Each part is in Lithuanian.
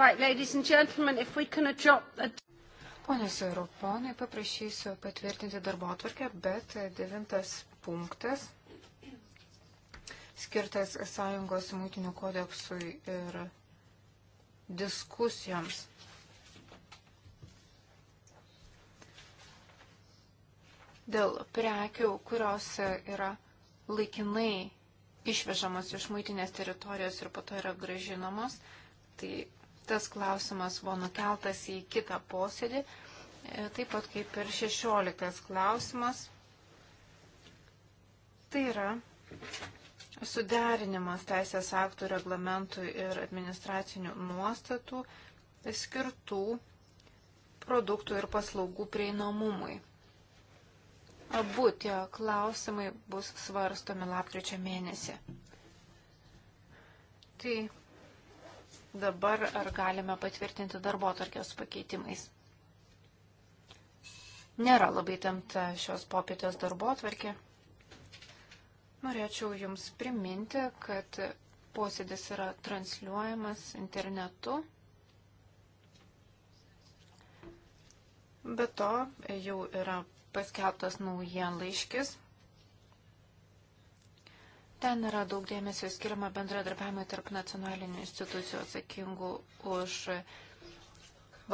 Right, ladies and gentlemen, if we can adopt... A... Ponios ir ponai, paprašysiu patvirtinti darbo atvarkę, bet devintas punktas skirtas Sąjungos mūtinių kodeksui ir diskusijoms. Dėl prekių, kurios yra laikinai išvežamos iš mūtinės teritorijos ir po to yra gražinamos, tai tas klausimas buvo nukeltas į kitą posėdį, e, taip pat kaip ir 16 klausimas. Tai yra suderinimas teisės aktų reglamentų ir administracinių nuostatų skirtų produktų ir paslaugų prieinamumui. Abu tie klausimai bus svarstomi lapkričio mėnesį. Tai Dabar ar galime patvirtinti darbo tarkės pakeitimais? Nėra labai temta šios popietės darbo atvarkė. Norėčiau Jums priminti, kad posėdis yra transliuojamas internetu. Be to jau yra paskelbtas naujienlaiškis Ten yra daug dėmesio skiriama bendradarbiavimui tarp nacionalinių institucijų atsakingų už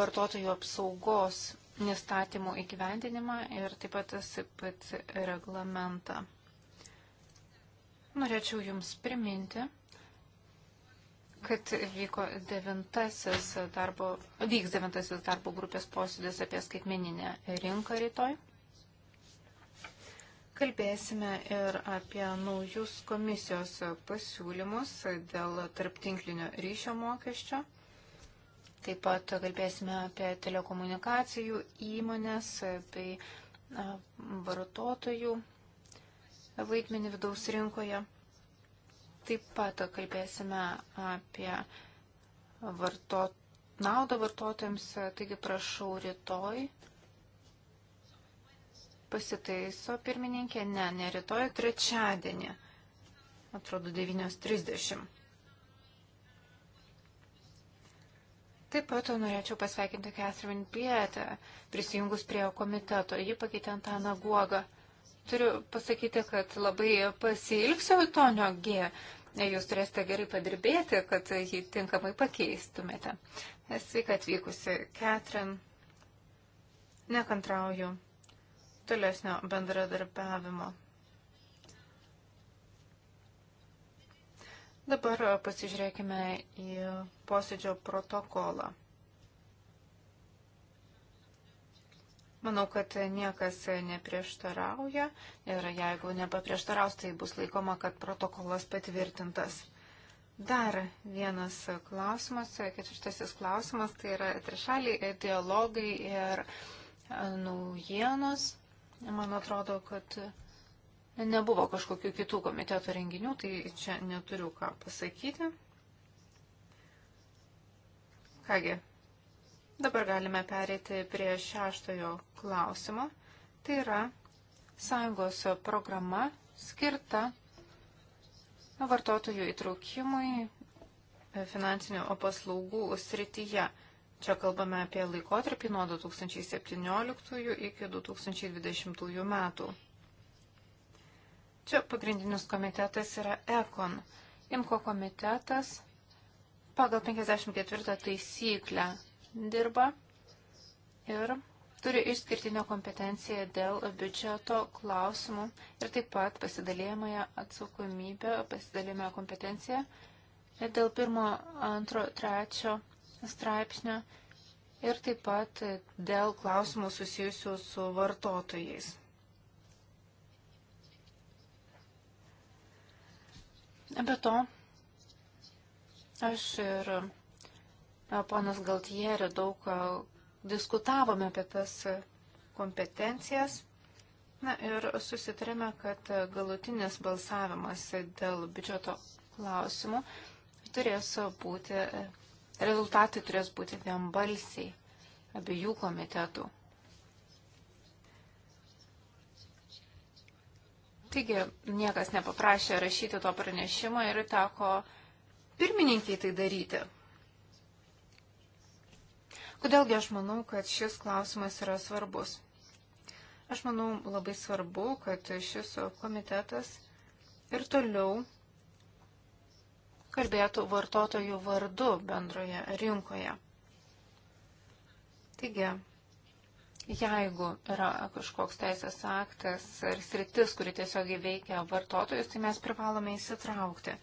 vartotojų apsaugos nustatymų įgyvendinimą ir taip pat SIPT reglamentą. Norėčiau Jums priminti, kad vyko devintasis darbo, vyks devintasis darbo grupės posėdis apie skaitmeninę rinką rytoj. Kalbėsime ir apie naujus komisijos pasiūlymus dėl tarptinklinio ryšio mokesčio. Taip pat kalbėsime apie telekomunikacijų įmonės bei vartotojų vaidmenį vidaus rinkoje. Taip pat kalbėsime apie vartot... naudą vartotojams. Taigi prašau rytoj Pasitaiso pirmininkė, ne, ne rytoj, trečiadienį. Atrodo 9.30. Taip pat norėčiau pasveikinti Catherine Pietę, prisijungus prie komiteto. Ji pakeitė Antaną Guogą. Turiu pasakyti, kad labai pasilgsiu Tonio G. Jūs turėsite gerai padirbėti, kad jį tinkamai pakeistumėte. Sveika atvykusi, Catherine. Nekantrauju tolesnio bendradarbiavimo. Dabar pasižiūrėkime į posėdžio protokolą. Manau, kad niekas neprieštarauja ir jeigu nepaprieštaraus, tai bus laikoma, kad protokolas patvirtintas. Dar vienas klausimas, ketvirtasis klausimas, tai yra trišaliai dialogai ir naujienos. Man atrodo, kad nebuvo kažkokių kitų komiteto renginių, tai čia neturiu ką pasakyti. Kągi, dabar galime perėti prie šeštojo klausimo. Tai yra sąjungos programa skirta vartotojų įtraukimui finansinių paslaugų srityje. Čia kalbame apie laikotarpį nuo 2017 iki 2020 metų. Čia pagrindinis komitetas yra ECON. IMKO komitetas pagal 54 taisyklę dirba ir turi išskirtinę kompetenciją dėl biudžeto klausimų ir taip pat pasidalėjimąją atsakomybę, pasidalėjimąją kompetenciją dėl pirmo, antro, trečio straipsnio ir taip pat dėl klausimų susijusių su vartotojais. Be to, aš ir ponas Galtieri daug diskutavome apie tas kompetencijas. Na ir susitarėme, kad galutinis balsavimas dėl biudžeto klausimų turės būti Rezultatai turės būti vienbalsiai abiejų komitetų. Taigi niekas nepaprašė rašyti to pranešimo ir teko pirmininkiai tai daryti. Kodėlgi aš manau, kad šis klausimas yra svarbus. Aš manau labai svarbu, kad šis komitetas ir toliau kalbėtų vartotojų vardu bendroje rinkoje. Taigi, jeigu yra kažkoks teisės aktas ar sritis, kuri tiesiog įveikia vartotojus, tai mes privalome įsitraukti.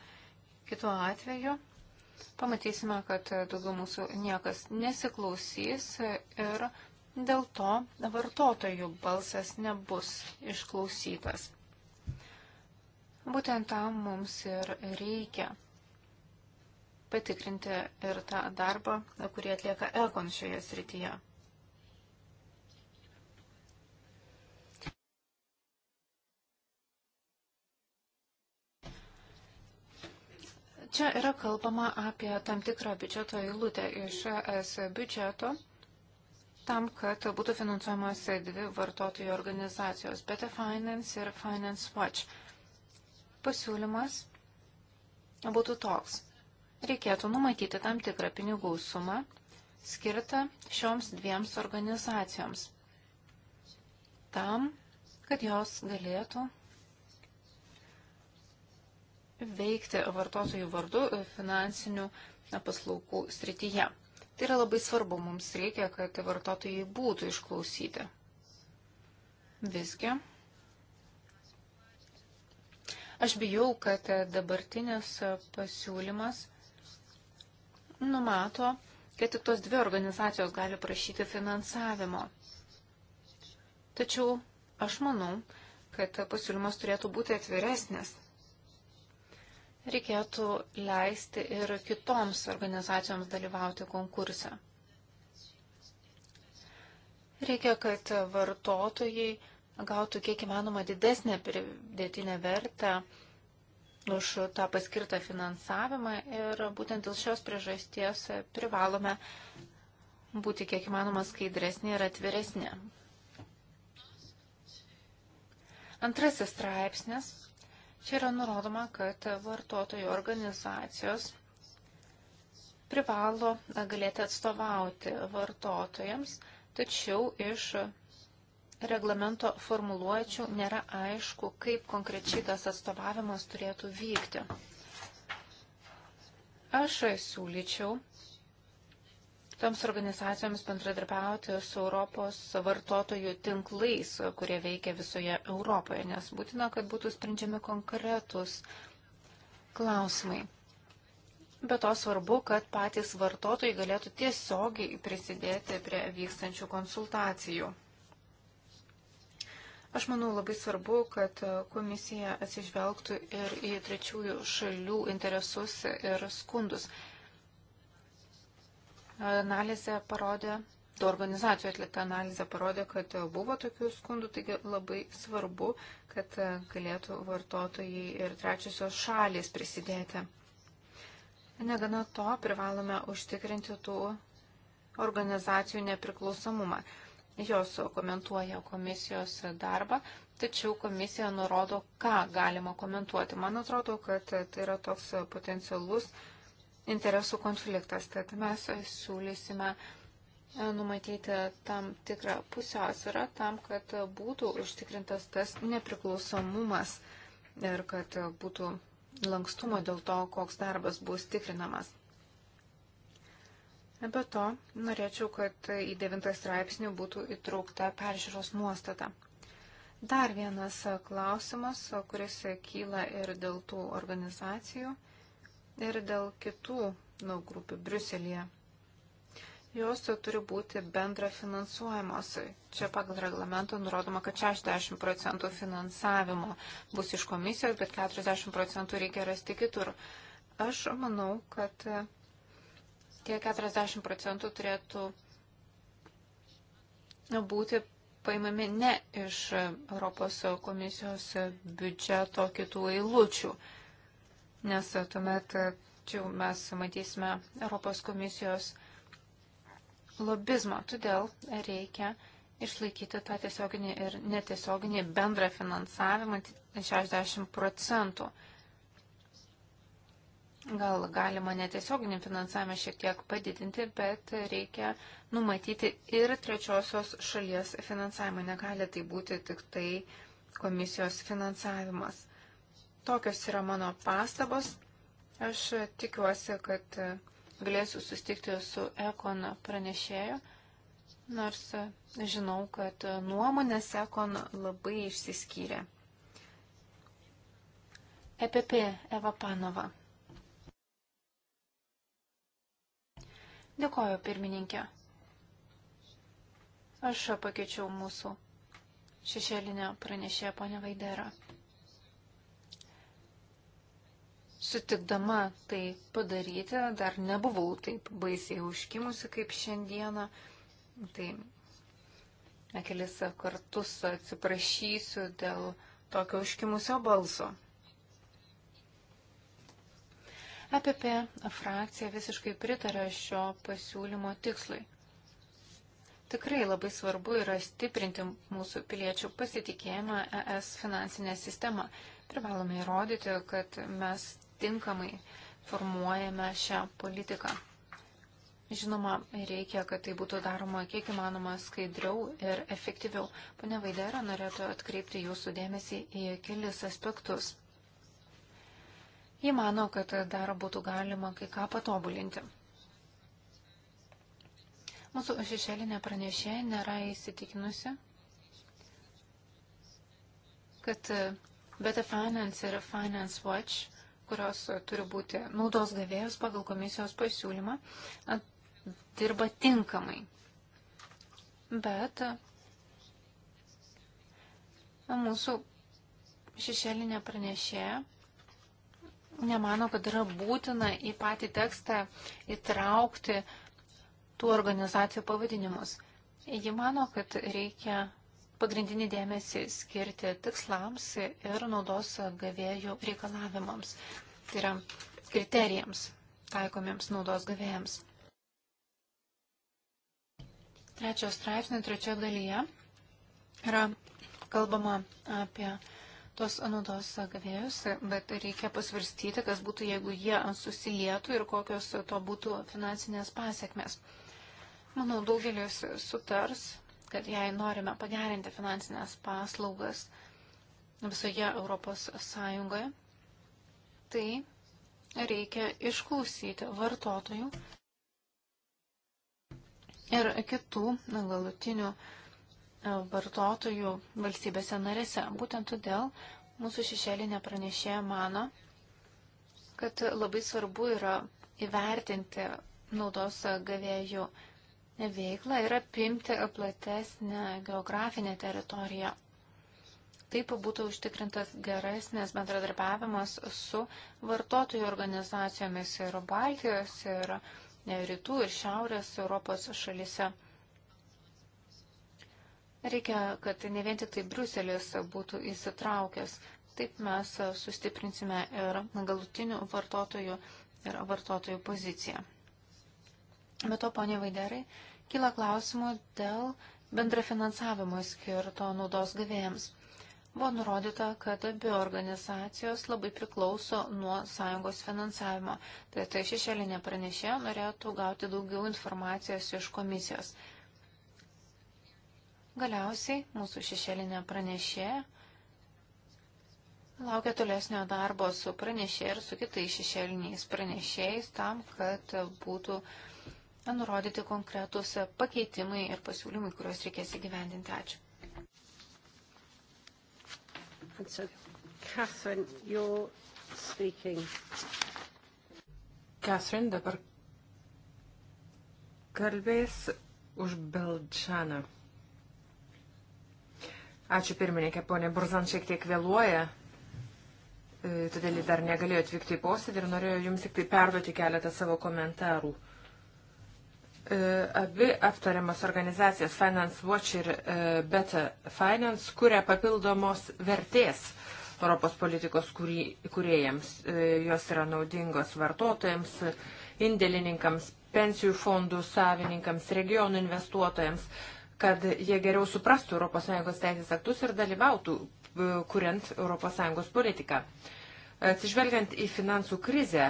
Kitu atveju pamatysime, kad daugiau mūsų niekas nesiklausys ir dėl to vartotojų balsas nebus išklausytas. Būtent tam mums ir reikia patikrinti ir tą darbą, kurį atlieka Ekon šioje srityje. Čia yra kalbama apie tam tikrą biudžeto eilutę iš ES biudžeto tam, kad būtų finansuojamas dvi vartotojų organizacijos Beta Finance ir Finance Watch. Pasiūlymas būtų toks reikėtų numatyti tam tikrą pinigų sumą skirtą šioms dviems organizacijoms. Tam, kad jos galėtų veikti vartotojų vardu finansinių paslaugų srityje. Tai yra labai svarbu, mums reikia, kad vartotojai būtų išklausyti. Visgi. Aš bijau, kad dabartinis pasiūlymas numato, kad tik tos dvi organizacijos gali prašyti finansavimo. Tačiau aš manau, kad pasiūlymas turėtų būti atviresnis. Reikėtų leisti ir kitoms organizacijoms dalyvauti konkurse. Reikia, kad vartotojai gautų kiek įmanoma didesnę pridėtinę vertę už tą paskirtą finansavimą ir būtent dėl šios priežasties privalome būti kiek įmanoma skaidresnė ir atviresnė. Antrasis straipsnis. Čia yra nurodoma, kad vartotojų organizacijos privalo galėti atstovauti vartotojams, tačiau iš reglamento formuluočių nėra aišku, kaip konkrečiai tas atstovavimas turėtų vykti. Aš siūlyčiau toms organizacijoms bendradarbiauti su Europos vartotojų tinklais, kurie veikia visoje Europoje, nes būtina, kad būtų sprendžiami konkretus klausimai. Be to svarbu, kad patys vartotojai galėtų tiesiogiai prisidėti prie vykstančių konsultacijų. Aš manau labai svarbu, kad komisija atsižvelgtų ir į trečiųjų šalių interesus ir skundus. Analizė parodė, tų organizacijų atlikta analizė parodė, kad buvo tokių skundų, taigi labai svarbu, kad galėtų vartotojai ir trečiosios šalės prisidėti. Negana to, privalome užtikrinti tų organizacijų nepriklausomumą. Jos komentuoja komisijos darbą, tačiau komisija nurodo, ką galima komentuoti. Man atrodo, kad tai yra toks potencialus interesų konfliktas, tad mes siūlysime numatyti tam tikrą pusiausvyrą tam, kad būtų užtikrintas tas nepriklausomumas ir kad būtų lankstumo dėl to, koks darbas bus tikrinamas. Be to, norėčiau, kad į devintą straipsnį būtų įtraukta peržiūros nuostata. Dar vienas klausimas, kuris kyla ir dėl tų organizacijų, ir dėl kitų nu, grupių Briuselėje. Jos turi būti bendra finansuojamos. Čia pagal reglamentą nurodoma, kad 60 procentų finansavimo bus iš komisijos, bet 40 procentų reikia rasti kitur. Aš manau, kad Tie 40 procentų turėtų būti paimami ne iš Europos komisijos biudžeto kitų eilučių, nes tuomet čia mes matysime Europos komisijos lobizmą. Todėl reikia išlaikyti tą tiesioginį ir netiesioginį bendrą finansavimą 60 procentų. Gal galima netiesioginį finansavimą šiek tiek padidinti, bet reikia numatyti ir trečiosios šalies finansavimą. Negali tai būti tik tai komisijos finansavimas. Tokios yra mano pastabos. Aš tikiuosi, kad galėsiu sustikti su Ekon pranešėju, nors žinau, kad nuomonės Ekon labai išsiskyrė. EPP Eva Panova. Dėkoju, pirmininkė. Aš pakeičiau mūsų šešėlinę pranešėją ponę Vaiderą. Sutikdama tai padaryti, dar nebuvau taip baisiai užkimusi kaip šiandieną. Tai kelis kartus atsiprašysiu dėl tokio užkimusio balso. APP frakcija visiškai pritarė šio pasiūlymo tikslui. Tikrai labai svarbu yra stiprinti mūsų piliečių pasitikėjimą ES finansinę sistemą. Privalome įrodyti, kad mes tinkamai formuojame šią politiką. Žinoma, reikia, kad tai būtų daroma kiek įmanoma skaidriau ir efektyviau. Pane Vaidera norėtų atkreipti jūsų dėmesį į kelis aspektus. Ji mano, kad dar būtų galima kai ką patobulinti. Mūsų šešėlinė pranešė nėra įsitikinusi, kad Better Finance ir Finance Watch, kurios turi būti naudos gavėjus pagal komisijos pasiūlymą, dirba tinkamai. Bet mūsų šešėlinė pranešė nemano, kad yra būtina į patį tekstą įtraukti tų organizacijų pavadinimus. Ji mano, kad reikia pagrindinį dėmesį skirti tikslams ir naudos gavėjų reikalavimams, tai yra kriterijams taikomiems naudos gavėjams. Trečio straipsnio trečioje dalyje yra kalbama apie tos naudos gavėjus, bet reikia pasvarstyti, kas būtų, jeigu jie susilietų ir kokios to būtų finansinės pasiekmes. Manau, daugelis sutars, kad jei norime pagerinti finansinės paslaugas visoje Europos Sąjungoje, tai reikia išklausyti vartotojų ir kitų galutinių na, E, vartotojų valstybėse narėse. Būtent todėl mūsų šešėlinė pranešėja mano, kad labai svarbu yra įvertinti naudos gavėjų veiklą ir apimti platesnę geografinę teritoriją. Taip būtų užtikrintas geresnės bendradarbiavimas su vartotojų organizacijomis ir Baltijos, ir e, rytų, ir šiaurės Europos šalise. Reikia, kad ne vien tik tai Bruselis būtų įsitraukęs. Taip mes sustiprinsime ir galutinių vartotojų ir vartotojų poziciją. Be to, ponė Vaiderai, kyla klausimų dėl bendrafinansavimo skirto naudos gavėjams. Buvo nurodyta, kad abi organizacijos labai priklauso nuo sąjungos finansavimo. Tai tai šešėlinė pranešė norėtų gauti daugiau informacijos iš komisijos. Galiausiai mūsų šešėlinė pranešė laukia tolesnio darbo su pranešė ir su kitais šešėliniais pranešėjais tam, kad būtų nurodyti konkretus pakeitimai ir pasiūlymai, kuriuos reikės įgyvendinti. Ačiū. And so, Catherine, you're speaking. Catherine dabar kalbės už Belčaną. Ačiū pirmininkė, ponė Burzan šiek tiek vėluoja, e, todėl ji dar negalėjo atvykti į posėdį ir norėjau jums tik tai perduoti keletą savo komentarų. E, abi aptariamas organizacijas Finance Watch ir e, Beta Finance kuria papildomos vertės Europos politikos kuriejams. Jos yra naudingos vartotojams, indėlininkams, pensijų fondų savininkams, regionų investuotojams kad jie geriau suprastų ES teisės aktus ir dalyvautų, e, kuriant ES politiką. Atsižvelgiant į finansų krizę,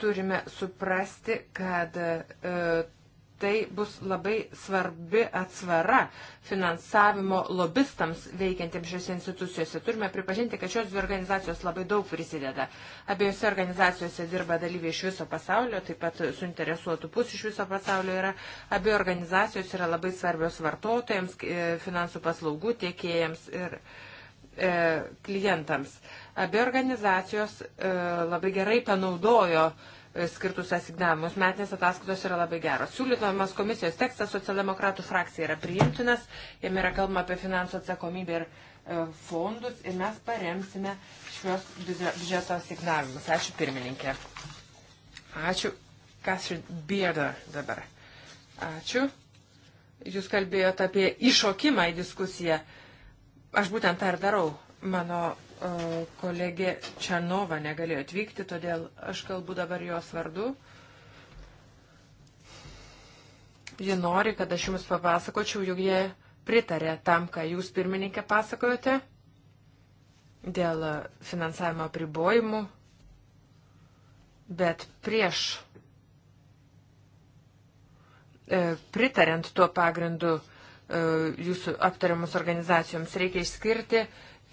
turime suprasti, kad e, tai bus labai svarbi atsvara finansavimo lobistams veikiantiems šiose institucijose. Turime pripažinti, kad šios dvi organizacijos labai daug prisideda. Abiejose organizacijose dirba dalyviai iš viso pasaulio, taip pat suinteresuotų pusių iš viso pasaulio yra. Abi organizacijos yra labai svarbios vartotojams, e, finansų paslaugų tiekėjams ir e, klientams. Abi organizacijos e, labai gerai panaudojo e, skirtus asignavimus. Metinės ataskaitos yra labai geros. Siūlytojamas komisijos tekstas socialdemokratų frakcija yra priimtinas, jame yra kalbama apie finansų atsakomybę ir e, fondus ir mes paremsime šios biudžeto asignavimus. Ačiū pirmininkė. Ačiū. Kasrin Bėda dabar. Ačiū. Jūs kalbėjote apie iššokimą į diskusiją. Aš būtent tą ir darau. Mano kolegė Čanova negalėjo atvykti, todėl aš kalbu dabar jos vardu. Ji nori, kad aš jums papasakočiau, jog jie pritarė tam, ką jūs pirmininkė pasakojote dėl finansavimo pribojimų, bet prieš e, pritariant tuo pagrindu e, jūsų aptariamus organizacijoms reikia išskirti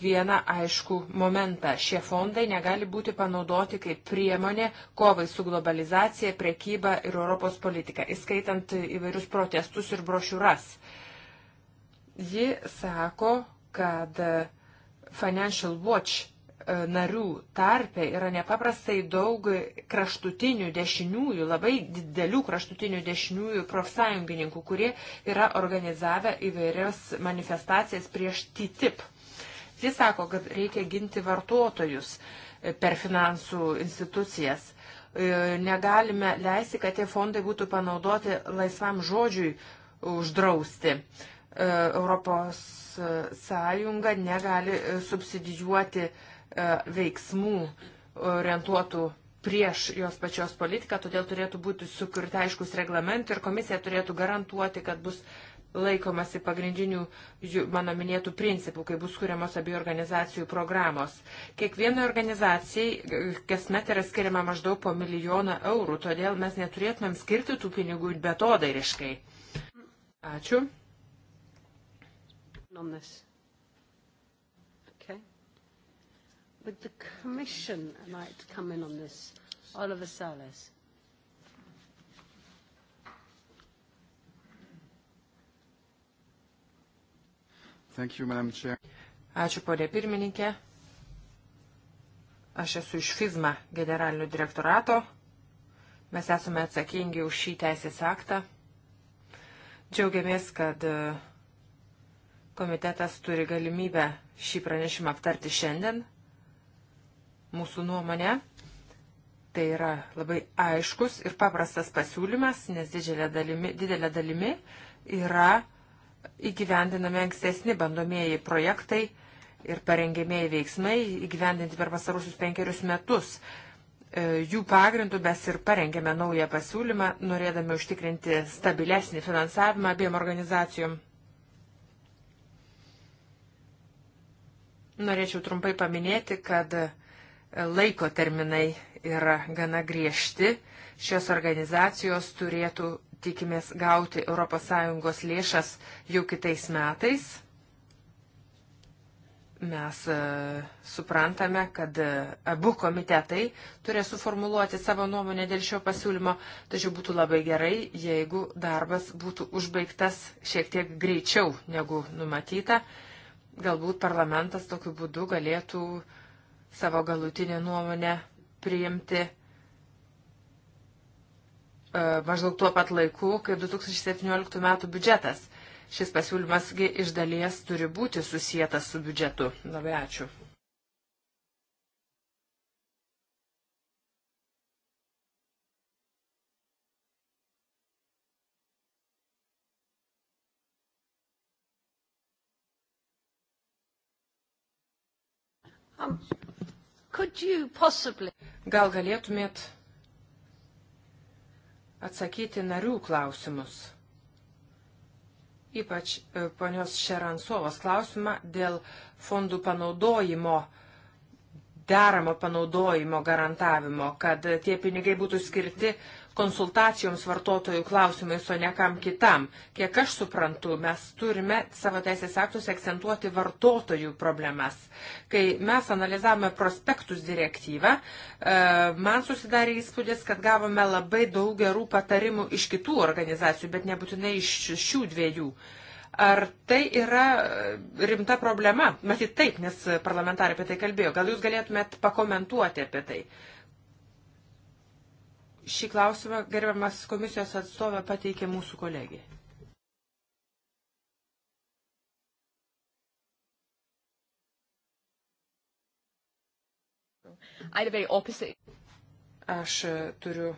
vieną aišku momentą. Šie fondai negali būti panaudoti kaip priemonė kovai su globalizacija, priekyba ir Europos politika, įskaitant įvairius protestus ir brošiūras. Ji sako, kad Financial Watch e, narių tarpe yra nepaprastai daug kraštutinių dešiniųjų, labai didelių kraštutinių dešiniųjų profsąjungininkų, kurie yra organizavę įvairias manifestacijas prieš TTIP. Jis sako, kad reikia ginti vartotojus e, per finansų institucijas. E, negalime leisti, kad tie fondai būtų panaudoti laisvam žodžiui uždrausti. E, Europos Sąjunga negali subsidijuoti veiksmų orientuotų prieš jos pačios politiką, todėl turėtų būti sukurti aiškus reglamentai ir komisija turėtų garantuoti, kad bus uh, laikomasi pagrindinių mano minėtų principų, kai bus kuriamos abiejų organizacijų programos. Kiekvienai organizacijai kasmet yra skiriama maždaug po milijoną eurų, todėl mes neturėtumėm skirti tų pinigų betodairiškai. Ačiū. Okay. Would the Commission like to come in on this? Oliver Salas. Thank you, Madam Chair. Ačiū, ponė pirmininkė. Aš esu iš FIZMA generalinio direktorato. Mes esame atsakingi už šį teisės aktą. Džiaugiamės, kad e, komitetas turi galimybę šį pranešimą aptarti šiandien. Mūsų nuomonė, tai yra labai aiškus ir paprastas pasiūlymas, nes didelė dalimi, didelė dalimi yra uh, įgyvendinami ankstesni bandomieji projektai ir parengėmėjai veiksmai įgyvendinti per pasarusius penkerius metus. E, jų pagrindų mes ir parengėme naują pasiūlymą, norėdami užtikrinti stabilesnį finansavimą abiem organizacijom. Norėčiau trumpai paminėti, kad laiko terminai yra gana griežti. Šios organizacijos turėtų tikimės gauti ES lėšas jau kitais metais. Mes e, suprantame, kad e, abu komitetai turės suformuluoti savo nuomonę dėl šio pasiūlymo, tačiau būtų labai gerai, jeigu darbas būtų užbaigtas šiek tiek greičiau negu numatyta. Galbūt parlamentas tokiu būdu galėtų savo galutinę nuomonę priimti E, maždaug tuo pat laiku, kaip 2017 metų biudžetas. Šis pasiūlymasgi iš dalies turi būti susijęs su biudžetu. Labai ačiū. Um, Gal galėtumėt atsakyti narių klausimus. Ypač e, ponios Šeransovos klausimą dėl fondų panaudojimo, deramo panaudojimo garantavimo, kad tie pinigai būtų skirti konsultacijoms vartotojų klausimais, o ne kam kitam. Kiek aš suprantu, mes turime savo teisės aktus akcentuoti vartotojų problemas. Kai mes analizavome prospektus direktyvą, e, man susidarė įspūdis, kad gavome labai daug gerų patarimų iš kitų organizacijų, bet nebūtinai iš šių dviejų. Ar tai yra e, rimta problema? Matyt, taip, nes parlamentarai apie tai kalbėjo. Gal jūs galėtumėt pakomentuoti apie tai? Uh, šį klausimą gerbiamas komisijos atstovė pateikė mūsų kolegė. Aš turiu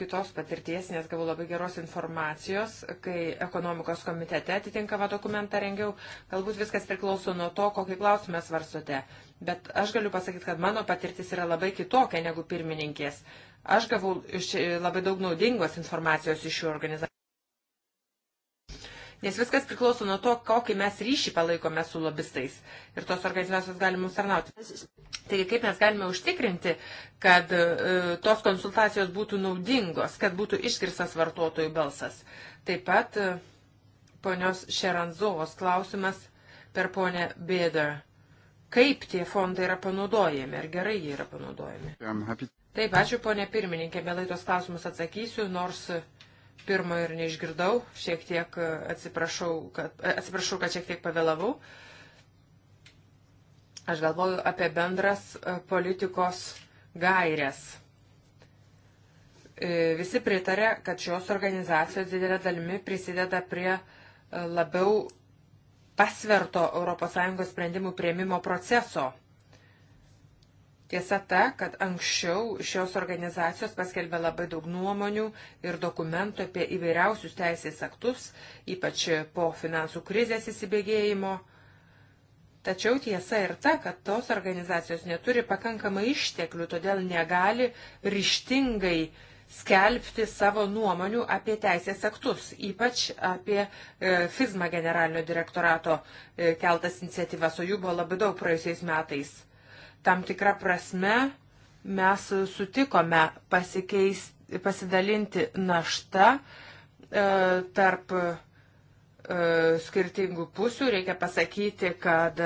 kitos patirties, nes gavau labai geros informacijos, kai ekonomikos komitete atitinkamą dokumentą rengiau. Galbūt viskas priklauso nuo to, kokį klausimą svarstote. Bet aš galiu pasakyti, kad mano patirtis yra labai kitokia negu pirmininkės. Aš gavau iš, labai daug naudingos informacijos iš šių organizacijų. Nes viskas priklauso nuo to, kokį mes ryšį palaikome su lobistais. Ir tos organizacijos gali mums tarnauti. Taigi, kaip mes galime užtikrinti, kad e, tos konsultacijos būtų naudingos, kad būtų išgirstas vartotojų balsas. Taip pat e, ponios Šeranzovos klausimas per ponę Bėdą kaip tie fondai yra panaudojami, ar gerai jie yra panaudojami. Taip, ačiū ponė pirmininkė, mielai tos klausimus atsakysiu, nors pirmo ir neišgirdau, šiek tiek e, atsiprašau, kad, e, atsiprašau, kad šiek tiek pavėlavau. Aš galvoju apie bendras e, politikos gairias. Visi pritarė, kad šios organizacijos didelė dalimi prisideda prie labiau pasverto ES sprendimų prieimimo proceso. Tiesa ta, kad anksčiau šios organizacijos paskelbė labai daug nuomonių ir dokumentų apie įvairiausius teisės aktus, ypač po finansų krizės įsibėgėjimo. Tačiau tiesa ir ta, kad tos organizacijos neturi pakankamai išteklių, todėl negali ryštingai uh, skelbti savo nuomonių apie teisės aktus, ypač apie e, FIZMA generalinio direktorato e, keltas iniciatyvas, o jų buvo labai daug praėjusiais metais. Tam tikrą prasme mes sutikome pasikeis, pasidalinti naštą e, tarp skirtingų pusių. Reikia pasakyti, kad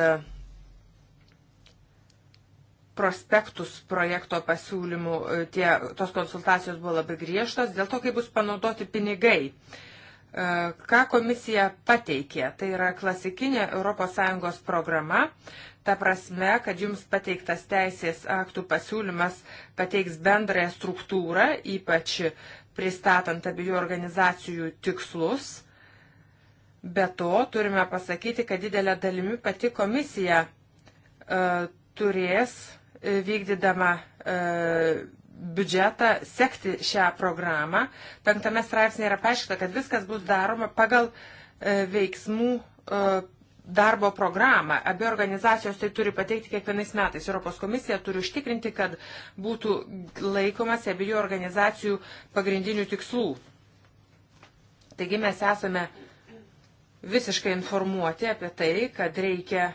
prospektus projekto pasiūlymų, e, tie, tos konsultacijos buvo labai griežtos, dėl to, kaip bus panaudoti pinigai. E, ką komisija pateikė? Tai yra klasikinė ES programa, ta prasme, kad jums pateiktas teisės aktų pasiūlymas pateiks bendrąją struktūrą, ypač pristatant abiejų organizacijų tikslus. Be to, turime pasakyti, kad didelė dalimi pati komisija uh, turės uh, E, vykdydama e, biudžetą sekti šią programą. Penktame straipsnėje yra paaiškita, kad viskas bus daroma pagal e, veiksmų darbo programą. Abi organizacijos tai turi pateikti kiekvienais metais. Europos komisija turi užtikrinti, kad būtų laikomas abiejų organizacijų pagrindinių tikslų. Taigi mes esame visiškai informuoti apie tai, kad reikia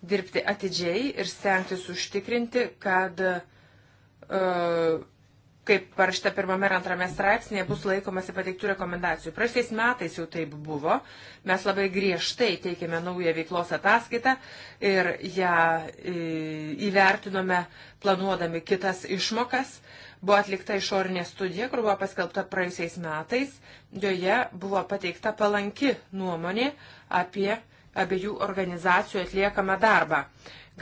dirbti atidžiai ir stengtis užtikrinti, kad, e, kaip parašta pirmame ir antrame straipsnėje, bus laikomasi pateiktų rekomendacijų. Praeisiais metais jau taip buvo. Mes labai griežtai teikėme naują veiklos ataskaitą ir ją e, įvertinome planuodami kitas išmokas. Buvo atlikta išorinė studija, kur buvo paskelbta praeisiais metais. Joje buvo pateikta palanki nuomonė apie abiejų organizacijų atliekamą darbą.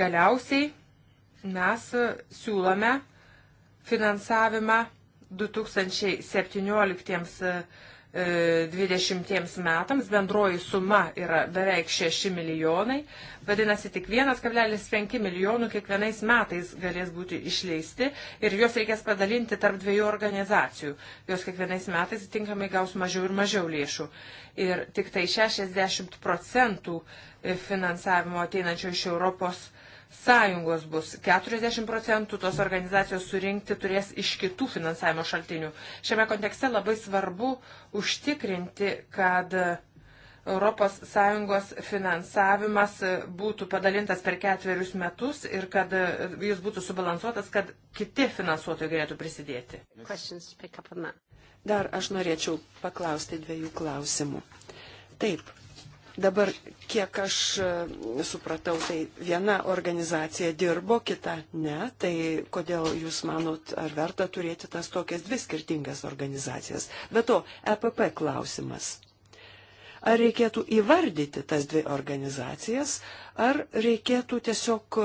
Galiausiai mes siūlome finansavimą 2017 20 metams bendroji suma yra beveik 6 milijonai, vadinasi tik 1,5 milijonų kiekvienais metais galės būti išleisti ir juos reikės padalinti tarp dviejų organizacijų. Jos kiekvienais metais tinkamai gaus mažiau ir mažiau lėšų. Ir tik tai 60 procentų finansavimo ateinančio iš Europos sąjungos bus. 40 procentų tos organizacijos surinkti turės iš kitų finansavimo šaltinių. Šiame kontekste labai svarbu užtikrinti, kad ES finansavimas būtų padalintas per ketverius metus ir kad jis būtų subalansuotas, kad kiti finansuotojai galėtų prisidėti. Dar aš norėčiau paklausti dviejų klausimų. Taip, Dabar, kiek aš e, supratau, tai viena organizacija dirbo, kita ne. Tai kodėl jūs manot, ar verta turėti tas tokias dvi skirtingas organizacijas? Be to, EPP klausimas. Ar reikėtų įvardyti tas dvi organizacijas, ar reikėtų tiesiog e,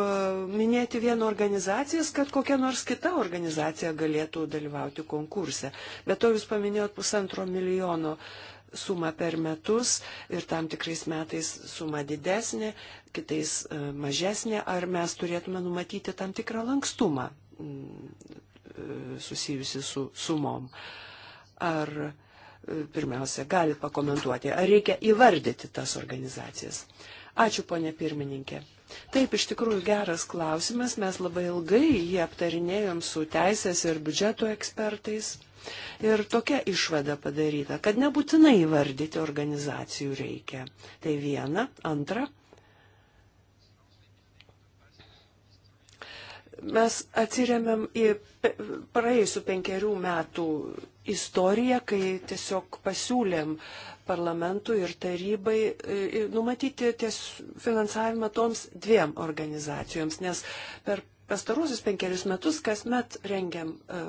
minėti vieną organizaciją, kad kokia nors kita organizacija galėtų dalyvauti konkurse. Bet to jūs paminėjot pusantro milijono uh, sumą per metus ir tam tikrais metais suma didesnė, kitais e, mažesnė, ar mes turėtume numatyti tam tikrą lankstumą mm, e, susijusi su sumom. Ar e, pirmiausia, gali pakomentuoti, ar reikia įvardyti tas organizacijas. Ačiū, ponė pirmininkė. Taip, iš tikrųjų geras klausimas, mes labai ilgai jį aptarinėjom su teisės ir biudžeto ekspertais. Ir tokia išvada padaryta, kad nebūtinai įvardyti organizacijų reikia. Tai viena. Antra. Mes atsiriamėm į praėjusių penkerių metų istoriją, kai tiesiog pasiūlėm parlamentui ir tarybai e, e, numatyti ties finansavimą toms dviem organizacijoms, nes per pastarusius penkerius metus kasmet rengiam e,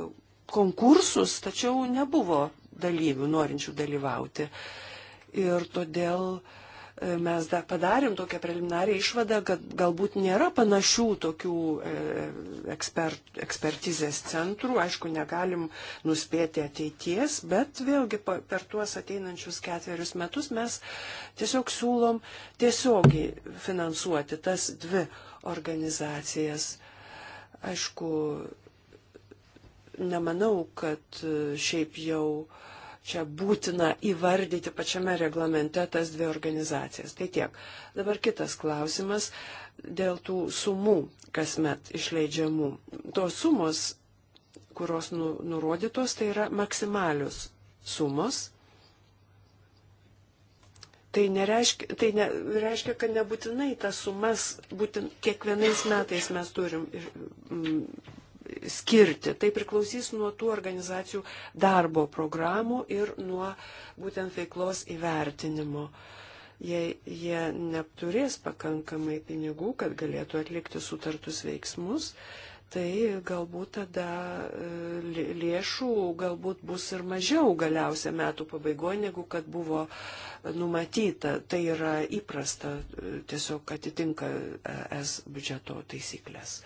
konkursus, tačiau nebuvo dalyvių norinčių dalyvauti. Ir todėl e, mes dar padarėm tokią preliminarią išvadą, kad galbūt nėra panašių tokių e, ekspert, ekspertizės centrų, aišku, negalim nuspėti ateities, bet vėlgi per tuos ateinančius ketverius metus mes tiesiog siūlom tiesiogiai finansuoti tas dvi organizacijas. Aišku, nemanau, kad e, šiaip jau čia būtina įvardyti pačiame reglamente tas dvi organizacijas. Tai tiek. Dabar kitas klausimas dėl tų sumų kasmet išleidžiamų. Tos sumos, kurios nu, nurodytos, tai yra maksimalius sumos. Tai, nereiškia, tai ne, reiškia, kad nebūtinai tas sumas, būtent kiekvienais metais mes turim mm, skirti. Tai priklausys nuo tų organizacijų darbo programų ir nuo būtent veiklos įvertinimo. Jei jie neturės pakankamai pinigų, kad galėtų atlikti sutartus veiksmus, tai galbūt tada e, lėšų galbūt bus ir mažiau galiausia metų pabaigoje, negu kad buvo numatyta. Tai yra įprasta, e, tiesiog atitinka e, es biudžeto taisyklės.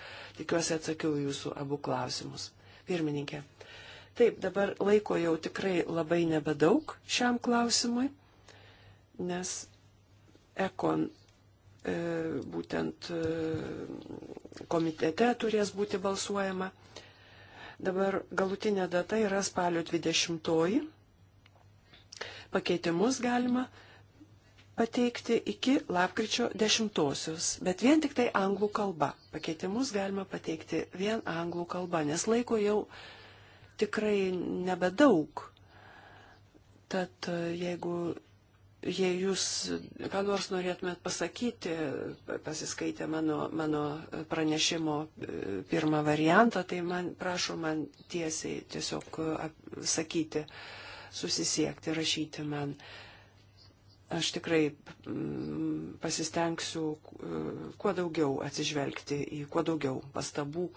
Tikiuosi atsakiau jūsų abu klausimus. Pirmininkė. Taip, dabar laiko jau tikrai labai nebedaug šiam klausimui, nes ekon E, būtent e, komitete turės būti balsuojama. Dabar galutinė data yra spalio 20. -oji. Pakeitimus galima pateikti iki lapkričio 10, bet vien tik tai anglų kalba. Pakeitimus galima pateikti vien anglų kalba, nes laiko jau tikrai nebedaug. Tad e, jeigu jei jūs ką nors norėtumėt pasakyti, pasiskaitę mano, mano pranešimo e, pirmą variantą, tai man prašau man tiesiai tiesiog e, sakyti, susisiekti, rašyti man. Aš tikrai mm, pasistengsiu e, kuo daugiau atsižvelgti į kuo daugiau pastabų,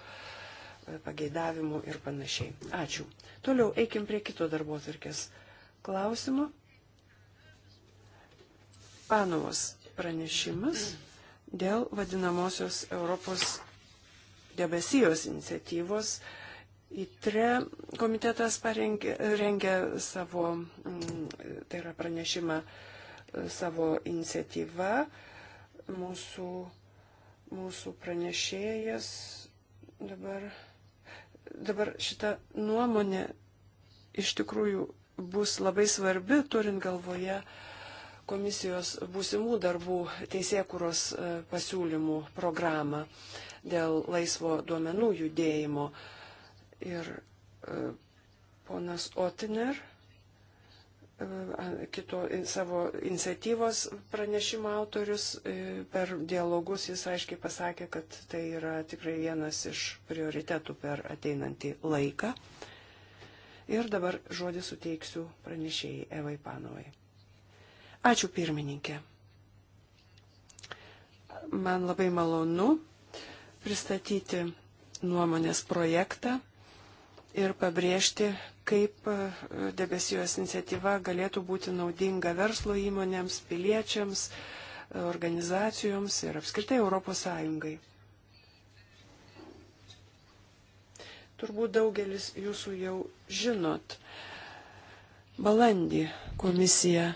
pageidavimų ir panašiai. Ačiū. Toliau eikim prie kito darbo tvarkės klausimo. Panovos pranešimas dėl vadinamosios Europos debesijos iniciatyvos. ITRE komitetas parengė, rengė savo, mm, tai yra pranešimą e, savo iniciatyvą. Mūsų, mūsų pranešėjas dabar, dabar šita nuomonė iš tikrųjų bus labai svarbi, turint galvoje uh, komisijos būsimų darbų teisėkuros e, pasiūlymų programą dėl laisvo duomenų judėjimo. Ir e, ponas Otiner e, kito savo iniciatyvos pranešimo autorius per dialogus jis aiškiai pasakė, kad tai yra tikrai vienas iš prioritetų per ateinantį laiką. Ir dabar žodį suteiksiu pranešėjai Evai Panovai. Ačiū pirmininkė. Man labai malonu pristatyti nuomonės projektą ir pabrėžti, kaip e, debesijos iniciatyva galėtų būti naudinga verslo įmonėms, piliečiams, organizacijoms ir apskritai Europos Sąjungai. Turbūt daugelis jūsų jau žinot. Balandį komisija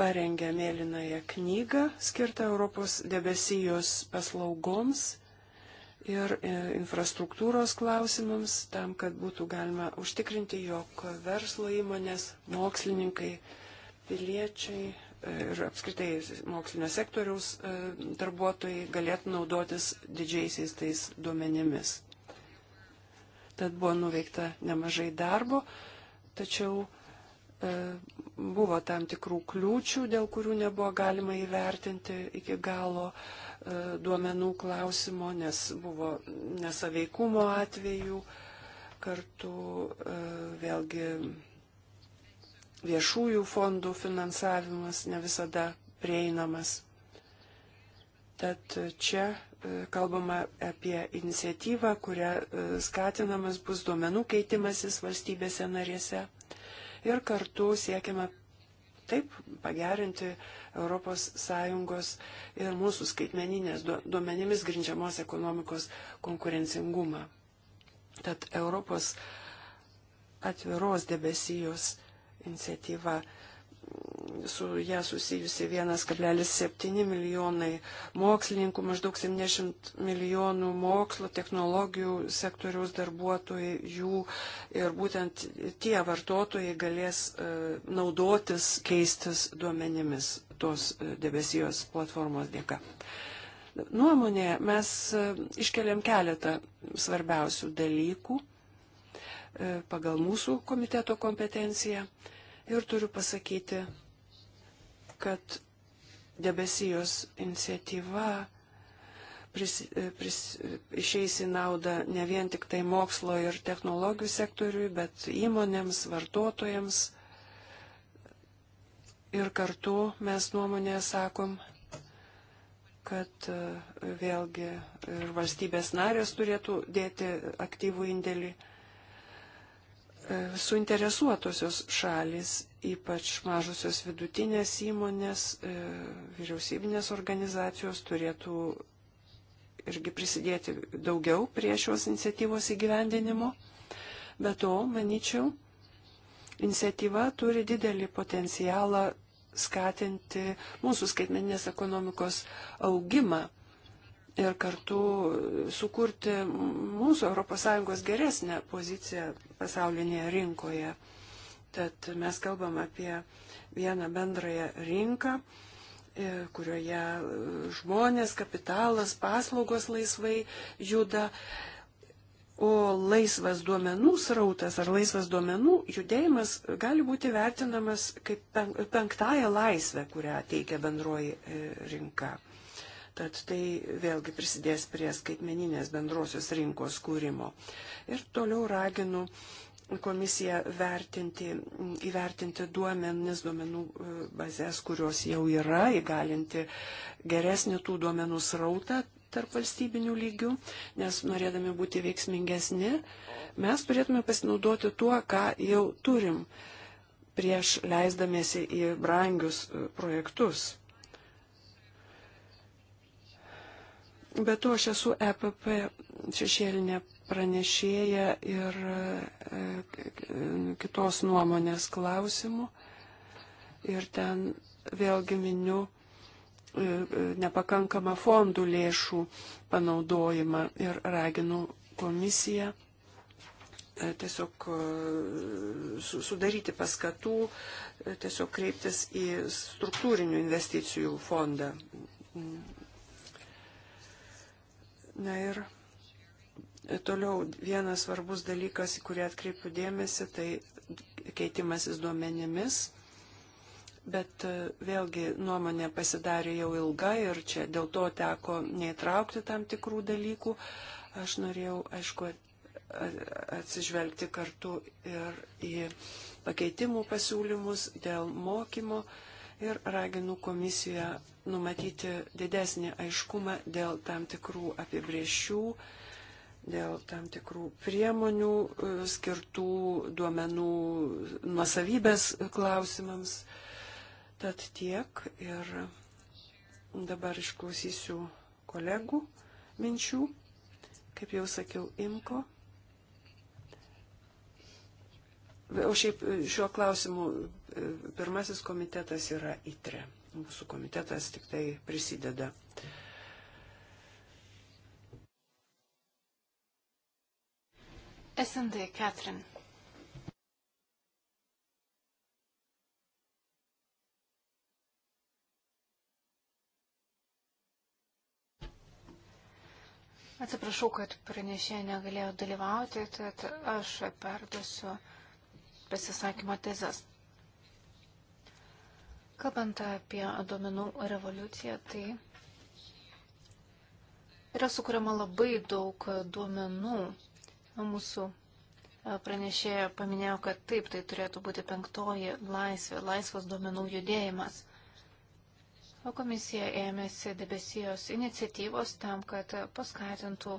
parengė mėlynąją knygą skirtą Europos debesijos paslaugoms ir e, infrastruktūros klausimams, tam, kad būtų galima užtikrinti, jog verslo įmonės, mokslininkai, piliečiai e, ir apskritai mokslinio sektoriaus e, darbuotojai galėtų naudotis didžiaisiais tais duomenimis. Tad buvo nuveikta nemažai darbo, tačiau E, buvo tam tikrų kliūčių, dėl kurių nebuvo galima įvertinti iki galo e, duomenų klausimo, nes buvo nesaveikumo atvejų, kartu e, vėlgi viešųjų fondų finansavimas ne visada prieinamas. Tad čia kalbama apie iniciatyvą, kuria skatinamas bus duomenų keitimasis valstybėse narėse ir kartu siekiame taip pagerinti ES ir mūsų skaitmeninės duomenimis grindžiamos ekonomikos konkurencingumą. Tad Europos atviros debesijos iniciatyva su ją susijusi 1,7 milijonai mokslininkų, maždaug 70 milijonų mokslo, technologijų sektoriaus darbuotojai jų ir būtent tie vartotojai galės e, naudotis, keistis duomenimis tos e, debesijos platformos dėka. Nuomonė, mes e, iškeliam keletą svarbiausių dalykų pagal mūsų komiteto kompetenciją. Ir turiu pasakyti, kad debesijos iniciatyva pris, pris, išeis į naudą ne vien tik tai mokslo ir technologijų sektoriui, bet įmonėms, vartotojams. Ir kartu mes nuomonėje sakom, kad e, vėlgi ir valstybės narės turėtų dėti aktyvų indėlį E, suinteresuotosios šalis, ypač mažusios vidutinės įmonės, e, vyriausybinės organizacijos turėtų irgi prisidėti daugiau prie šios iniciatyvos įgyvendinimo. Be to, manyčiau, iniciatyva turi didelį potencialą skatinti mūsų skaitmeninės ekonomikos augimą ir kartu sukurti mūsų ES geresnę poziciją pasaulinėje rinkoje. Tad mes kalbam apie vieną bendrąją rinką, e, kurioje žmonės, kapitalas, paslaugos laisvai juda. O laisvas duomenų srautas ar laisvas duomenų judėjimas gali būti vertinamas kaip penktąją laisvę, kurią teikia bendroji e, rinka. Tad tai vėlgi prisidės prie skaitmeninės bendrosios rinkos kūrimo. Ir toliau raginu komisiją vertinti, įvertinti duomenis, duomenų e, bazės, kurios jau yra, įgalinti geresnį tų duomenų srautą tarp valstybinių lygių, nes norėdami būti veiksmingesni, mes turėtume pasinaudoti tuo, ką jau turim prieš leisdamėsi į brangius e, projektus. Bet to aš esu EPP šešėlinė pranešėja ir e, kitos nuomonės klausimų. Ir ten vėlgi miniu e, e, nepakankamą fondų lėšų panaudojimą ir raginu komisiją tiesiog sudaryti paskatų, tiesiog kreiptis į struktūrinių investicijų fondą Na ir toliau vienas svarbus dalykas, į kurį atkreipiu dėmesį, tai keitimasis duomenimis. Bet e, vėlgi nuomonė pasidarė jau ilga ir čia dėl to teko neįtraukti tam tikrų dalykų. Aš norėjau, aišku, atsižvelgti kartu ir į pakeitimų pasiūlymus dėl mokymo, ir raginu komisiją numatyti didesnį aiškumą dėl tam tikrų apibriešių, dėl tam tikrų priemonių e, skirtų duomenų nuosavybės klausimams. Tad tiek ir dabar išklausysiu kolegų minčių. Kaip jau sakiau, Imko O šiaip šiuo klausimu e, pirmasis komitetas yra ITRE. Mūsų komitetas tik tai prisideda. SND, Katrin. Atsiprašau, kad pranešė negalėjo dalyvauti, tad aš perduosiu pasisakymo tezes. Kalbant apie domenų revoliuciją, tai yra sukuriama labai daug duomenų. Mūsų pranešėja paminėjo, kad taip, tai turėtų būti penktoji laisvė, laisvas duomenų judėjimas. O komisija ėmėsi debesijos iniciatyvos tam, kad paskatintų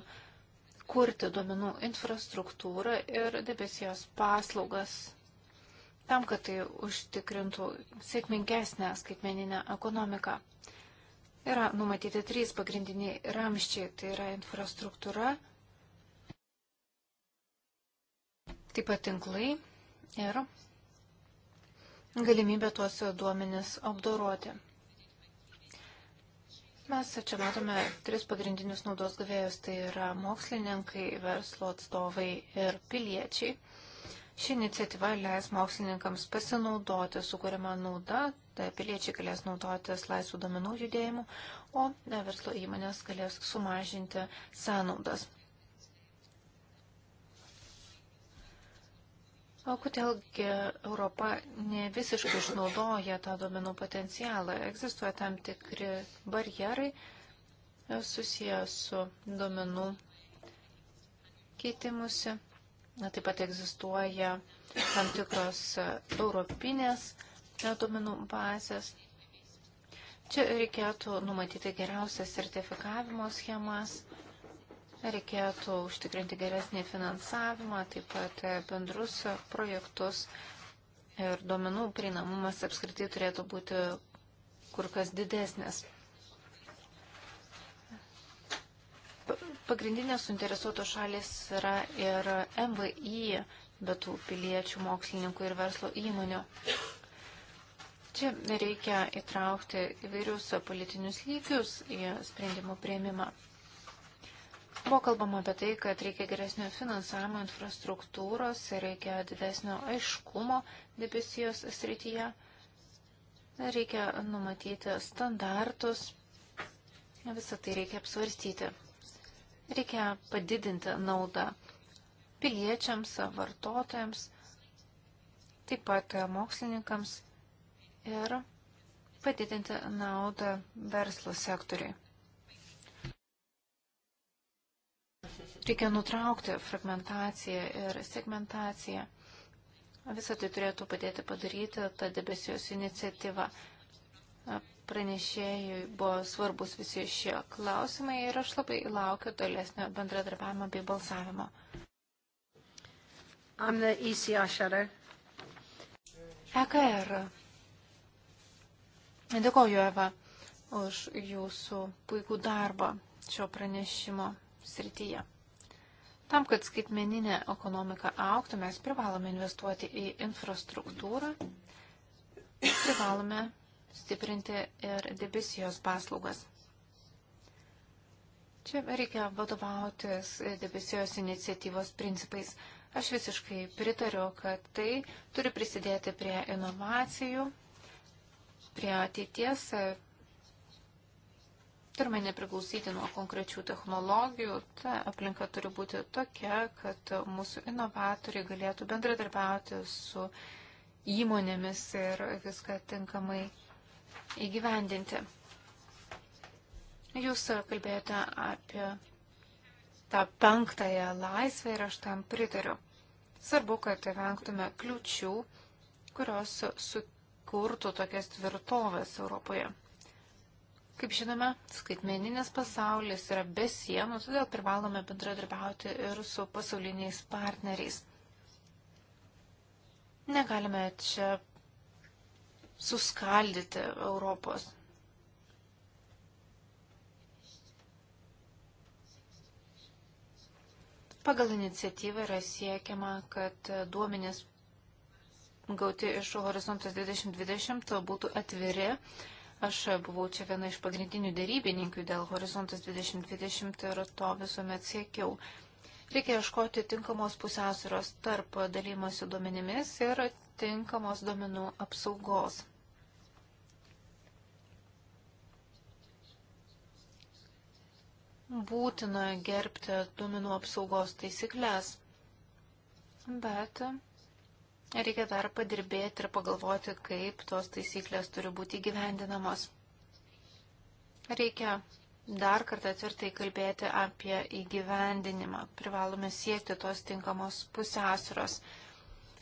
kurti duomenų infrastruktūrą ir debesijos paslaugas tam, kad tai užtikrintų sėkmingesnę skaitmeninę ekonomiką. Yra numatyti trys pagrindiniai ramščiai, tai yra infrastruktūra, taip pat tinklai ir galimybė tuos duomenis apdoroti. Mes čia matome tris pagrindinius naudos gavėjus, tai yra mokslininkai, verslo atstovai ir piliečiai. Ši iniciatyva leis mokslininkams pasinaudoti sukūrimą naudą, tai piliečiai galės naudotis laisvų domenų judėjimu, o e, verslo įmonės galės sumažinti sąnaudas. O kodėlgi Europa ne visiškai išnaudoja tą domenų potencialą? Egzistuoja tam tikri barjerai e, susiję su domenų keitimusi. Taip pat egzistuoja tam tikros europinės e, duomenų bazės. Čia reikėtų numatyti geriausias sertifikavimo schemas, reikėtų užtikrinti geresnį finansavimą, taip pat e, bendrus projektus ir duomenų prieinamumas apskritai turėtų būti kur kas didesnis. Pagrindinės suinteresuotos šalis yra ir MVI, betų piliečių, mokslininkų ir verslo įmonių. Čia reikia įtraukti įvairius politinius lygius į sprendimų prieimimą. Buvo kalbama apie tai, kad reikia geresnio finansavimo infrastruktūros, reikia didesnio aiškumo debesijos srityje, reikia numatyti standartus, visą tai reikia apsvarstyti. Reikia padidinti naudą piliečiams, vartotojams, taip pat mokslininkams ir padidinti naudą verslo sektoriui. Reikia nutraukti fragmentaciją ir segmentaciją. Visą tai turėtų padėti padaryti ta debesijos iniciatyva pranešėjui buvo svarbus visi šie klausimai ir aš labai laukiu tolesnio bendradarbiavimo bei balsavimo. EKR. E e Dėkoju, Eva, už jūsų puikų darbą šio pranešimo srityje. Tam, kad skaitmeninė ekonomika auktų, mes privalome investuoti į infrastruktūrą, privalome stiprinti ir debesijos paslaugas. Čia reikia vadovautis debesijos iniciatyvos principais. Aš visiškai pritariu, kad tai turi prisidėti prie inovacijų, prie ateities. Turime nepriklausyti nuo konkrečių technologijų. Ta aplinka turi būti tokia, kad mūsų inovatoriai galėtų bendradarbiauti su įmonėmis ir viską tinkamai įgyvendinti. Jūs kalbėjote apie tą penktąją laisvę ir aš tam pritariu. Svarbu, kad vengtume kliučių, kurios sukurtų tokias tvirtovės Europoje. Kaip žinome, skaitmeninės pasaulis yra be sienų, todėl privalome bendradarbiauti ir su pasauliniais partneriais. Negalime čia suskaldyti Europos. Pagal iniciatyvą yra siekiama, kad duomenės gauti iš Horizontas 2020 būtų atviri. Aš buvau čia viena iš pagrindinių dėrybininkių dėl Horizontas 2020 ir to visuomet siekiau. Reikia ieškoti tinkamos pusiausvėros tarp dalymosi duomenimis ir tinkamos duomenų apsaugos. būtina gerbti duomenų apsaugos taisyklės, bet reikia dar padirbėti ir pagalvoti, kaip tos taisyklės turi būti įgyvendinamos. Reikia dar kartą tvirtai kalbėti apie įgyvendinimą. Privalome siekti tos tinkamos pusiausvėros,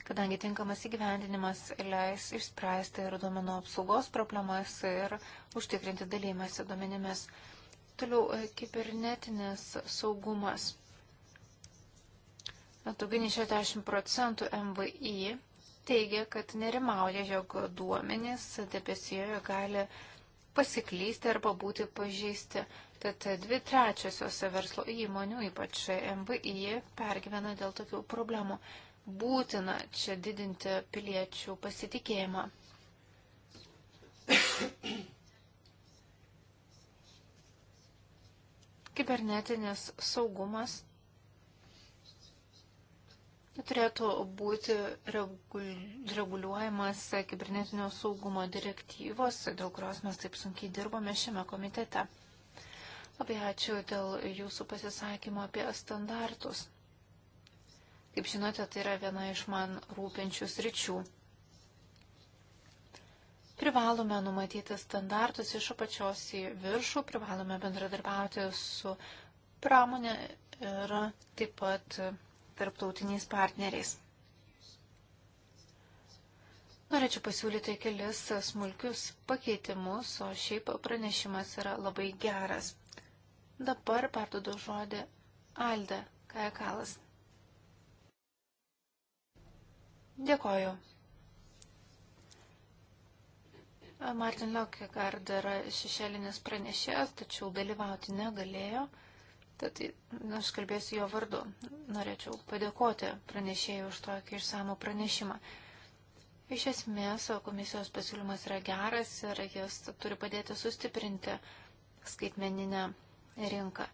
kadangi tinkamas įgyvendinimas leis išspręsti ir duomenų apsaugos problemas ir užtikrinti dalymasi duomenimis. Toliau e, kibernetinės saugumas. Daugiau nei 60 procentų MVI teigia, kad nerimauja, jog duomenys debesijoje gali pasiklysti arba būti pažeisti. Tad dvi trečiosios verslo įmonių, ypač MVI, pergyvena dėl tokių problemų. Būtina čia didinti piliečių pasitikėjimą. Kibernetinis saugumas turėtų būti reguliuojamas kibernetinio saugumo direktyvos, dėl kurios mes taip sunkiai dirbome šiame komitete. Labai ačiū dėl jūsų pasisakymo apie standartus. Kaip žinote, tai yra viena iš man rūpinčių sričių. Privalome numatyti standartus iš apačios į viršų, privalome bendradarbiauti su pramonė ir taip pat tarptautiniais partneriais. Norėčiau pasiūlyti kelis smulkius pakeitimus, o šiaip pranešimas yra labai geras. Dabar perduodu žodį Alde Kajakalas. Dėkoju, Martin Lokegard yra šešėlinis pranešėjas, tačiau dalyvauti negalėjo. Tad aš kalbėsiu jo vardu. Norėčiau padėkoti pranešėjai už tokį išsamų pranešimą. Iš esmės, komisijos pasiūlymas yra geras ir jis turi padėti sustiprinti skaitmeninę rinką.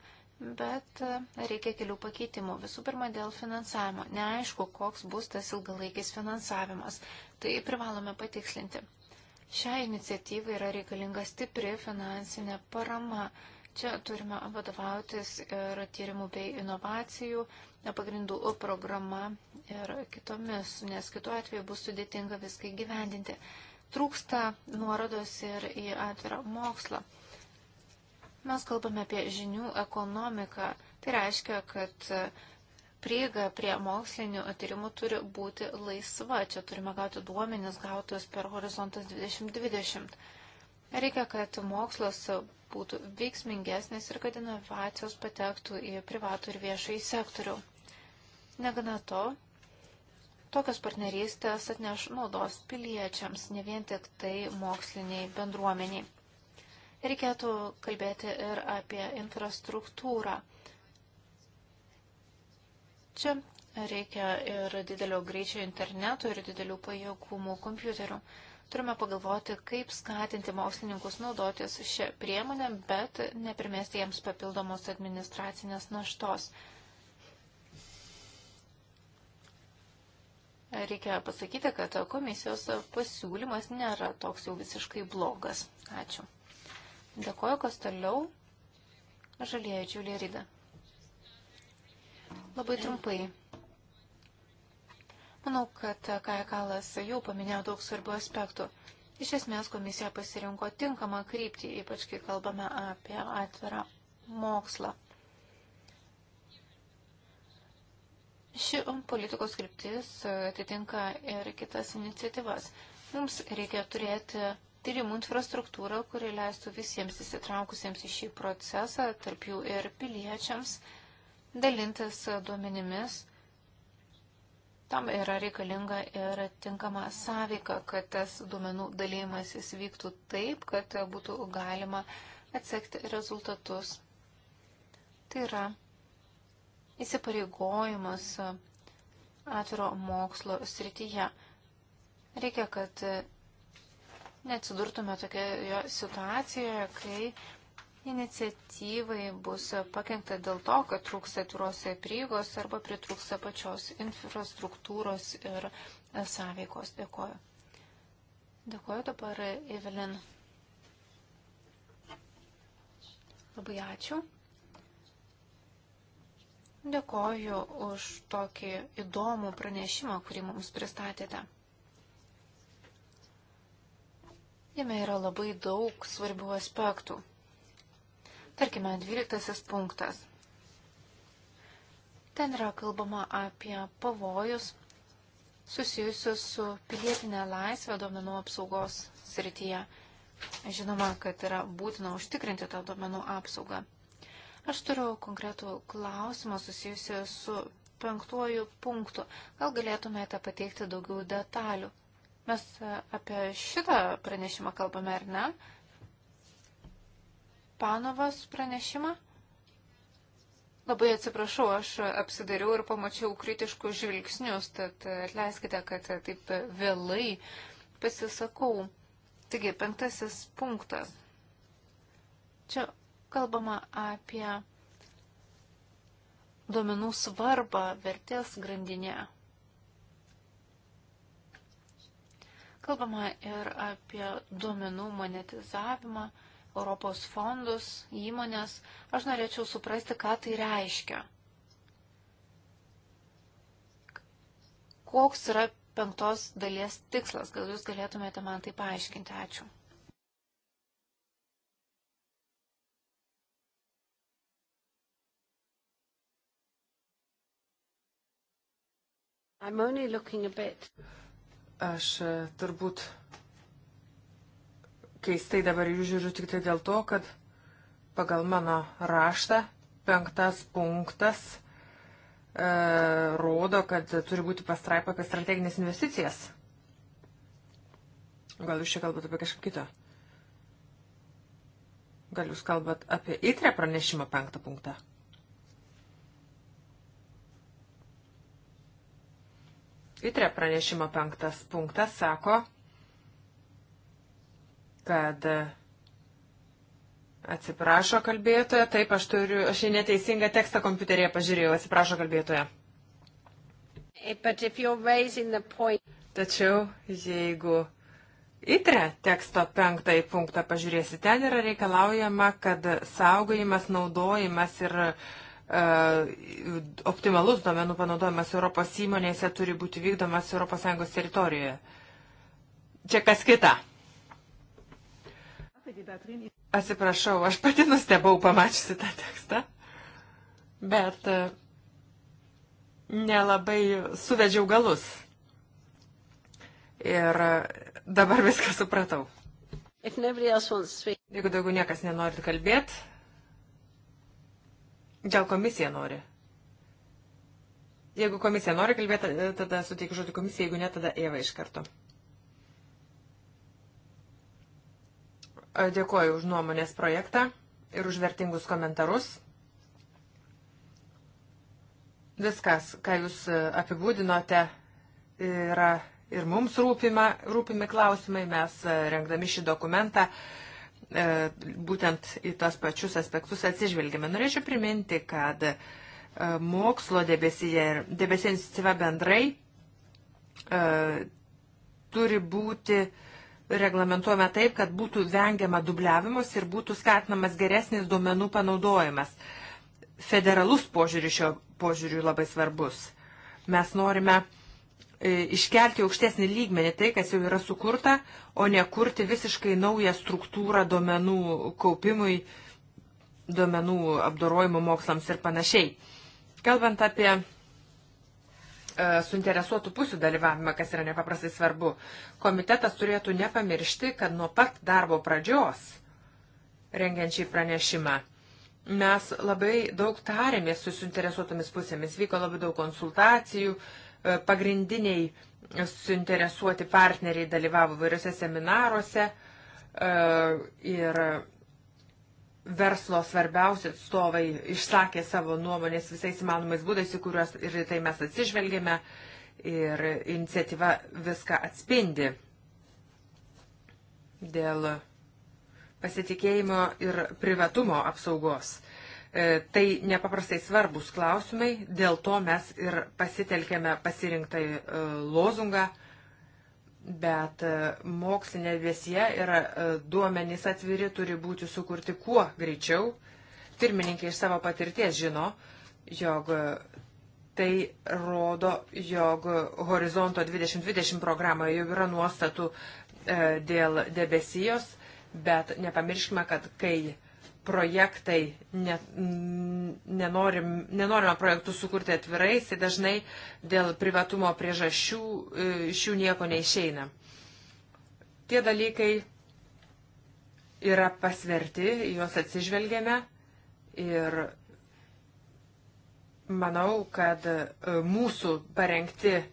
Bet e, reikia kelių pakeitimų. Visų pirma, dėl finansavimo. Neaišku, koks bus tas ilgalaikis finansavimas. Tai privalome patikslinti. Šią iniciatyvą yra reikalinga stipri finansinė parama. Čia turime vadovautis ir tyrimų bei inovacijų, pagrindų programa ir kitomis, nes kitu atveju bus sudėtinga viską gyvendinti. Trūksta nuorodos ir į atvirą mokslą. Mes kalbame apie žinių ekonomiką. Tai reiškia, kad prieiga prie mokslinių tyrimų turi būti laisva. Čia turime gauti duomenis gautus per horizontas 2020. Reikia, kad mokslas būtų veiksmingesnis ir kad inovacijos patektų į privatų ir viešai sektorių. Negana to, tokios partnerystės atneš naudos piliečiams, ne vien tik tai moksliniai bendruomeniai. Reikėtų kalbėti ir apie infrastruktūrą Čia reikia ir didelio greičio interneto, ir didelių pajėgumų kompiuterių. Turime pagalvoti, kaip skatinti mokslininkus naudotis šią priemonę, bet neprimesti jiems papildomos administracinės naštos. Reikia pasakyti, kad komisijos pasiūlymas nėra toks jau visiškai blogas. Ačiū. Dėkoju, kas toliau. Žalieji Čiulė Rida. Labai trumpai. Manau, kad Kajakalas jau paminėjo daug svarbių aspektų. Iš esmės komisija pasirinko tinkamą kryptį, ypač kai kalbame apie atvirą mokslą. Ši politikos kryptis atitinka ir kitas iniciatyvas. Mums reikia turėti tyrimų infrastruktūrą, kuri leistų visiems įsitraukusiems į šį procesą, tarp jų ir piliečiams, dalintis duomenimis. Tam yra reikalinga ir tinkama sąveika, kad tas duomenų dalymasis vyktų taip, kad būtų galima atsekti rezultatus. Tai yra įsipareigojimas atviro mokslo srityje. Reikia, kad neatsidurtume tokioje situacijoje, kai iniciatyvai bus pakengta dėl to, kad trūksta atviros prieigos arba pritrūksta pačios infrastruktūros ir sąveikos. Dėkuoju. Dėkuoju dabar, Evelin. Labai ačiū. Dėkoju už tokį įdomų pranešimą, kurį mums pristatėte. Jame yra labai daug svarbių aspektų. Tarkime, 12 punktas. Ten yra kalbama apie pavojus susijusius su pilietinė laisvė duomenų apsaugos srityje. Žinoma, kad yra būtina užtikrinti tą duomenų apsaugą. Aš turiu konkretų klausimą susijusiu su penktuoju punktu. Gal galėtumėte pateikti daugiau detalių? Mes apie šitą pranešimą kalbame, ar ne? Panovas pranešimą. Labai atsiprašau, aš apsidariau ir pamačiau kritiškus žvilgsnius, tad atleiskite, kad taip vėlai pasisakau. Taigi, penktasis punktas. Čia kalbama apie duomenų svarbą vertės grandinėje. Kalbama ir apie duomenų monetizavimą Europos fondus, įmonės, aš norėčiau suprasti, ką tai reiškia. Koks yra penktos dalies tikslas, gal jūs galėtumėte man tai paaiškinti. Ačiū. Aš e, turbūt keistai dabar jų žiūriu tik tai dėl to, kad pagal mano raštą penktas punktas e, rodo, kad turi būti pastraipa apie strateginės investicijas. Gal jūs čia kalbate apie kažką kitą? Gal jūs kalbat apie įtrę pranešimą penktą punktą? Įtrė pranešimo penktas punktas sako, kad atsiprašo kalbėtoja, taip aš turiu, aš neteisingą tekstą kompiuterėje pažiūrėjau, atsiprašo kalbėtoja. Tačiau jeigu ITRE teksto penktąjį punktą pažiūrėsi, ten yra reikalaujama, kad saugojimas, naudojimas ir uh, optimalus duomenų panaudojimas Europos įmonėse turi būti vykdomas ES teritorijoje. Čia kas kita. Atsiprašau, aš pati nustebau pamačiusi tą tekstą, bet e, nelabai suvedžiau galus. Ir e, dabar viską supratau. Jeigu daugiau niekas nenori kalbėti, gal komisija nori. Jeigu komisija nori kalbėti, e, tada suteikiu žodį komisijai, jeigu ne, tada Eva iš karto. Dėkuoju už nuomonės projektą ir už vertingus komentarus. Viskas, ką jūs e, apibūdinote, yra ir mums rūpima, rūpimi klausimai. Mes e, rengdami šį dokumentą e, būtent į tos pačius aspektus atsižvelgėme. Norėčiau priminti, kad mokslo debesyje ir debesyje iniciatyva bendrai turi būti uh, reglamentuojame taip, kad būtų vengiama dubliavimus ir būtų skatinamas geresnis duomenų panaudojimas. Federalus požiūris šio požiūriu labai svarbus. Mes norime e, iškelti aukštesnį lygmenį tai, kas jau yra sukurta, o ne kurti visiškai naują struktūrą duomenų kaupimui, duomenų apdorojimo mokslams ir panašiai. Kalbant apie E, suinteresuotų pusių dalyvavimą, kas yra nepaprastai svarbu. Komitetas turėtų nepamiršti, kad nuo pat darbo pradžios rengiančiai pranešimą mes labai daug tarėmės su suinteresuotomis pusėmis, vyko labai daug konsultacijų, e, pagrindiniai suinteresuoti partneriai dalyvavo vairiose seminaruose e, ir verslo svarbiausi atstovai išsakė savo nuomonės visais įmanomais būdais, į kuriuos ir tai mes atsižvelgėme ir iniciatyva viską atspindi dėl pasitikėjimo ir privatumo apsaugos. E, tai nepaprastai svarbus klausimai, dėl to mes ir pasitelkėme pasirinktą e, lozungą Bet e, mokslinė vėsija ir e, duomenys atviri turi būti sukurti kuo greičiau. Pirmininkai iš savo patirties žino, jog e, tai rodo, jog Horizonto 2020 programoje jau yra nuostatų dėl debesijos, bet nepamirškime, kad kai projektai, ne, nenorim, nenorime projektus sukurti atvirais, tai dažnai dėl privatumo priežasčių e, iš jų nieko neišeina. Tie dalykai yra pasverti, juos atsižvelgiame ir manau, kad e, mūsų parengti e,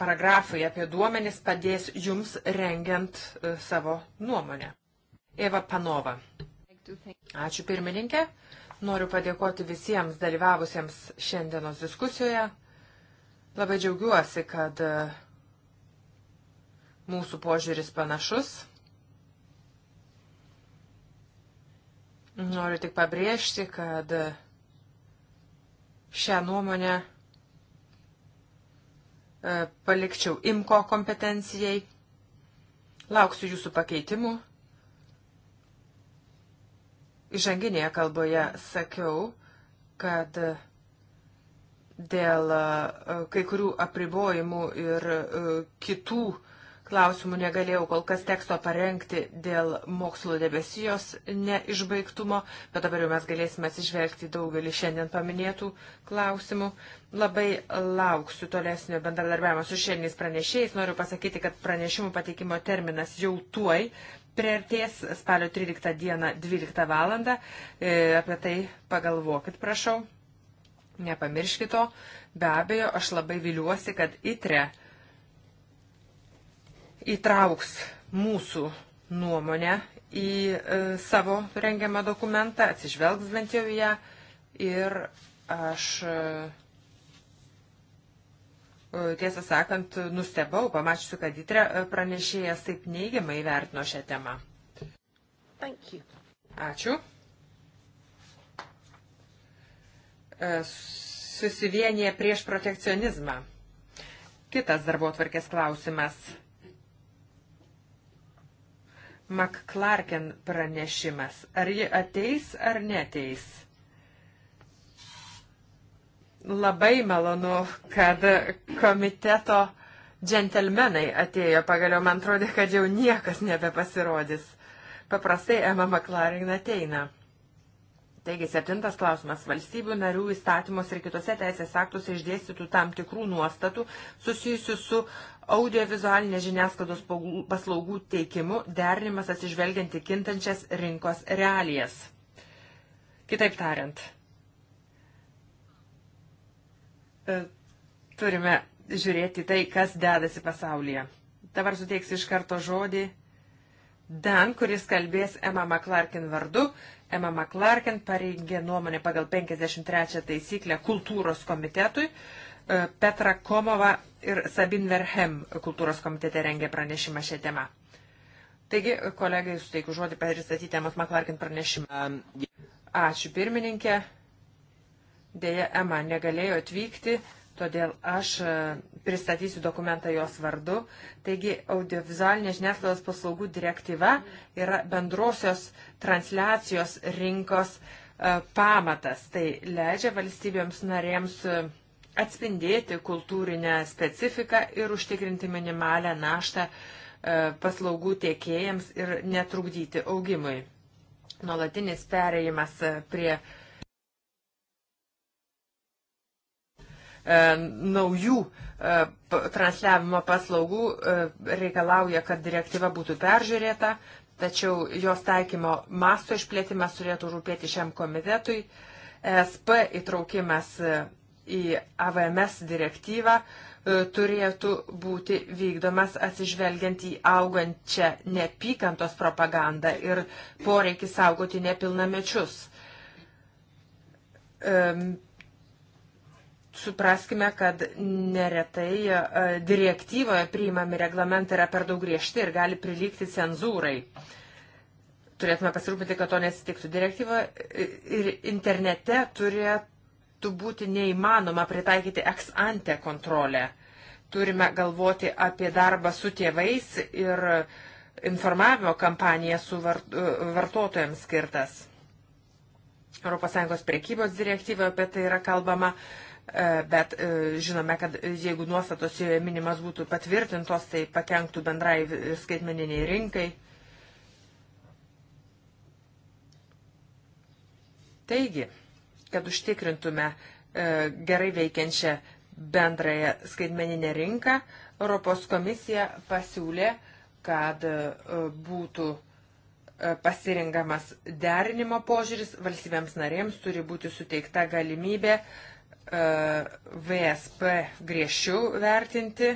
paragrafai apie duomenis padės jums rengiant savo nuomonę. Eva Panova. Ačiū pirmininkė. Noriu padėkoti visiems dalyvavusiems šiandienos diskusijoje. Labai džiaugiuosi, kad e, mūsų požiūris panašus. Noriu tik pabrėžti, kad e, šią nuomonę e, palikčiau imko kompetencijai. Lauksiu jūsų pakeitimų Įžanginėje kalboje sakiau, kad dėl e, kai kurių apribojimų ir e, kitų klausimų negalėjau kol kas teksto parengti dėl mokslo debesijos neišbaigtumo, bet dabar jau mes galėsime atsižvelgti daugelį šiandien paminėtų klausimų. Labai lauksiu tolesnio bendradarbiavimo su šiandieniais pranešėjais. Noriu pasakyti, kad pranešimų pateikimo terminas jau tuoj, priartės spalio 13 dieną 12 val. E, apie tai pagalvokit, prašau. Nepamirškit to. Be abejo, aš labai viliuosi, kad ITRE įtrauks mūsų nuomonę į e, savo rengiamą dokumentą, atsižvelgs bent jau ją ir aš. E, E, tiesą sakant, nustebau, pamačiusi, kad įtre e, pranešėjas taip neigiamai vertino šią temą. Ačiū. E, Susivienyje prieš protekcionizmą. Kitas darbo tvarkės klausimas. McClarken pranešimas. Ar ji ateis ar neteis? Labai malonu, kad komiteto džentelmenai atėjo pagaliau. Man atrodo, kad jau niekas nebepasirodys. Paprastai Emma McLaren ateina. Taigi, septintas klausimas. Valstybių narių įstatymus ir kitose teisės aktuose išdėstytų tam tikrų nuostatų susijusių su audiovizualinės žiniasklaidos paslaugų teikimu derinimas atsižvelgianti kintančias rinkos realijas. Kitaip tariant, E, turime žiūrėti tai, kas dedasi pasaulyje. Dabar suteiksiu iš karto žodį Dan, kuris kalbės Emma McClarkin vardu. Emma McClarkin pareigė nuomonę pagal 53 taisyklę kultūros komitetui. E, Petra Komova ir Sabin Verhem kultūros komitete rengė pranešimą šią temą. Taigi, kolegai, suteikiu žodį pristatyti Emma McClarkin pranešimą. Um, Ačiū pirmininkė. Deja, Ema negalėjo atvykti, todėl aš e, pristatysiu dokumentą jos vardu. Taigi, audiovizualinės žiniasklaidos paslaugų direktyva yra bendrosios transliacijos rinkos e, pamatas. Tai leidžia valstybėms narėms e, atspindėti kultūrinę specifiką ir užtikrinti minimalę naštą paslaugų tiekėjams ir netrukdyti augimui. Nuolatinis pereimas prie uh, E, naujų e, transliavimo paslaugų e, reikalauja, kad direktyva būtų peržiūrėta, tačiau jos taikymo masto išplėtimas turėtų rūpėti šiam komitetui. ESP įtraukimas į AVMS direktyvą turėtų būti vykdomas atsižvelgiant į augančią nepykantos propagandą ir poreikį saugoti nepilnamečius supraskime, kad neretai e, direktyvoje priimami reglamentai yra per daug griežti ir gali prilygti cenzūrai. Turėtume pasirūpinti, kad to nesitiktų. Direktyva e, ir internete turėtų būti neįmanoma pritaikyti ex ante kontrolę. Turime galvoti apie darbą su tėvais ir informavimo kampaniją su e, vartotojams skirtas. ES prekybos direktyvoje apie tai yra kalbama. Uh, E, bet e, žinome, kad jeigu nuostatos joje minimas būtų patvirtintos, tai pakenktų bendrai skaitmeniniai rinkai. Taigi, kad užtikrintume e, gerai veikiančią bendrąją skaitmeninę rinką, Europos komisija pasiūlė, kad būtų pasirinkamas derinimo požiūris, valstybėms narėms turi būti suteikta galimybė uh, VSP griežčiau vertinti.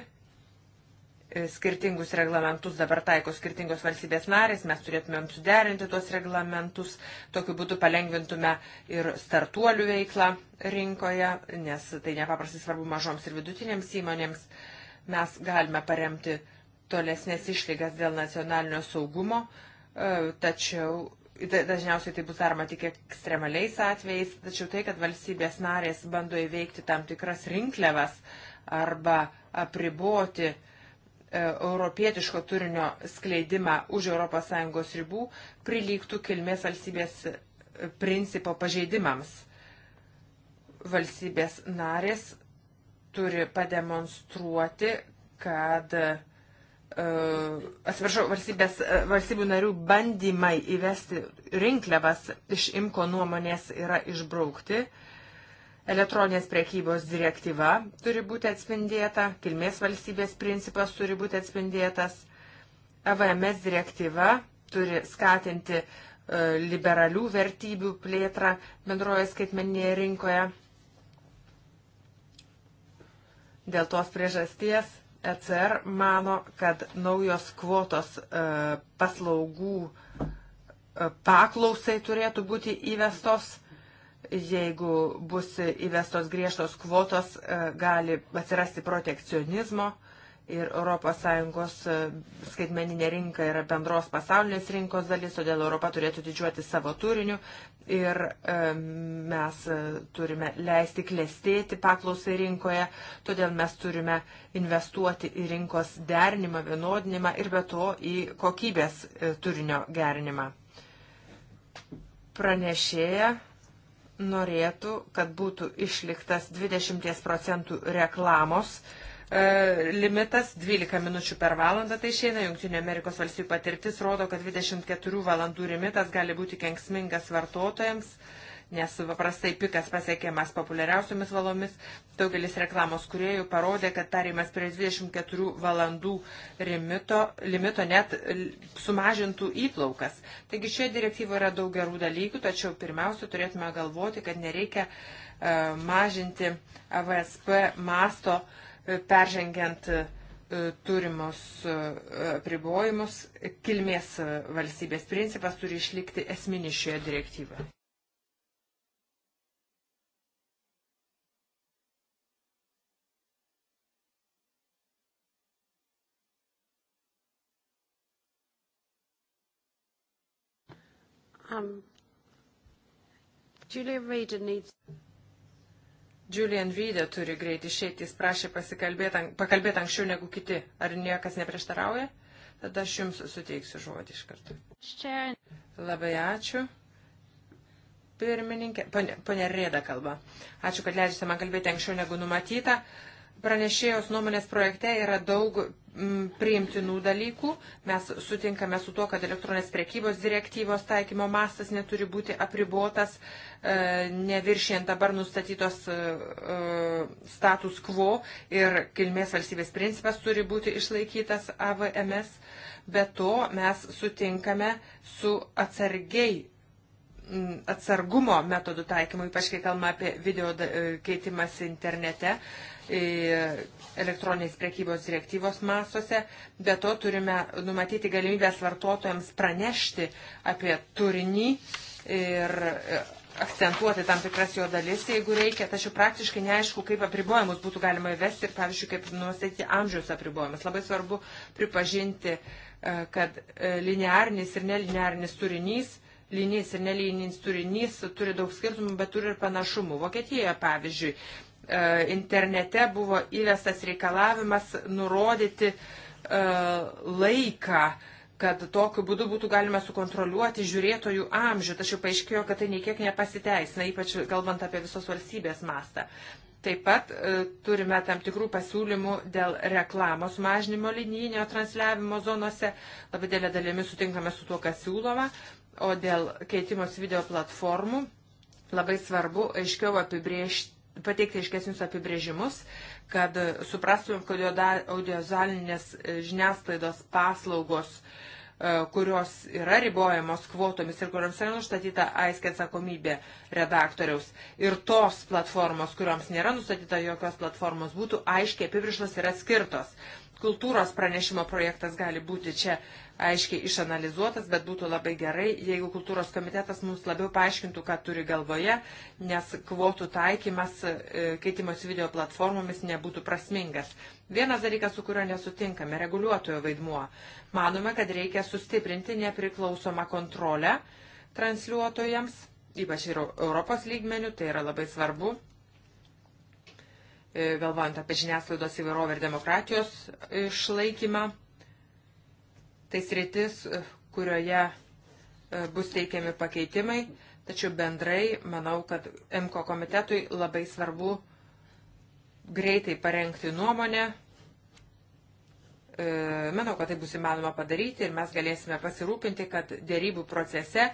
Skirtingus reglamentus dabar taiko skirtingos valstybės narės, mes turėtumėm suderinti tuos reglamentus, tokiu būdu palengvintume ir startuolių veiklą rinkoje, nes tai nepaprastai svarbu mažoms ir vidutinėms įmonėms. Mes galime paremti tolesnės išlygas dėl nacionalinio saugumo, e, tačiau Dažniausiai tai bus daroma tik ekstremaliais atvejais, tačiau tai, kad valstybės narės bando įveikti tam tikras rinkliavas arba apriboti e, europietiško turinio skleidimą už ES ribų, prilygtų kilmės valstybės e, principo pažeidimams. Valstybės narės turi pademonstruoti, kad e, E, atsiprašau, valstybės, e, valstybių narių bandymai įvesti rinkliavas iš imko nuomonės yra išbraukti. Elektroninės priekybos direktyva turi būti atspindėta, kilmės valstybės principas turi būti atspindėtas, AVMS e direktyva turi skatinti liberalių vertybių plėtrą bendroje skaitmeninėje rinkoje. Dėl tos priežasties ECR mano, kad naujos kvotos e, paslaugų e, paklausai turėtų būti įvestos. Jeigu bus įvestos griežtos kvotos, e, gali atsirasti protekcionizmo ir ES e, skaitmeninė rinka yra bendros pasaulinės rinkos dalis, todėl Europa turėtų didžiuoti savo turiniu ir e, mes e, turime leisti klestėti paklausai rinkoje, todėl mes turime investuoti į rinkos derinimą, vienodinimą ir be to į kokybės turinio gerinimą. Pranešėja norėtų, kad būtų išliktas 20 procentų reklamos, uh, E, limitas 12 minučių per valandą tai išeina. Junktinio Amerikos valstybių patirtis rodo, kad 24 valandų limitas gali būti kenksmingas vartotojams, nes paprastai pikas pasiekiamas populiariausiomis valomis. Daugelis reklamos kuriejų parodė, kad tarimas prie 24 valandų limito, limito net sumažintų įplaukas. Taigi šioje direktyvoje yra daug gerų dalykų, tačiau pirmiausia turėtume galvoti, kad nereikia uh, mažinti AVSP masto uh, peržengiant e, turimus e, pribojimus, kilmės valstybės principas turi išlikti esminis šioje direktyvoje. Um, Julia Reader needs. Julian Vydė turi greit išėti, jis prašė pakalbėti anksčiau negu kiti. Ar niekas neprieštarauja? Tada aš jums suteiksiu žodį iš karto. Labai ačiū. Pirmininkė, ponė, ponė Rėda kalba. Ačiū, kad leidžiate man kalbėti anksčiau negu numatyta. Uh, Pranešėjos nuomonės projekte yra daug m, mm, priimtinų dalykų. Mes sutinkame su tuo, kad elektroninės prekybos direktyvos taikymo mastas neturi būti apribotas, e, neviršient dabar nustatytos e, e, status quo ir kilmės valstybės principas turi būti išlaikytas AVMS. Be to mes sutinkame su atsargiai Mm, atsargumo metodų taikymų, ypač kai kalbame apie video e, keitimas internete, e, elektroninės prekybos direktyvos masuose. Be to turime numatyti galimybės vartotojams pranešti apie turinį ir e, akcentuoti tam tikras jo dalis, jeigu reikia, tačiau praktiškai neaišku, kaip apribojimus būtų galima įvesti ir, pavyzdžiui, kaip nustatyti amžiaus apribojimus. Labai svarbu pripažinti, kad linearnis ir nelinearnis turinys lininis ir nelininis turinys turi daug skirtumų, bet turi ir panašumų. Vokietijoje, pavyzdžiui, e, internete buvo įvestas reikalavimas nurodyti e, laiką, kad tokiu būdu būtų galima sukontroliuoti žiūrėtojų amžių, tačiau paaiškėjo, kad tai niekiek nepasiteisina, ypač kalbant apie visos valstybės mastą. Taip pat e, turime tam tikrų pasiūlymų dėl reklamos mažinimo linijinio transliavimo zonose. Labai dėlė dalimi sutinkame su tuo, kas siūloma. O dėl keitimos video platformų labai svarbu aiškiau apibriežti pateikti aiškesnius apibrėžimus, kad suprastumėm, kad audiozalinės e, žiniasklaidos paslaugos uh, kurios yra ribojamos kvotomis ir kuriams yra nustatyta aiškia atsakomybė redaktoriaus. Ir tos platformos, kurioms nėra nustatyta jokios platformos, būtų aiškiai apibrištos ir atskirtos. Kultūros pranešimo projektas gali būti čia aiškiai išanalizuotas, bet būtų labai gerai, jeigu kultūros komitetas mums labiau paaiškintų, ką turi galvoje, nes kvotų taikymas e, keitimos video platformomis nebūtų prasmingas. Vienas dalykas, su kuriuo nesutinkame - reguliuotojo vaidmuo. Manome, kad reikia sustiprinti nepriklausomą kontrolę transliuotojams, ypač ir Europos lygmenių, tai yra labai svarbu, e, galvojant apie žiniasklaidos įvairovę ir demokratijos išlaikymą Tai sritis, e, kurioje e, bus teikiami pakeitimai, tačiau bendrai manau, kad MKO komitetui labai svarbu greitai parengti nuomonę. E, manau, kad tai bus įmanoma padaryti ir mes galėsime pasirūpinti, kad dėrybų procese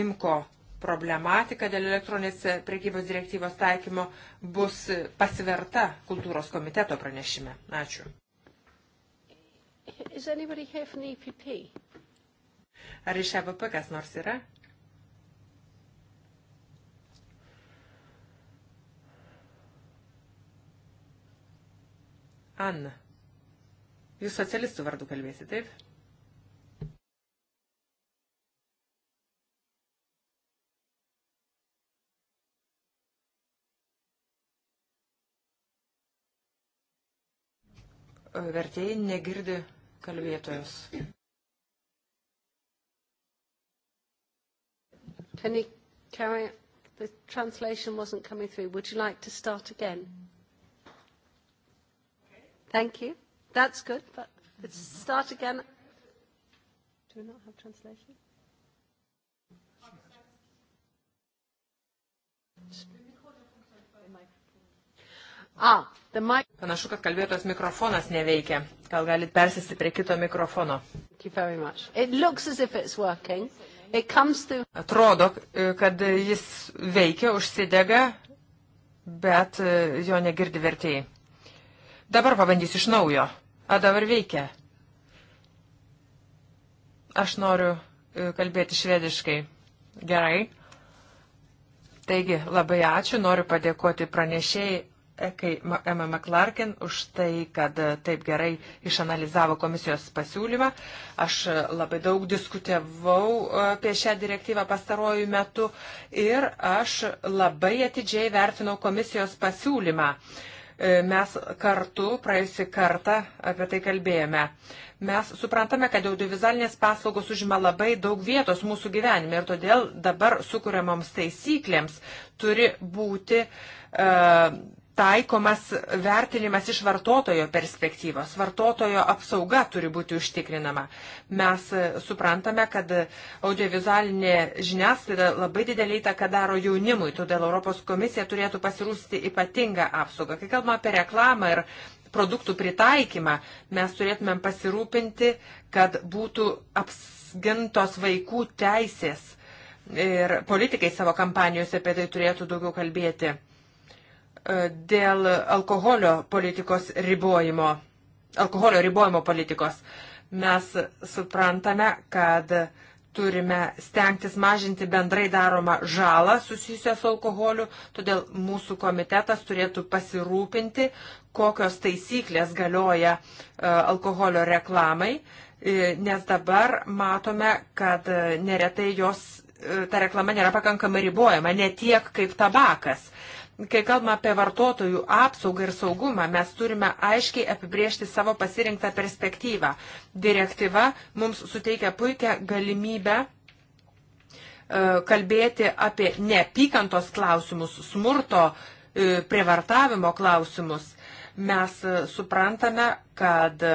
IMKO problematika dėl elektroninės priekybos direktyvos taikymo bus pasverta kultūros komiteto pranešime. Ačiū. Is anybody here from the EPP? Ar iš EVP kas nors yra? Anna, jūs socialistų vardu kalbėsi, taip? Vertėjai negirdi kalbėtojus. Can you carry the translation wasn't coming through. Would you like to start again? Thank you. That's good, but let's start again. Do we not have translation? Just A, the mic. Panašu, kad kalbėtos mikrofonas neveikia. Gal galit persisti prie kito mikrofono. To... Atrodo, e, kad jis veikia, užsidega, bet e, jo negirdi vertėjai. Dabar pabandysiu iš naujo. A, dabar veikia. Aš noriu e, kalbėti švediškai. Gerai. Taigi, labai ačiū, noriu padėkoti pranešėjai kai Emma McClarkin už tai, kad e, taip gerai išanalizavo komisijos pasiūlymą. Aš e, labai daug diskutavau e, apie šią direktyvą pastarojų metų ir aš labai atidžiai vertinau komisijos pasiūlymą. Mes kartu praėjusi kartą apie tai kalbėjome. Mes suprantame, kad audiovizualinės paslaugos užima labai daug vietos mūsų gyvenime ir todėl dabar sukūriamoms taisyklėms turi būti uh, taikomas vertinimas iš vartotojo perspektyvos. Vartotojo apsauga turi būti užtikrinama. Mes e, suprantame, kad audiovizualinė žiniasklaida labai didelį įtaką daro jaunimui, todėl Europos komisija turėtų pasirūsti ypatingą apsaugą. Kai kalbame apie reklamą ir produktų pritaikymą, mes turėtumėm pasirūpinti, kad būtų apsgintos vaikų teisės. Ir politikai savo kampanijose apie tai turėtų daugiau kalbėti E, dėl alkoholio politikos ribojimo, alkoholio ribojimo politikos. Mes suprantame, kad turime stengtis mažinti bendrai daromą žalą susijusią su alkoholiu, todėl mūsų komitetas turėtų pasirūpinti, kokios taisyklės galioja e, alkoholio reklamai, e, nes dabar matome, kad neretai jos, ta reklama nėra pakankamai ribojama, ne tiek kaip tabakas. Kai kalbame apie vartotojų apsaugą ir saugumą, mes turime aiškiai apibriežti savo pasirinktą perspektyvą. Direktyva mums suteikia puikią galimybę e, kalbėti apie neapykantos klausimus, smurto, e, prievartavimo klausimus. Mes e, suprantame, kad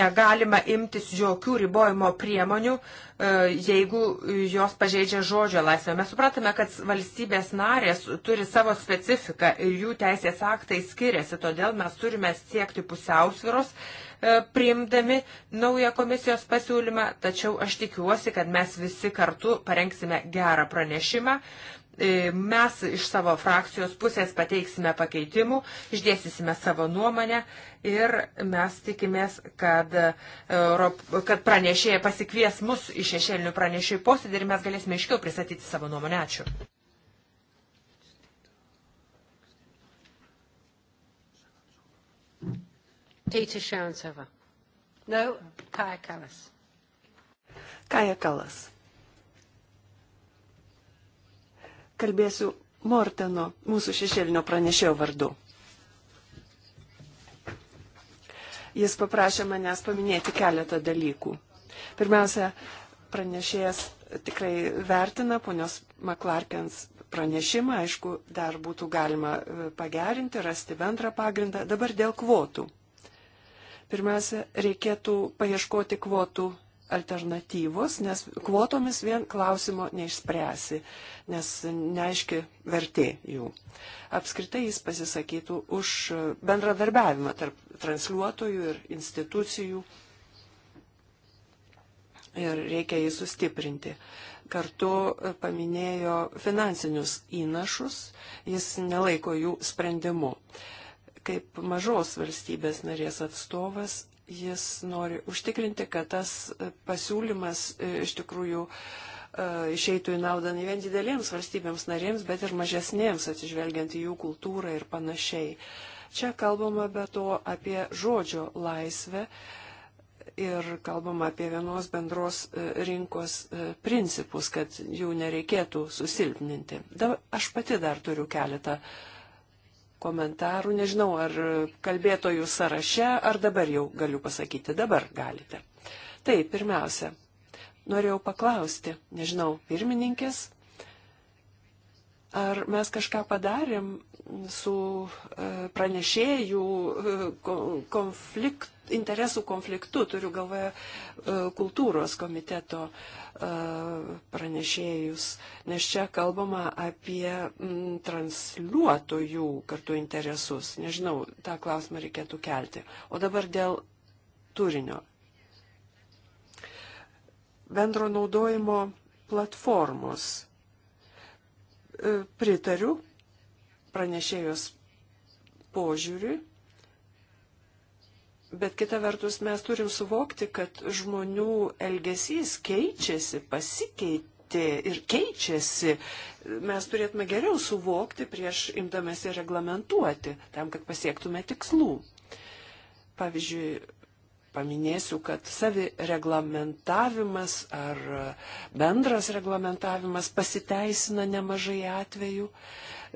negalima imtis jokių ribojimo priemonių, e, jeigu jos pažeidžia žodžio laisvę. Mes supratome, kad valstybės narės turi savo specifiką ir jų teisės aktai skiriasi, todėl mes turime siekti pusiausviros e, priimdami naują komisijos pasiūlymą, tačiau aš tikiuosi, kad mes visi kartu parengsime gerą pranešimą E, mes iš savo frakcijos pusės pateiksime pakeitimų, išdėsysime savo nuomonę ir mes tikimės, kad, Europ... kad pranešėjai pasikvies mus iš šešėlinių pranešėjų posėdį ir mes galėsime aiškiau pristatyti savo nuomonę. Ačiū. Dita Sharon Sova. No, Kaja Kallas. Kaja Kallas. kalbėsiu Morteno, mūsų šešėlinio pranešėjo vardu. Jis paprašė manęs paminėti keletą dalykų. Pirmiausia, pranešėjas tikrai vertina ponios Maklarkens pranešimą, aišku, dar būtų galima e, pagerinti, rasti bendrą pagrindą. Dabar dėl kvotų. Pirmiausia, reikėtų paieškoti kvotų alternatyvos, nes kvotomis vien klausimo neišspręsi, nes neaiški vertė jų. Apskritai jis pasisakytų už bendradarbiavimą tarp transliuotojų ir institucijų ir reikia jį sustiprinti. Kartu paminėjo finansinius įnašus, jis nelaiko jų sprendimu. Kaip mažos valstybės narės atstovas jis nori užtikrinti, kad tas e, pasiūlymas e, iš tikrųjų e, išeitų į naudą ne vien didelėms valstybėms narėms, bet ir mažesnėms, atsižvelgiant į jų kultūrą ir panašiai. Čia kalbama be to apie žodžio laisvę ir kalbama apie vienos bendros rinkos principus, kad jų nereikėtų susilpninti. Da, aš pati dar turiu keletą uh, komentarų. Nežinau, ar kalbėtojų sąraše, ar dabar jau galiu pasakyti. Dabar galite. Tai pirmiausia, norėjau paklausti, nežinau, pirmininkės, ar mes kažką padarėm su e, pranešėjų e, konfliktu interesų konfliktu, turiu galvoje e, kultūros komiteto e, pranešėjus, nes čia kalbama apie transliuotojų kartu interesus. Nežinau, tą klausimą reikėtų kelti. O dabar dėl turinio. Bendro naudojimo platformos. E, pritariu pranešėjos požiūriui Bet kita vertus mes turim suvokti, kad žmonių elgesys keičiasi, pasikeitė ir keičiasi. Mes turėtume geriau suvokti prieš imdamėsi reglamentuoti, tam, kad pasiektume tikslų. Pavyzdžiui, paminėsiu, kad savireglamentavimas ar bendras reglamentavimas pasiteisina nemažai atvejų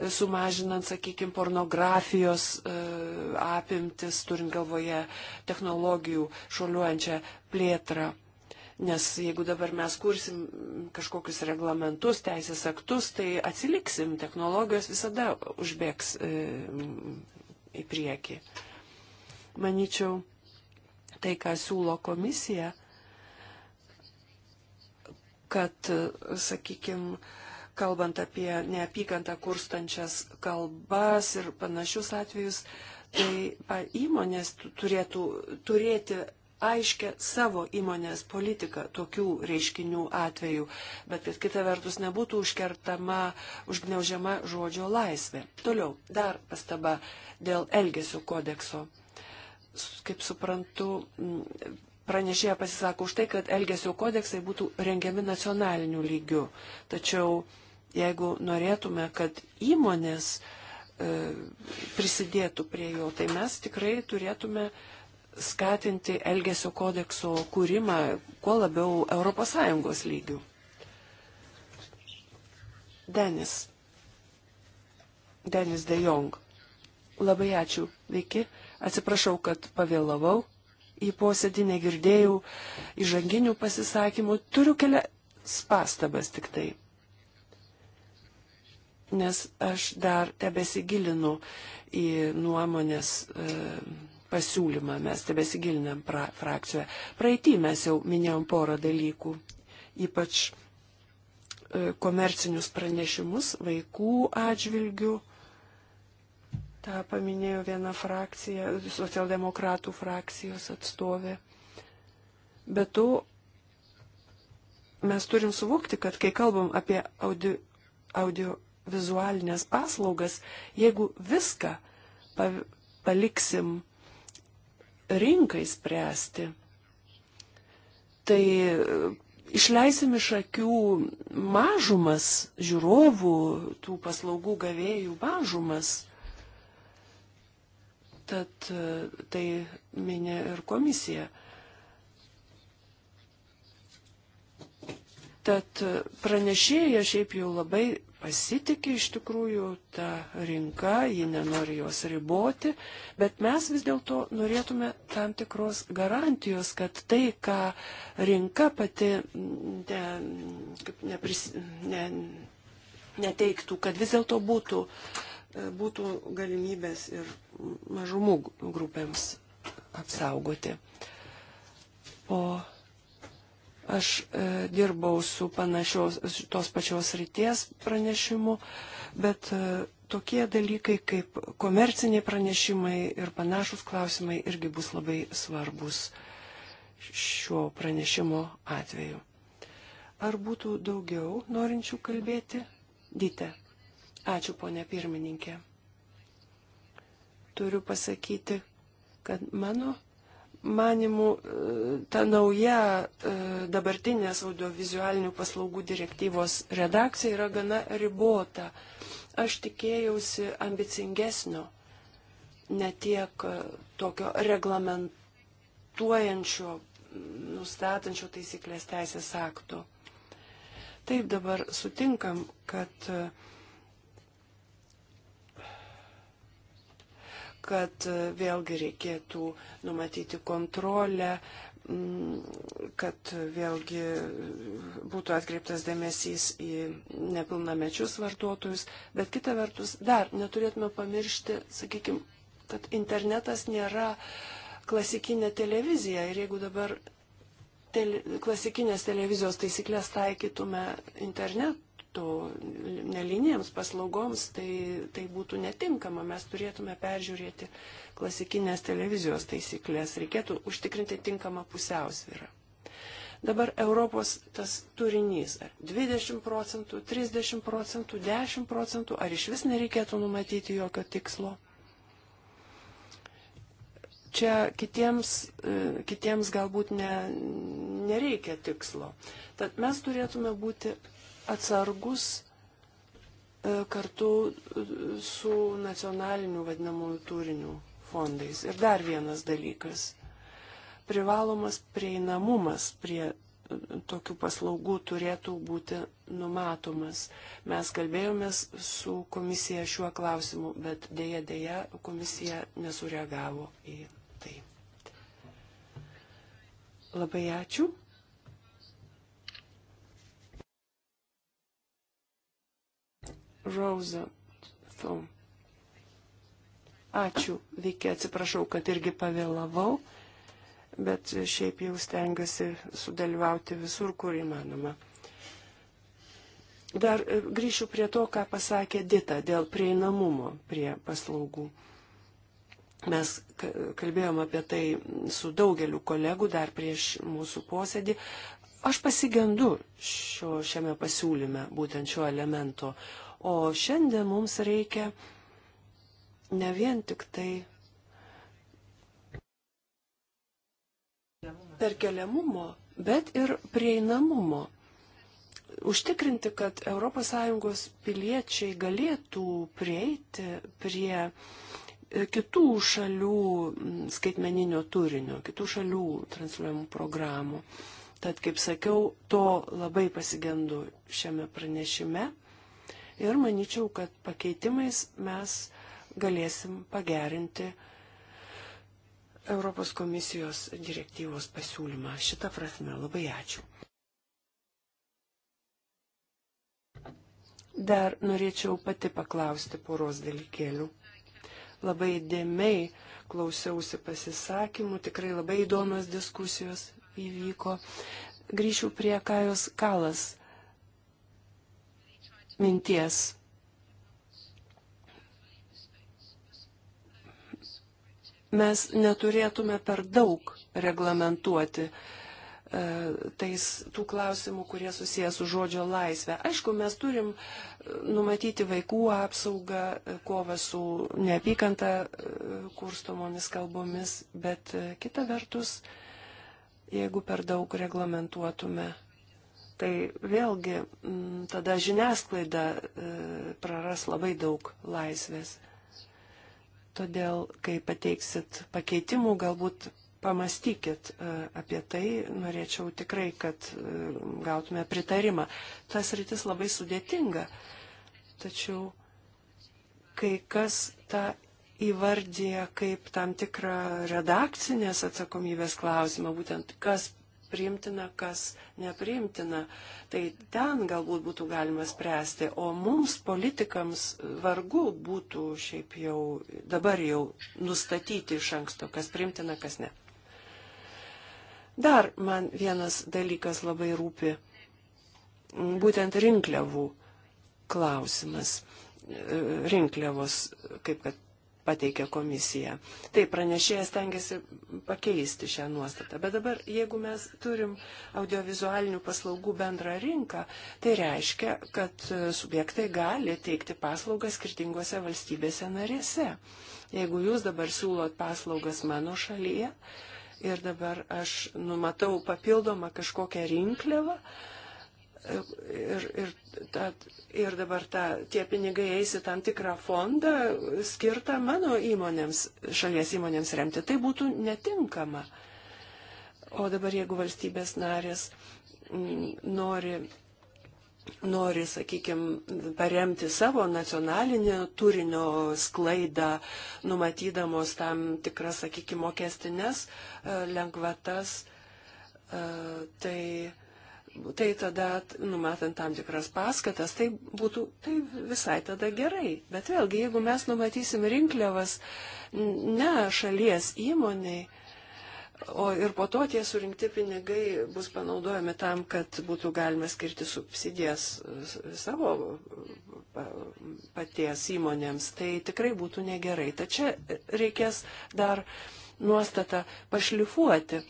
sumažinant, sakykime, pornografijos e, apimtis, turint galvoje technologijų šoliuojančią plėtrą. Nes jeigu dabar mes kursim kažkokius reglamentus, teisės aktus, tai atsiliksim, technologijos visada užbėgs e, į priekį. Maničiau, tai, ką siūlo komisija, kad, sakykime, kalbant apie neapykantą kurstančias kalbas ir panašius atvejus, tai įmonės turėtų turėti aiškę savo įmonės politiką tokių reiškinių atveju, bet kad kita vertus nebūtų užkertama, užgneužiama žodžio laisvė. Toliau, dar pastaba dėl Elgesio kodekso. Kaip suprantu, pranešėja pasisako už tai, kad Elgesio kodeksai būtų rengiami nacionaliniu lygiu. Tačiau Jeigu norėtume, kad įmonės e, prisidėtų prie jo, tai mes tikrai turėtume skatinti Elgesio kodekso kūrimą kuo labiau ES lygių. Denis. Denis De Jong. Labai ačiū. Veiki. Atsiprašau, kad pavėlavau į posėdį, negirdėjau įžanginių pasisakymų. Turiu kelias pastabas tik taip nes aš dar tebesigilinu į nuomonės e, pasiūlymą, mes tebesigilinam pra, frakcijoje. Praeitį mes jau minėjom porą dalykų, ypač e, komercinius pranešimus vaikų atžvilgių. Ta paminėjo viena frakcija, socialdemokratų frakcijos atstovė. Bet tu mes turim suvokti, kad kai kalbam apie audio, audio vizualinės paslaugas, jeigu viską pa paliksim rinkai spręsti, tai e, išleisim iš akių mažumas žiūrovų, tų paslaugų gavėjų mažumas. Tad e, tai minė ir komisija. Tad e, pranešėja šiaip jau labai pasitikė iš tikrųjų tą rinką, ji nenori jos riboti, bet mes vis dėlto norėtume tam tikros garantijos, kad tai, ką rinka pati mm, ne, kaip, nepris, ne, neteiktų, kad vis dėlto būtų, e, būtų galimybės ir mažumų grupėms apsaugoti. O Aš e, dirbau su panašios, tos pačios ryties pranešimu, bet e, tokie dalykai kaip komerciniai pranešimai ir panašus klausimai irgi bus labai svarbus šio pranešimo atveju. Ar būtų daugiau norinčių kalbėti? Dite. Ačiū, ponė pirmininkė. Turiu pasakyti, kad mano manimų, e, ta nauja e, dabartinės audiovizualinių paslaugų direktyvos redakcija yra gana ribota. Aš tikėjausi ambicingesnio, ne tiek e, tokio reglamentuojančio, nustatančio taisyklės teisės akto. Taip dabar sutinkam, kad uh, kad e, vėlgi reikėtų numatyti kontrolę, kad e, vėlgi e, būtų atkreiptas dėmesys į nepilnamečius vartotojus, bet kita vertus dar neturėtume pamiršti, sakykime, kad internetas nėra klasikinė televizija ir jeigu dabar tele, klasikinės televizijos taisyklės taikytume internet, to nelinėms paslaugoms, tai, tai būtų netinkama. Mes turėtume peržiūrėti klasikinės televizijos taisyklės. Reikėtų užtikrinti tinkamą pusiausvyrą. Dabar Europos tas turinys, ar 20 procentų, 30 procentų, 10 procentų, ar iš vis nereikėtų numatyti jokio tikslo. Čia kitiems, e, kitiems galbūt ne, nereikia tikslo. Tad mes turėtume būti atsargus e, kartu e, su nacionaliniu vadinamųjų turinių fondais. Ir dar vienas dalykas - privalomas prieinamumas prie e, tokių paslaugų turėtų būti numatomas. Mes kalbėjomės su komisija šiuo klausimu, bet dėja, dėja, komisija nesureagavo į tai. Labai ačiū. Rosenthal. Ačiū, veikia atsiprašau, kad irgi pavėlavau, bet šiaip jau stengiasi sudalyvauti visur, kur įmanoma. Dar e, grįšiu prie to, ką pasakė Dita dėl prieinamumo prie paslaugų. Mes kalbėjom apie tai su daugeliu kolegų dar prieš mūsų posėdį. Aš pasigendu šio, šiame pasiūlyme būtent šio elemento, O šiandien mums reikia ne vien tik tai perkeliamumo, bet ir prieinamumo. Užtikrinti, kad ES piliečiai galėtų prieiti prie kitų šalių mm, skaitmeninio turinio, kitų šalių transliuojamų programų. Tad, kaip sakiau, to labai pasigendu šiame pranešime. Ir manyčiau, kad pakeitimais mes galėsim pagerinti Europos komisijos direktyvos pasiūlymą. Šitą prasme labai ačiū. Dar norėčiau pati paklausti poros dalykėlių. Labai dėmiai klausiausi pasisakymų, tikrai labai įdomios diskusijos įvyko. Grįšiu prie Kajos Kalas minties. Mes neturėtume per daug reglamentuoti e, tais tų klausimų, kurie susijęs su žodžio laisvė. Aišku, mes turim e, numatyti vaikų apsaugą, e, kovą su neapykanta kurstomomis kalbomis, bet kita vertus, jeigu per daug reglamentuotume tai vėlgi mm, tada žiniasklaida e, praras labai daug laisvės. Todėl, kai pateiksit pakeitimų, galbūt pamastykit e, apie tai, norėčiau tikrai, kad e, gautume pritarimą. Tas rytis labai sudėtinga, tačiau kai kas tą įvardė kaip tam tikrą redakcinės atsakomybės klausimą, būtent kas priimtina, kas nepriimtina. Tai ten galbūt būtų galima spręsti, o mums politikams vargu būtų šiaip jau dabar jau nustatyti iš anksto, kas priimtina, kas ne. Dar man vienas dalykas labai rūpi, būtent rinkliavų klausimas rinkliavos, kaip kad pateikė komisija. Taip, pranešėjas tengiasi pakeisti šią nuostatą. Bet dabar, jeigu mes turim audiovizualinių paslaugų bendrą rinką, tai reiškia, kad e, subjektai gali teikti paslaugas skirtingose valstybėse narėse. Jeigu jūs dabar siūlot paslaugas mano šalyje ir dabar aš numatau papildomą kažkokią rinkliavą, ir, ir, ta, ir dabar ta, tie pinigai eis į tam tikrą fondą skirtą mano įmonėms, šalies įmonėms remti. Tai būtų netinkama. O dabar jeigu valstybės narės mm, nori nori, sakykime, paremti savo nacionalinio turinio sklaidą, numatydamos tam tikras, sakykime, mokestinės e, lengvatas, e, tai tai tada numatant tam tikras paskatas, tai būtų tai visai tada gerai. Bet vėlgi, jeigu mes numatysim rinkliavas ne šalies įmoniai, O ir po to tie surinkti pinigai bus panaudojami tam, kad būtų galima skirti subsidijas savo paties įmonėms. Tai tikrai būtų negerai. Tačiau reikės dar nuostatą pašlifuoti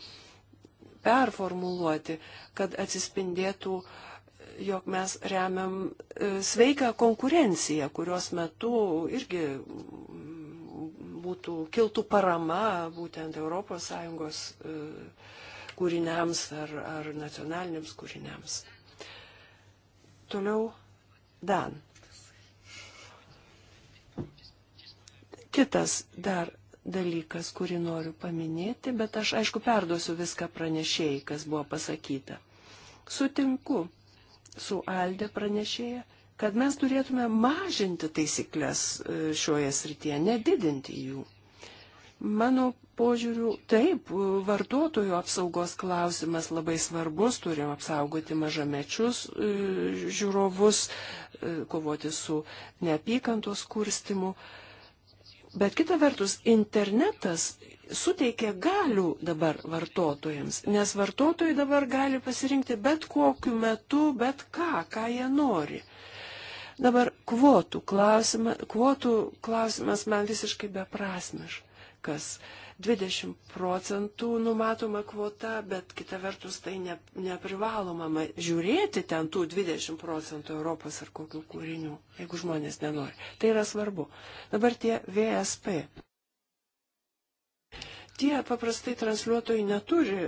performuluoti, kad atsispindėtų, jog mes remiam e, sveiką konkurenciją, kurios metu irgi būtų, kiltų parama būtent ES e, kūriniams ar, ar nacionaliniams kūriniams. Toliau Dan. Kitas dar dalykas, kurį noriu paminėti, bet aš aišku perduosiu viską pranešėjai, kas buvo pasakyta. Sutinku su Alde pranešėja, kad mes turėtume mažinti taisyklės e, šioje srityje, nedidinti jų. Mano požiūriu, taip, vartotojų apsaugos klausimas labai svarbus, turim apsaugoti mažamečius e, žiūrovus, e, kovoti su neapykantos kurstimu Bet kita vertus, internetas suteikia galių dabar vartotojams, nes vartotojai dabar gali pasirinkti bet kokiu metu, bet ką, ką jie nori. Dabar kvotų, klausima, kvotų klausimas man visiškai beprasmiškas. 20 procentų numatoma kvota, bet kita vertus tai ne, neprivaloma žiūrėti ten tų 20 procentų Europos ar kokių kūrinių, jeigu žmonės nenori. Tai yra svarbu. Dabar tie VSP. Tie paprastai transliuotojai neturi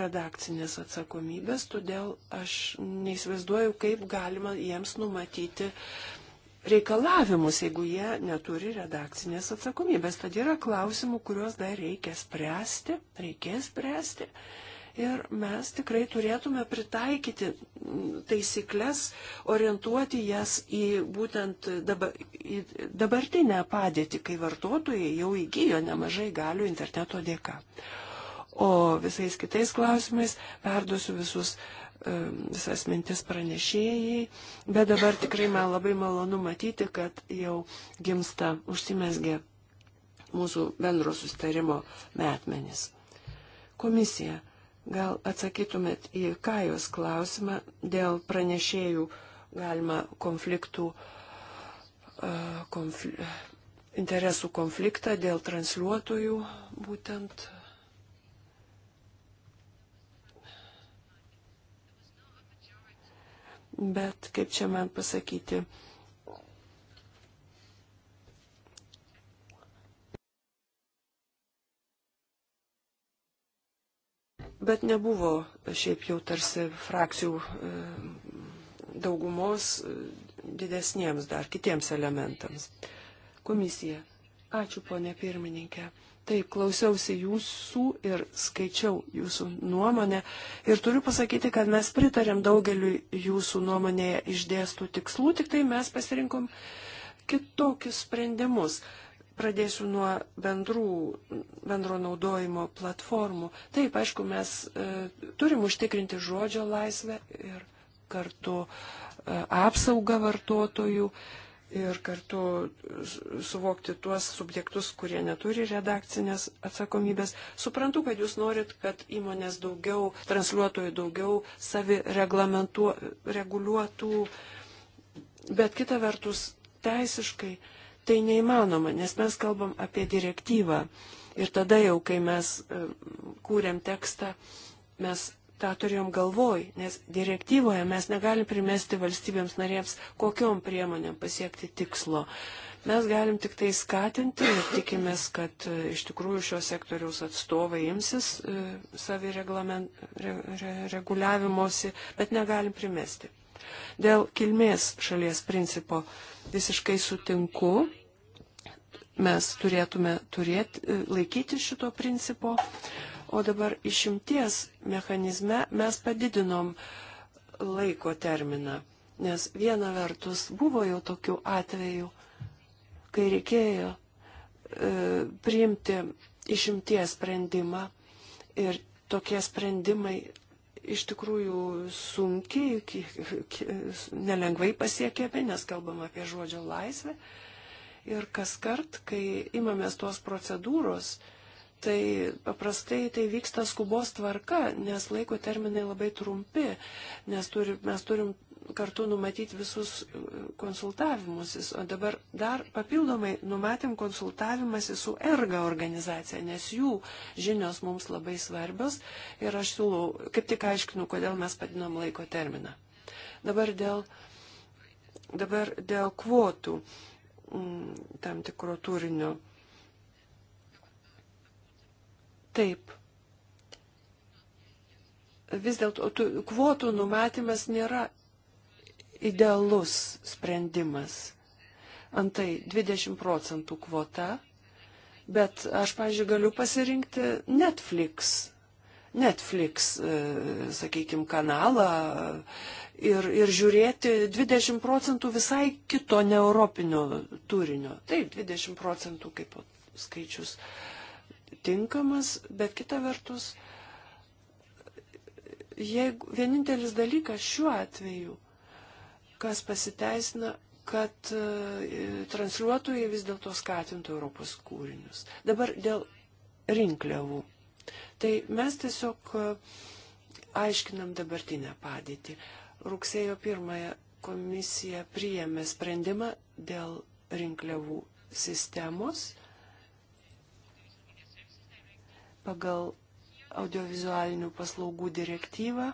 redakcinės atsakomybės, todėl aš neįsivaizduoju, kaip galima jiems numatyti uh, reikalavimus, jeigu jie neturi redakcinės atsakomybės. Tad yra klausimų, kuriuos dar reikia spręsti, reikės spręsti. Ir mes tikrai turėtume pritaikyti taisyklės, orientuoti jas į būtent dabar, į dabartinę padėtį, kai vartotojai jau įgyjo nemažai galių interneto dėka. O visais kitais klausimais perduosiu visus uh, visas mintis pranešėjai, bet dabar tikrai man labai malonu matyti, kad jau gimsta, užsimesgė mūsų bendro sustarimo metmenis. Komisija, gal atsakytumėt į Kajos klausimą dėl pranešėjų galima konfliktų, e, konfl interesų konfliktą dėl transliuotojų būtent bet kaip čia man pasakyti. Bet nebuvo šiaip jau tarsi frakcijų e, daugumos e, didesniems dar kitiems elementams. Komisija. Ačiū, ponė pirmininkė. Taip, klausiausi jūsų ir skaičiau jūsų nuomonę ir turiu pasakyti, kad mes pritarėm daugeliu jūsų nuomonėje išdėstų tikslų, tik tai mes pasirinkom kitokius sprendimus. Pradėsiu nuo bendrų, bendro naudojimo platformų. Taip, aišku, mes e, turim užtikrinti žodžio laisvę ir kartu e, apsaugą vartotojų. E, ir kartu suvokti tuos subjektus, kurie neturi redakcinės atsakomybės. Suprantu, kad jūs norit, kad įmonės daugiau, transliuotojų daugiau savi reguliuotų, bet kita vertus teisiškai tai neįmanoma, nes mes kalbam apie direktyvą. Ir tada jau, kai mes e, kūrėm tekstą, mes tą turėjom galvoj, nes direktyvoje mes negalim primesti valstybėms narėms, kokiom priemonėm pasiekti tikslo. Mes galim tik tai skatinti ir tikimės, kad e, iš tikrųjų šio sektoriaus atstovai imsis e, savireguliavimuose, bet negalim primesti. Dėl kilmės šalies principo visiškai sutinku. Mes turėtume turėti, e, laikyti šito principo. Uh, O dabar išimties mechanizme mes padidinom laiko terminą, nes viena vertus buvo jau tokių atvejų, kai reikėjo e, priimti išimties sprendimą ir tokie sprendimai iš tikrųjų sunkiai, nelengvai pasiekėme, nes kalbam apie žodžio laisvę. Ir kas kart, kai imamės tos procedūros, e, tai paprastai tai vyksta skubos tvarka, nes laiko terminai labai trumpi, nes turi, mes turim kartu numatyti visus e, konsultavimusis, o dabar dar papildomai numatėm konsultavimasi su erga organizacija, nes jų žinios mums labai svarbios ir aš siūlau, kaip tik aiškinu, kodėl mes padinam laiko terminą. Dabar dėl, dabar dėl kvotų mm, tam tikro turinio Taip. Vis dėlto kvotų numatymas nėra idealus sprendimas. Antai 20 procentų kvota, bet aš, pažiūrėjau, galiu pasirinkti Netflix Netflix, e, sakykime, kanalą ir, ir žiūrėti 20 procentų visai kito neeuropinio turinio. Taip, 20 procentų kaip skaičius tinkamas, bet kita vertus, jeigu vienintelis dalykas šiuo atveju, kas pasiteisina, kad e, transliuotojai vis dėlto skatintų Europos kūrinius. Dabar dėl rinkliavų. Tai mes tiesiog e, aiškinam dabartinę padėtį. Rugsėjo pirmąją komisija priėmė sprendimą dėl rinkliavų sistemos pagal audiovizualinių paslaugų direktyvą.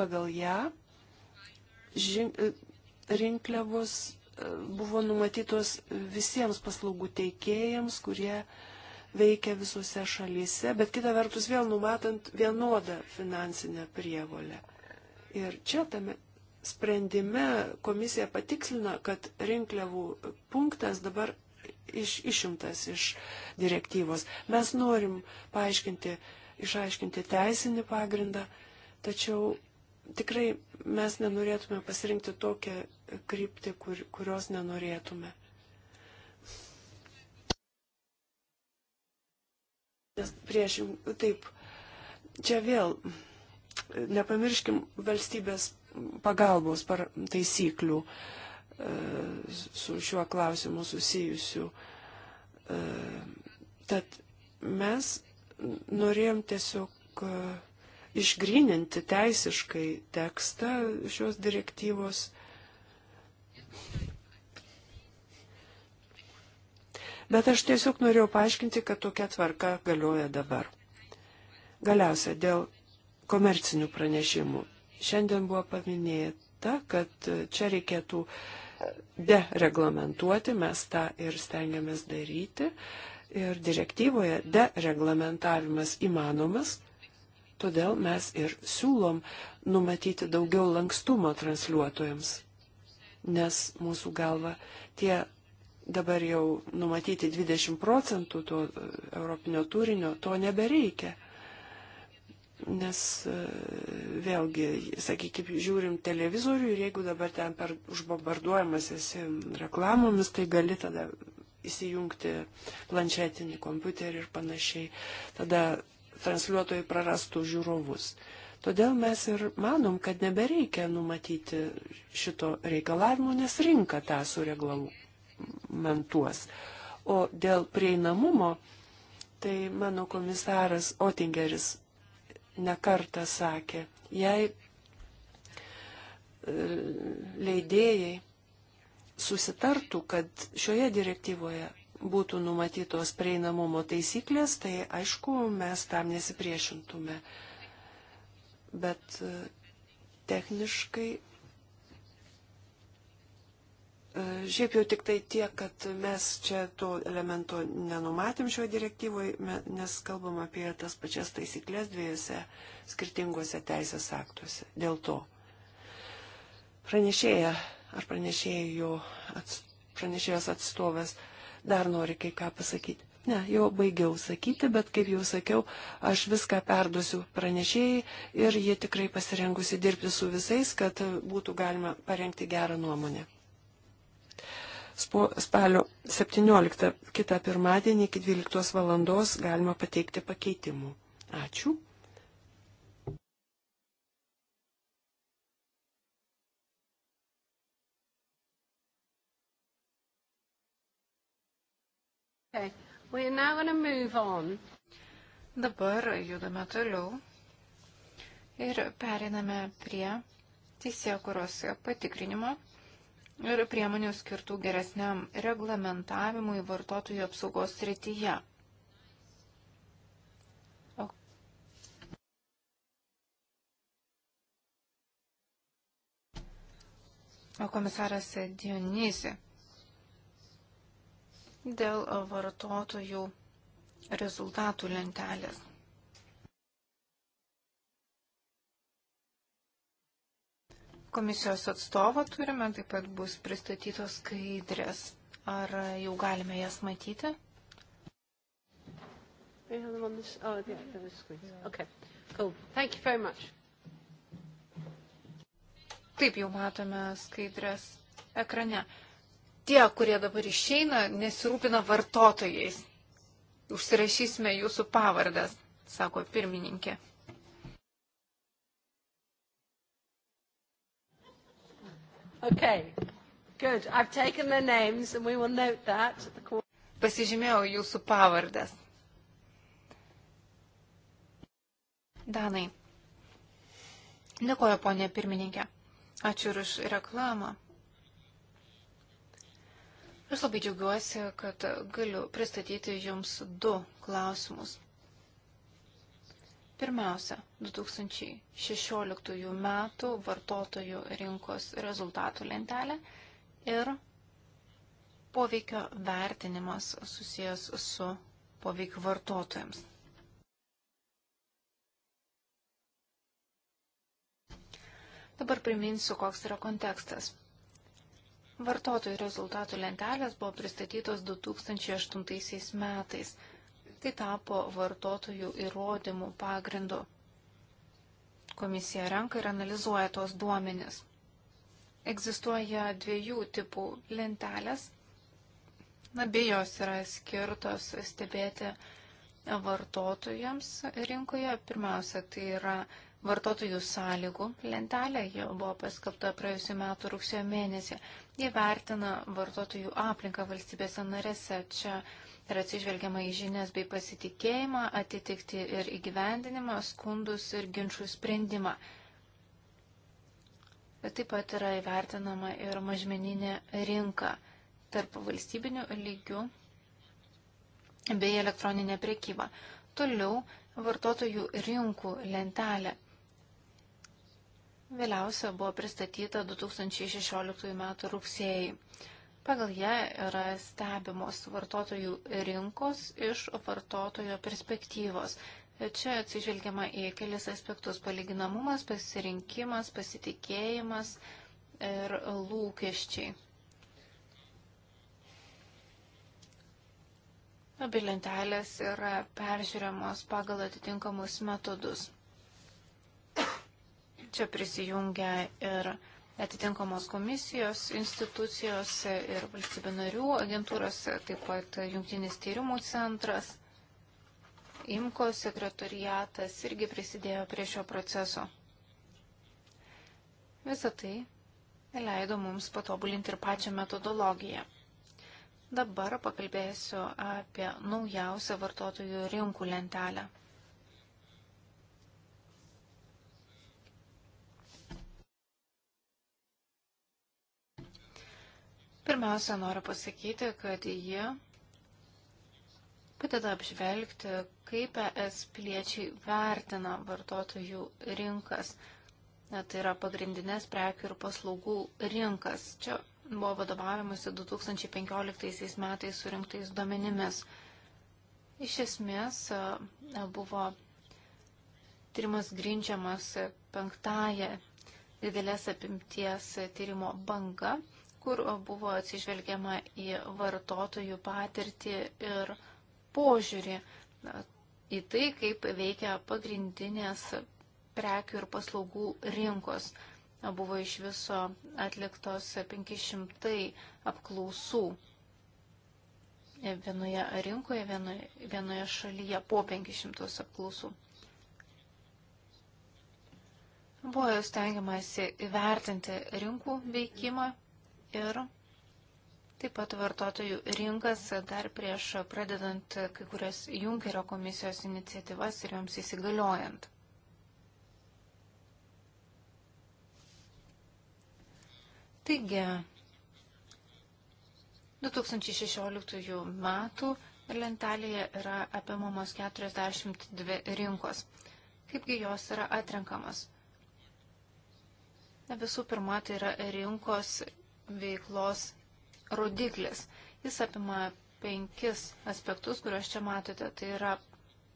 Pagal ją žin, rinkliavos e, buvo numatytos visiems paslaugų teikėjams, kurie veikia visose šalyse, bet kita vertus vėl numatant vienodą finansinę prievolę. Ir čia tame sprendime komisija patikslina, kad rinkliavų punktas dabar iš, išimtas iš direktyvos. Mes norim paaiškinti, išaiškinti teisinį pagrindą, tačiau tikrai mes nenorėtume pasirinkti tokią kryptį, kur, kurios nenorėtume. Nes priešim, taip, čia vėl nepamirškim valstybės pagalbos taisyklių. Uh, su šiuo klausimu susijusių. E, tad mes norėjom tiesiog e, išgrininti teisiškai tekstą šios direktyvos. Bet aš tiesiog norėjau paaiškinti, kad tokia tvarka galioja dabar. Galiausia, dėl komercinių pranešimų. Šiandien buvo paminėta, kad čia reikėtų uh, dereglamentuoti, mes tą ir stengiamės daryti. Ir direktyvoje dereglamentavimas įmanomas, todėl mes ir siūlom numatyti daugiau lankstumo transliuotojams, nes mūsų galva tie dabar jau numatyti 20 procentų to e, europinio turinio, to nebereikia. Nes e, vėlgi, sakykime, žiūrim televizorių ir jeigu dabar ten per užbombarduojamas esi reklamomis, tai gali tada įsijungti planšetinį kompiuterį ir panašiai. Tada transliuotojai prarastų žiūrovus. Todėl mes ir manom, kad nebereikia numatyti šito reikalavimo, nes rinka tą sureglamentuos. O dėl prieinamumo, tai mano komisaras Otingeris nekartą sakė, jei e, leidėjai susitartų, kad šioje direktyvoje būtų numatytos prieinamumo taisyklės, tai aišku, mes tam nesipriešintume. Bet e, techniškai E, šiaip jau tik tai tiek, kad mes čia to elemento nenumatėm šioje direktyvoje, nes kalbam apie tas pačias taisyklės dviejose skirtinguose teisės aktuose. Dėl to pranešėja ar pranešėjo, ats, pranešėjos atstovas dar nori kai ką pasakyti. Ne, jau baigiau sakyti, bet kaip jau sakiau, aš viską perduosiu pranešėjai ir jie tikrai pasirengusi dirbti su visais, kad būtų galima parengti gerą nuomonę spalio 17 kitą pirmadienį iki 12 valandos galima pateikti pakeitimų. Ačiū. Okay. We're now going to move on. Dabar judame toliau ir periname prie teisėkuros patikrinimo ir priemonių skirtų geresniam reglamentavimui vartotojų apsaugos srityje. O... o komisaras Dionysi dėl vartotojų rezultatų lentelės. komisijos atstovą turime, taip pat bus pristatytos skaidrės. Ar jau galime jas matyti? We have them on this. Oh, yeah, they're the screens. Okay, cool. Thank you very much. Taip jau matome skaidrės ekrane. Tie, kurie dabar išeina, nesirūpina vartotojais. Užsirašysime jūsų pavardas, sako pirmininkė. Okay. Good. I've taken their names and we will note that. The... Pasižymėjau jūsų pavardės. Danai. Dėkoju, ponė pirmininkė. Ačiū ir už reklamą. Aš labai džiaugiuosi, kad galiu pristatyti jums du klausimus. Pirmiausia, 2016 metų vartotojų rinkos rezultatų lentelė ir poveikio vertinimas susijęs su poveikiu vartotojams. Dabar priminsiu, koks yra kontekstas. Vartotojų rezultatų lentelės buvo pristatytos 2008 metais. Tai tapo vartotojų įrodymų pagrindu. Komisija renka ir analizuoja tos duomenis. Egzistuoja dviejų tipų lentelės. Abijos yra skirtos stebėti vartotojams rinkoje. Pirmiausia, tai yra vartotojų sąlygų lentelė, ji buvo paskelbta praėjusiu metu rugsėjo mėnesį. Jie vertina vartotojų aplinką valstybėse narėse. Čia ir atsižvelgiama į žinias bei pasitikėjimą, atitikti ir įgyvendinimą, skundus ir ginčių sprendimą. Taip pat yra įvertinama ir mažmeninė rinka tarp valstybinių lygių bei elektroninė priekyba. Toliau vartotojų rinkų lentelė. Vėliausia buvo pristatyta 2016 m. rugsėjai. Pagal ją yra stebimos vartotojų rinkos iš vartotojo perspektyvos. Čia atsižvelgiama į kelis aspektus - palyginamumas, pasirinkimas, pasitikėjimas ir lūkesčiai. Abi lentelės yra peržiūriamos pagal atitinkamus metodus. Čia prisijungia ir atitinkamos komisijos, institucijos ir valstybė narių agentūros, taip pat jungtinis tyrimų centras, IMKO sekretoriatas irgi prisidėjo prie šio proceso. Visą tai leido mums patobulinti ir pačią metodologiją. Dabar pakalbėsiu apie naujausią vartotojų rinkų lentelę. Pirmiausia, noriu pasakyti, kad jie padeda apžvelgti, kaip ES piliečiai vertina vartotojų rinkas. Tai yra pagrindinės prekių ir paslaugų rinkas. Čia buvo vadovavimusi 2015 metais surinktais duomenimis. Iš esmės e, buvo tyrimas grindžiamas penktąją didelės apimties tyrimo banga kur buvo atsižvelgiama į vartotojų patirtį ir požiūrį į tai, kaip veikia pagrindinės prekių ir paslaugų rinkos. Buvo iš viso atliktos 500 apklausų vienoje rinkoje, vienoje, vienoje šalyje po 500 apklausų. Buvo stengiamasi įvertinti rinkų veikimą ir taip pat vartotojų rinkas dar prieš pradedant kai kurias Junkerio komisijos iniciatyvas ir joms įsigaliojant. Taigi, 2016 metų lentelėje yra apimamos 42 rinkos. Kaipgi jos yra atrenkamos? Na, visų pirma, tai yra rinkos veiklos rodiklis. Jis apima penkis aspektus, kuriuos čia matote. Tai yra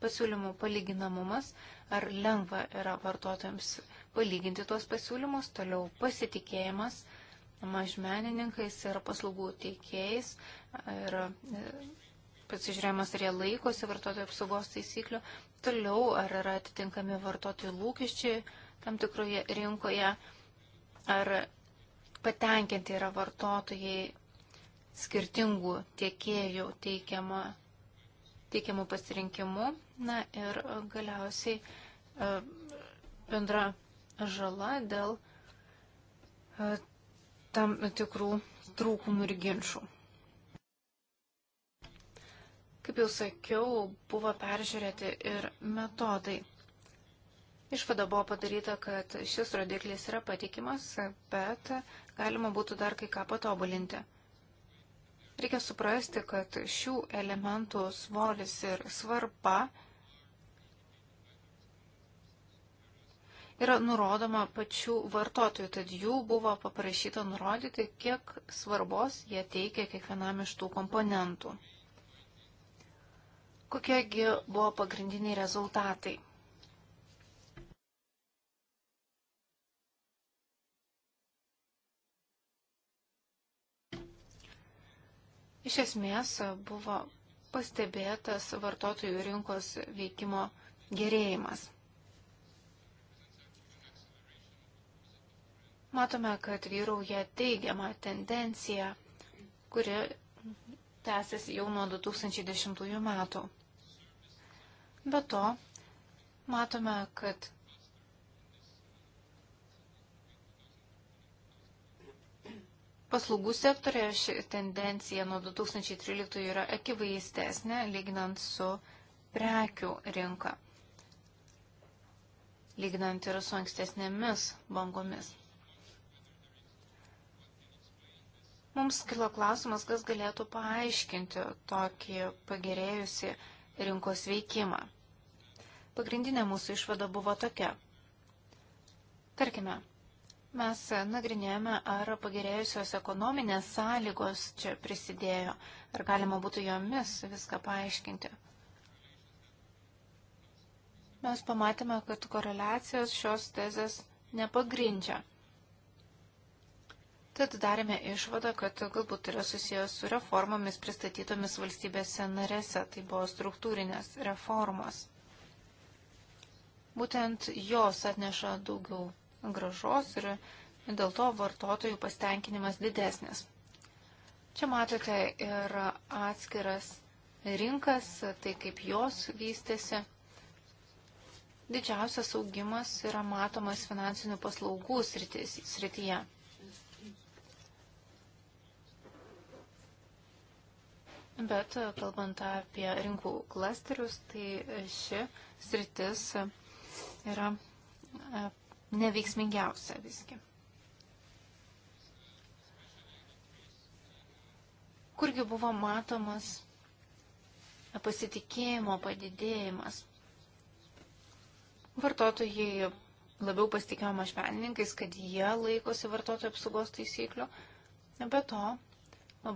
pasiūlymų palyginamumas, ar lengva yra vartotojams palyginti tuos pasiūlymus, toliau pasitikėjimas mažmenininkais ir paslaugų teikėjais ir e, pasižiūrėjimas, ar jie laikosi vartotojų apsaugos taisyklių, toliau, ar yra atitinkami vartotojų lūkesčiai tam tikroje rinkoje, ar patenkinti yra vartotojai skirtingų tiekėjų teikiama, teikiamų pasirinkimų. Na ir e, galiausiai e, bendra žala dėl e, tam tikrų trūkumų ir ginčių. Kaip jau sakiau, buvo peržiūrėti ir metodai. Išvada buvo padaryta, kad šis rodiklis yra patikimas, bet galima būtų dar kai ką patobulinti. Reikia suprasti, kad šių elementų svoris ir svarba yra nurodoma pačių vartotojų, tad jų buvo paprašyta nurodyti, kiek svarbos jie teikia kiekvienam iš tų komponentų. Kokiegi buvo pagrindiniai rezultatai? Iš esmės buvo pastebėtas vartotojų rinkos veikimo gerėjimas. Matome, kad vyrauja teigiama tendencija, kuri tęsiasi jau nuo 2010 metų. Be to, matome, kad Paslaugų sektorėje ši tendencija nuo 2013 yra akivaizdesnė, lyginant su prekių rinka, lyginant ir su ankstesnėmis bangomis. Mums kilo klausimas, kas galėtų paaiškinti tokį pagerėjusi rinkos veikimą. Pagrindinė mūsų išvada buvo tokia. Tarkime, Mes nagrinėjame, ar pagerėjusios ekonominės sąlygos čia prisidėjo, ar galima būtų jomis viską paaiškinti. Mes pamatėme, kad koreliacijos šios tezės nepagrindžia. Tad darėme išvadą, kad galbūt yra susijęs su reformomis pristatytomis valstybėse narėse, tai buvo struktūrinės reformos. Būtent jos atneša daugiau gražos ir dėl to vartotojų pasitenkinimas didesnis. Čia matote ir atskiras rinkas, tai kaip jos vystėsi. Didžiausias augimas yra matomas finansinių paslaugų srityje. Bet kalbant apie rinkų klasterius, tai ši sritis yra neveiksmingiausia visgi. Kurgi buvo matomas pasitikėjimo padidėjimas. Vartotojai labiau pasitikėjo mažmenininkais, kad jie laikosi vartotojų apsaugos taisyklių. Be to,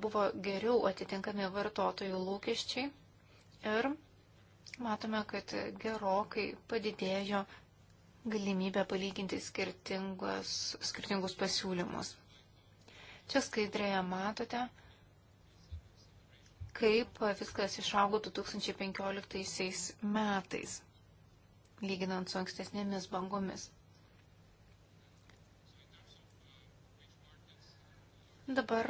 buvo geriau atitinkami vartotojų lūkesčiai ir matome, kad gerokai padidėjo galimybę palyginti skirtingus pasiūlymus. Čia skaidrėje matote, kaip viskas išaugo 2015 metais, lyginant su ankstesnėmis bangomis. Dabar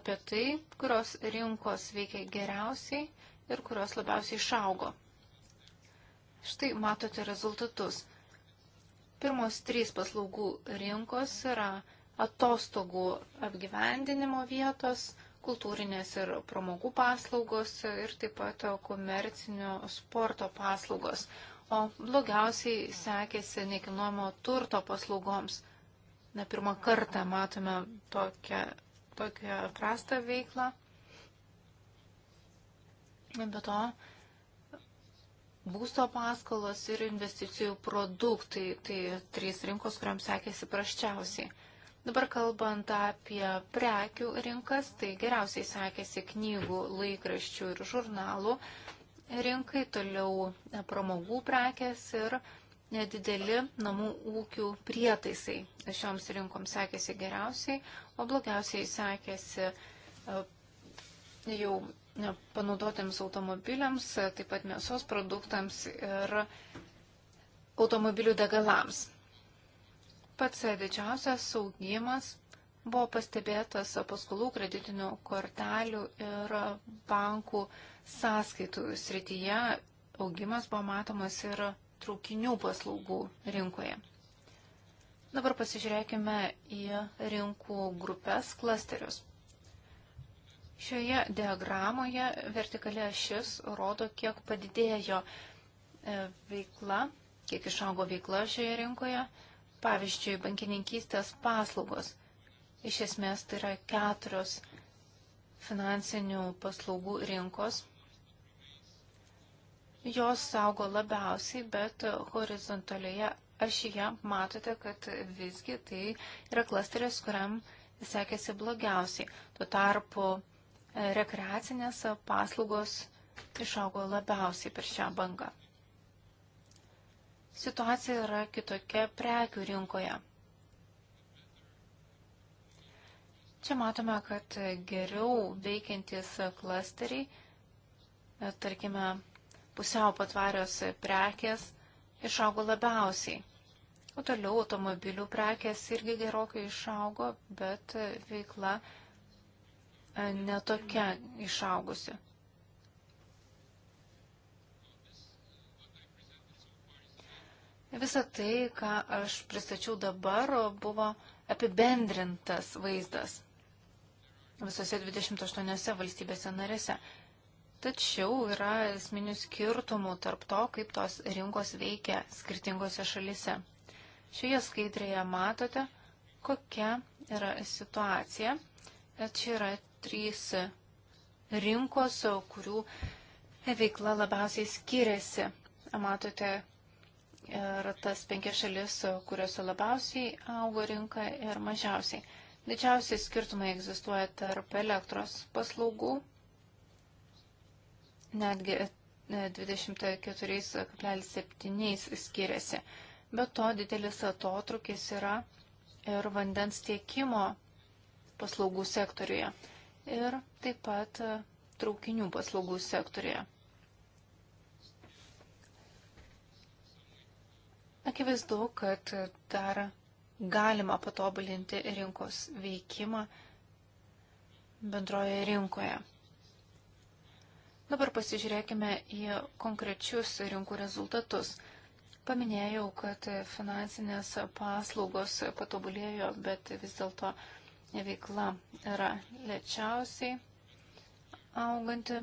apie tai, kurios rinkos veikia geriausiai ir kurios labiausiai išaugo. Štai matote rezultatus. Pirmos trys paslaugų rinkos yra atostogų apgyvendinimo vietos, kultūrinės ir pramogų paslaugos ir taip pat komercinio sporto paslaugos. O blogiausiai sekėsi nekilnojamo turto paslaugoms. Na, pirmą kartą matome tokią, tokią prastą veiklą. Be to, būsto paskolos ir investicijų produktai. Tai trys rinkos, kuriams sekėsi praščiausiai. Dabar kalbant apie prekių rinkas, tai geriausiai sekėsi knygų, laikraščių ir žurnalų rinkai, toliau pramogų prekės ir nedideli namų ūkių prietaisai. Šioms rinkoms sekėsi geriausiai, o blogiausiai sekėsi e, jau panaudotėms automobiliams, taip pat mėsos produktams ir automobilių degalams. Pats didžiausias saugimas buvo pastebėtas paskolų kreditinių kortelių ir bankų sąskaitų srityje. Augimas buvo matomas ir traukinių paslaugų rinkoje. Dabar pasižiūrėkime į rinkų grupės klasterius. Šioje diagramoje vertikalė ašis rodo, kiek padidėjo e, veikla, kiek išaugo veikla šioje rinkoje. Pavyzdžiui, bankininkystės paslaugos. Iš esmės tai yra keturios finansinių paslaugų rinkos. Jos saugo labiausiai, bet horizontalioje ašyje matote, kad visgi tai yra klasteris, kuriam sekėsi blogiausiai. Tuo tarpu rekreacinės paslaugos išaugo labiausiai per šią bangą. Situacija yra kitokia prekių rinkoje. Čia matome, kad geriau veikiantys klasteriai, tarkime, pusiau patvarios prekės, išaugo labiausiai. O toliau automobilių prekės irgi gerokai išaugo, bet veikla E, netokia išaugusi. Visa tai, ką aš pristačiau dabar, buvo apibendrintas vaizdas visose 28 valstybėse narėse. Tačiau yra esminių skirtumų tarp to, kaip tos rinkos veikia skirtingose šalise. Šioje skaidrėje matote, kokia yra situacija. Čia yra trys rinkos, kurių veikla labiausiai skiriasi. Matote ir tas penkias šalis, kuriuose labiausiai augo rinka ir mažiausiai. Didžiausiai skirtumai egzistuoja tarp elektros paslaugų, netgi 24,7 skiriasi. Be to didelis atotrukis yra ir vandens tiekimo paslaugų sektoriuje ir taip pat e, traukinių paslaugų sektorėje. Akivaizdu, kad dar galima patobulinti rinkos veikimą bendroje rinkoje. Dabar pasižiūrėkime į konkrečius rinkų rezultatus. Paminėjau, kad finansinės paslaugos patobulėjo, bet vis dėlto veikla yra lėčiausiai auganti.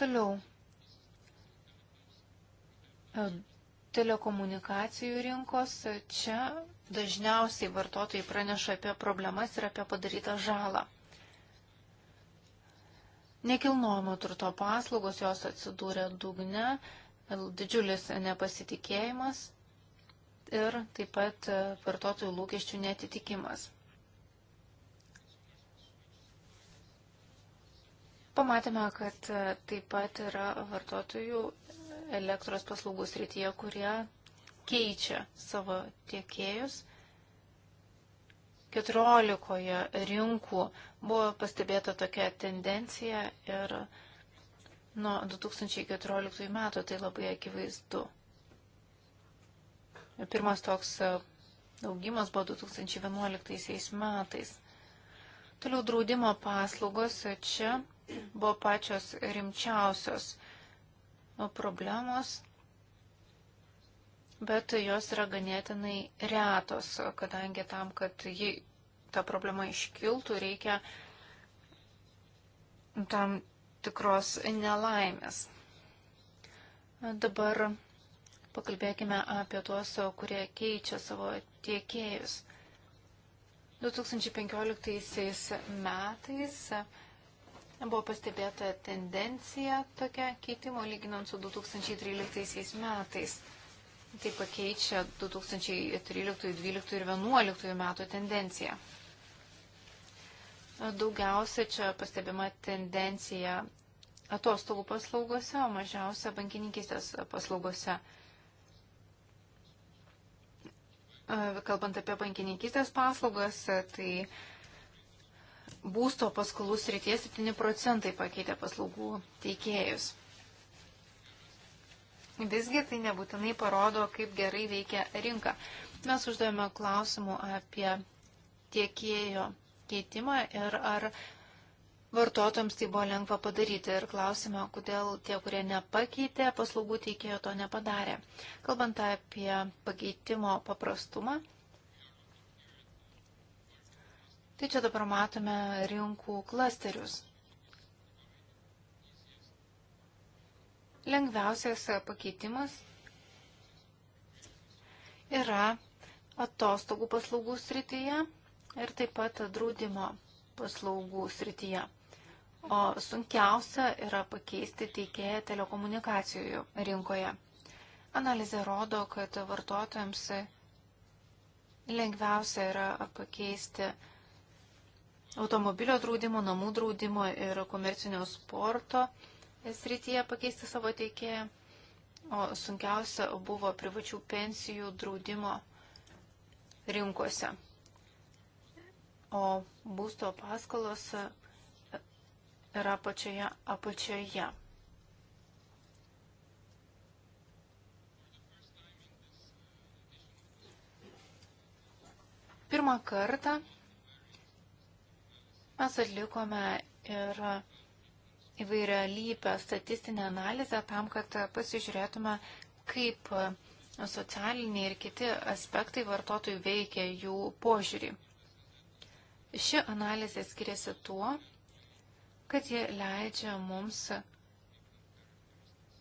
Toliau. E, telekomunikacijų rinkos. Čia dažniausiai vartotojai praneša apie problemas ir apie padarytą žalą. Nekilnojamo turto paslaugos jos atsidūrė dugne, didžiulis nepasitikėjimas ir taip pat e, vartotojų lūkesčių netitikimas. Pamatėme, kad e, taip pat yra vartotojų elektros paslaugų srityje, kurie keičia savo tiekėjus. 14 rinkų buvo pastebėta tokia tendencija ir nuo 2014 metų tai labai akivaizdu. Pirmas toks e, augimas buvo 2011 metais. Toliau draudimo paslaugos e, čia buvo pačios rimčiausios nu, problemos, bet jos yra ganėtinai retos, kadangi tam, kad ji, ta problema iškiltų, reikia tam tikros nelaimės. Dabar Pakalbėkime apie tuos, kurie keičia savo tiekėjus. 2015 metais buvo pastebėta tendencija tokia keitimo lyginant su 2013 metais. Tai pakeičia 2013, 2012 ir 2011 metų tendenciją. Daugiausia čia pastebima tendencija atostogų paslaugose, o mažiausia bankininkistės paslaugose. kalbant apie bankininkystės paslaugas, tai būsto paskolų srityje 7 procentai pakeitė paslaugų teikėjus. Visgi tai nebūtinai parodo, kaip gerai veikia rinka. Mes uždavėme klausimų apie tiekėjo keitimą ir ar Vartotojams tai buvo lengva padaryti ir klausime, kodėl tie, kurie nepakeitė paslaugų teikėjo, to nepadarė. Kalbant apie pakeitimo paprastumą, tai čia dabar matome rinkų klasterius. Lengviausias pakeitimas yra atostogų paslaugų srityje ir taip pat draudimo paslaugų srityje o sunkiausia yra pakeisti teikėją telekomunikacijų rinkoje. Analizė rodo, kad vartotojams lengviausia yra pakeisti automobilio draudimo, namų draudimo ir komercinio sporto srityje pakeisti savo teikėją, o sunkiausia buvo privačių pensijų draudimo rinkose. O būsto paskolos yra pačioje apačioje. Pirmą kartą mes atlikome ir įvairią lypę statistinę analizę tam, kad pasižiūrėtume, kaip socialiniai ir kiti aspektai vartotojų veikia jų požiūrį. Ši analizė skiriasi tuo, kad jie leidžia mums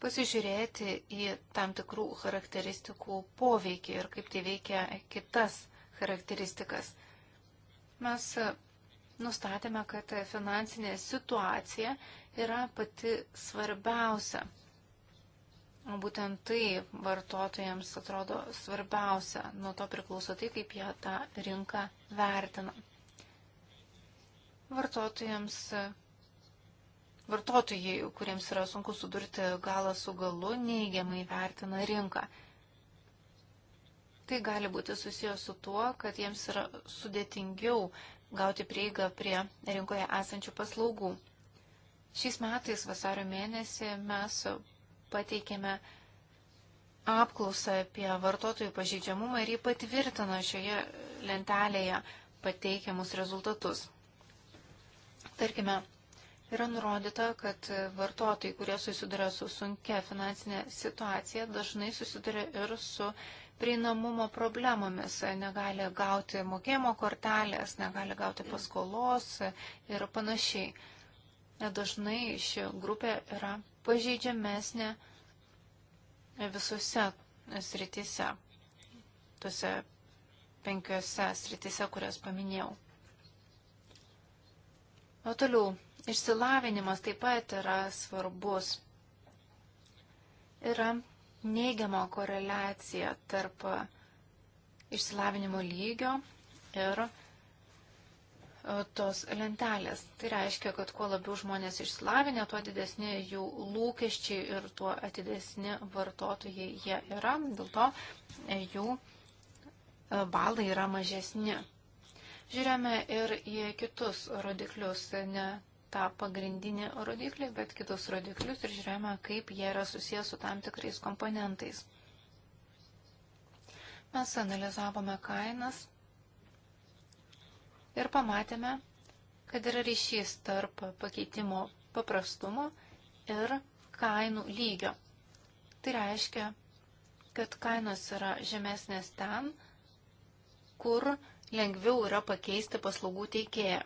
pasižiūrėti į tam tikrų charakteristikų poveikį ir kaip tai veikia kitas charakteristikas. Mes nustatėme, kad finansinė situacija yra pati svarbiausia. Būtent tai vartotojams atrodo svarbiausia. Nuo to priklauso tai, kaip jie tą rinką vertina. Vartotojams Vartotojai, kuriems yra sunku sudurti galą su galu, neigiamai vertina rinką. Tai gali būti susijęs su tuo, kad jiems yra sudėtingiau gauti prieigą prie rinkoje esančių paslaugų. Šiais metais vasario mėnesį mes pateikėme apklausą apie vartotojų pažeidžiamumą ir jį patvirtino šioje lentelėje pateikiamus rezultatus. Tarkime, Yra nurodyta, kad vartotojai, kurie susiduria su sunkia finansinė situacija, dažnai susiduria ir su prieinamumo problemomis. Negali gauti mokėjimo kortelės, negali gauti paskolos ir panašiai. Dažnai ši grupė yra pažeidžiamesnė visose sritise, tuose penkiose sritise, kurias paminėjau. O toliau Išsilavinimas taip pat yra svarbus. Yra neigiama koreliacija tarp išsilavinimo lygio ir e, tos lentelės. Tai reiškia, kad kuo labiau žmonės išsilavinę, tuo didesni jų lūkesčiai ir tuo atidesni vartotojai jie yra. Dėl to e, jų e, balai yra mažesni. Žiūrėjome ir į kitus rodiklius, ne tą pagrindinį rodiklį, bet kitus rodiklius ir žiūrėjome, kaip jie yra susijęs su tam tikrais komponentais. Mes analizavome kainas ir pamatėme, kad yra ryšys tarp pakeitimo paprastumo ir kainų lygio. Tai reiškia, kad kainos yra žemesnės ten, kur lengviau yra pakeisti paslaugų teikėją.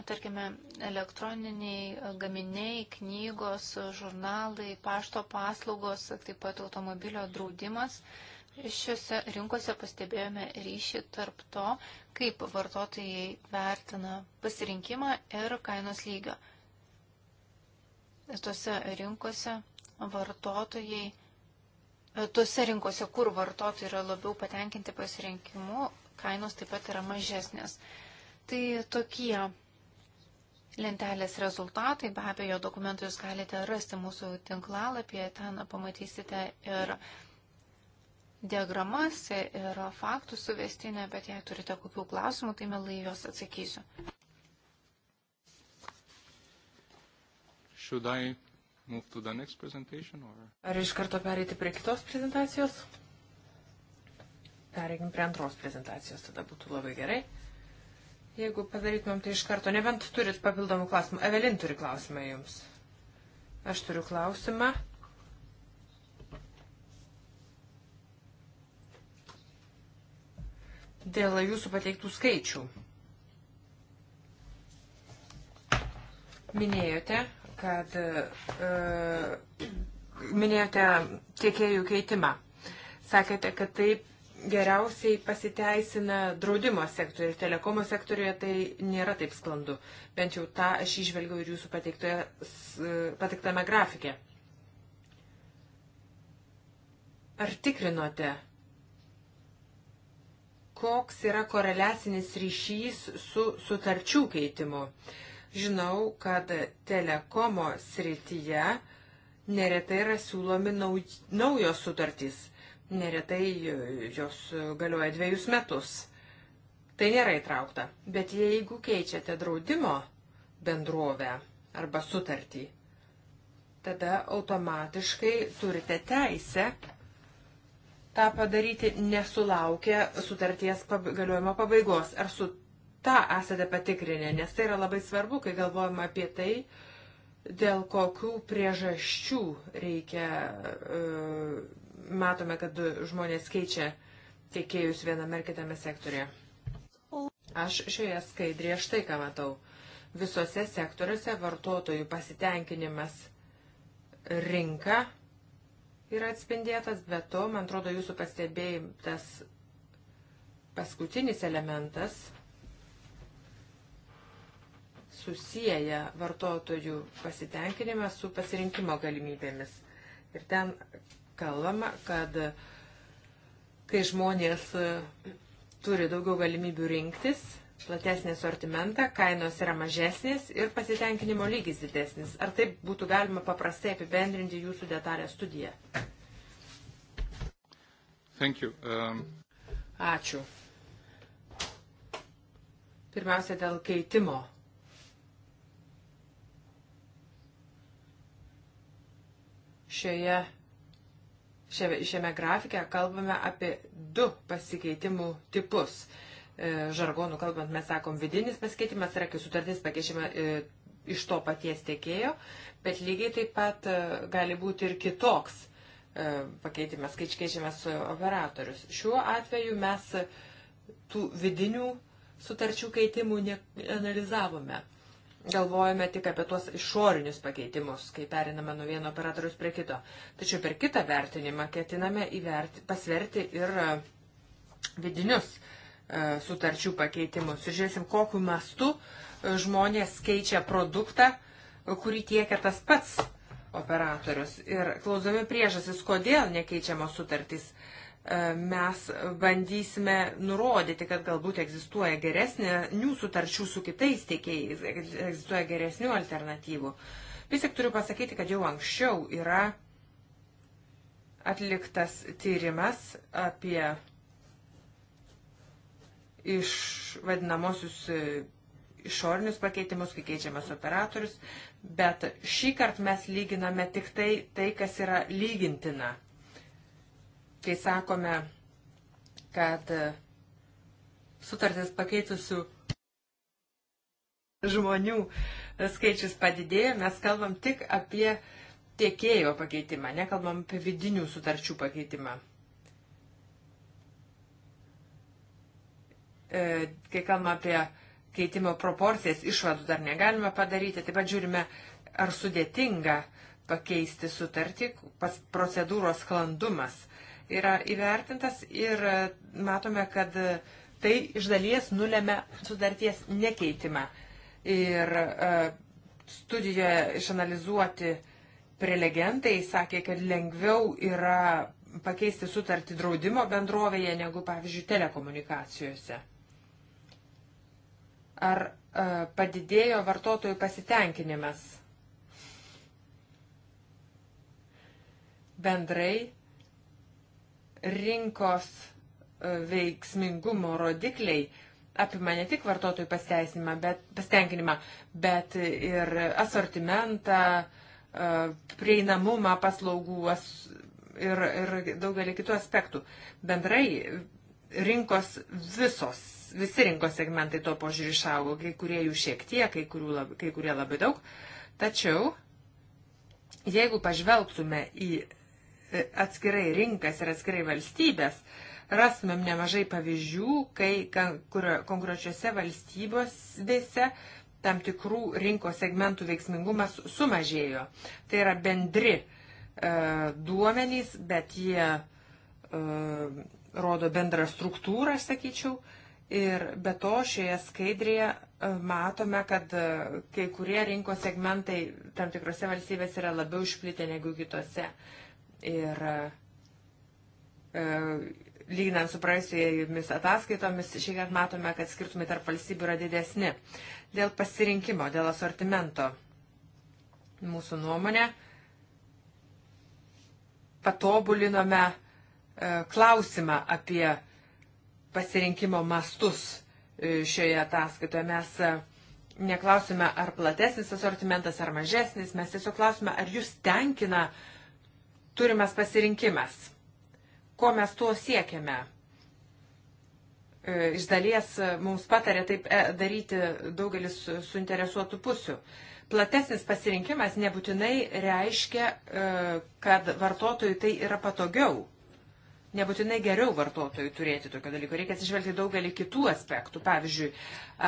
Tarkime, elektroniniai gaminiai, knygos, žurnalai, pašto paslaugos, taip pat automobilio draudimas. Šiuose rinkose pastebėjome ryšį tarp to, kaip vartotojai vertina pasirinkimą ir kainos lygą. Tuose rinkose vartotojai Tuose rinkose, kur vartotojai yra labiau patenkinti pasirinkimu, kainos taip pat yra mažesnės. Tai tokie lentelės rezultatai. Be abejo, dokumentų jūs galite rasti mūsų tinklalapyje, ten pamatysite ir diagramas ir faktų suvestinę, bet jei turite kokių klausimų, tai melai juos atsakysiu. Or... Ar iš karto pereiti prie kitos prezentacijos? Pereikim prie antros prezentacijos, tada būtų labai gerai. Jeigu padarytumėm tai iš karto, nebent turit papildomų klausimų. Evelin turi klausimą jums. Aš turiu klausimą. Dėl jūsų pateiktų skaičių. Minėjote, kad e, minėjote tiekėjų keitimą. Sakėte, kad taip geriausiai pasiteisina draudimo sektoriuje, telekomo sektoriuje tai nėra taip sklandu. Bent jau tą aš išvelgiau ir jūsų pateiktame grafike. Ar tikrinote, koks yra koreliacinis ryšys su sutarčių keitimu? Žinau, kad telekomo srityje neretai yra siūlomi naujos sutartys Neretai jos galioja dviejus metus. Tai nėra įtraukta. Bet jeigu keičiate draudimo bendrovę arba sutartį, tada automatiškai turite teisę tą padaryti nesulaukę sutarties galiojimo pabaigos. Ar su tą esate patikrinę, nes tai yra labai svarbu, kai galvojame apie tai, dėl kokių priežasčių reikia uh, matome, kad žmonės keičia tiekėjus viename ar kitame sektorėje. Aš šioje skaidrėje štai ką matau. Visose sektoriuose vartotojų pasitenkinimas rinka yra atspindėtas, bet to, man atrodo, jūsų pastebėjimas paskutinis elementas susiję vartotojų pasitenkinimą su pasirinkimo galimybėmis. Ir ten kalbama, kad kai žmonės e, turi daugiau galimybių rinktis, platesnį sortimentą, kainos yra mažesnės ir pasitenkinimo lygis didesnis. Ar taip būtų galima paprastai apibendrinti jūsų detalę studiją? Um... Ačiū. Pirmiausia, dėl keitimo. Šioje šiame, šiame grafike kalbame apie du pasikeitimų tipus. E, Žargonų kalbant, mes sakom, vidinis pasikeitimas yra, kai sutartis pakeičiama e, iš to paties tiekėjo, bet lygiai taip pat e, gali būti ir kitoks pakeitimas, kai keičiamas operatorius. Šiuo atveju mes tų vidinių sutarčių keitimų neanalizavome galvojame tik apie tuos išorinius pakeitimus, kai periname nuo vieno operatorius prie kito. Tačiau per kitą vertinimą ketiname įverti, pasverti ir e, vidinius e, sutarčių pakeitimus. Žiūrėsim, kokiu mastu e, žmonės keičia produktą, e, kurį tiekia tas pats operatorius. Ir klausdami priežasis, kodėl nekeičiamos sutartys, E, mes bandysime nurodyti, kad galbūt egzistuoja geresnių sutarčių su kitais tiekėjais, egzistuoja geresnių alternatyvų. Vis tik turiu pasakyti, kad jau anksčiau yra atliktas tyrimas apie iš vadinamosius e, išorinius pakeitimus, kai keičiamas operatorius, bet šį kartą mes lyginame tik tai, tai kas yra lygintina kai sakome, kad e, sutartis pakeitusių žmonių e, skaičius padidėjo, mes kalbam tik apie tiekėjo pakeitimą, nekalbam apie vidinių sutarčių pakeitimą. E, kai kalbam apie keitimo proporcijas, išvadų dar negalime padaryti, taip pat žiūrime, ar sudėtinga pakeisti sutartį, pats procedūros sklandumas – yra įvertintas ir e, matome, kad e, tai iš dalies nulėmė sudarties nekeitimą. Ir e, studijoje išanalizuoti prelegentai sakė, kad lengviau yra pakeisti sutartį draudimo bendrovėje negu, pavyzdžiui, telekomunikacijose. Ar padidėjo vartotojų pasitenkinimas? Bendrai rinkos e, veiksmingumo rodikliai apima ne tik vartotojų pasiteisinimą, bet pasitenkinimą, bet ir asortimentą, e, prieinamumą paslaugų ir, ir daugelį kitų aspektų. Bendrai rinkos visos, visi rinkos segmentai to požiūrį išaugo, kai kurie jų šiek tiek, kai, lab, kai kurie labai daug. Tačiau, jeigu pažvelgtume į atskirai rinkas ir atskirai valstybės, rasmėm nemažai pavyzdžių, kai konkrečiose valstybėse tam tikrų rinkos segmentų veiksmingumas sumažėjo. Tai yra bendri e, duomenys, bet jie e, rodo bendrą struktūrą, aš sakyčiau. Ir be to šioje skaidrėje e, matome, kad e, kai kurie rinkos segmentai tam tikrose valstybėse yra labiau išplitę negu kitose. E, Ir e, lyginant su praėjusiais ataskaitomis, šiek tiek matome, kad skirtumai tarp valstybių yra didesni. Dėl pasirinkimo, dėl asortimento, mūsų nuomonė, patobulinome e, klausimą apie pasirinkimo mastus e, šioje ataskaitoje. Mes e, neklausime, ar platesnis asortimentas, ar mažesnis, mes tiesiog klausime, ar jūs tenkina uh, turimas pasirinkimas. Ko mes tuo siekiame? E, iš dalies e, mums patarė taip e, daryti daugelis suinteresuotų pusių. Platesnis pasirinkimas nebūtinai reiškia, kad vartotojui tai yra patogiau. Nebūtinai geriau vartotojui turėti tokio dalyko. Reikia atsižvelgti daugelį kitų aspektų. Pavyzdžiui,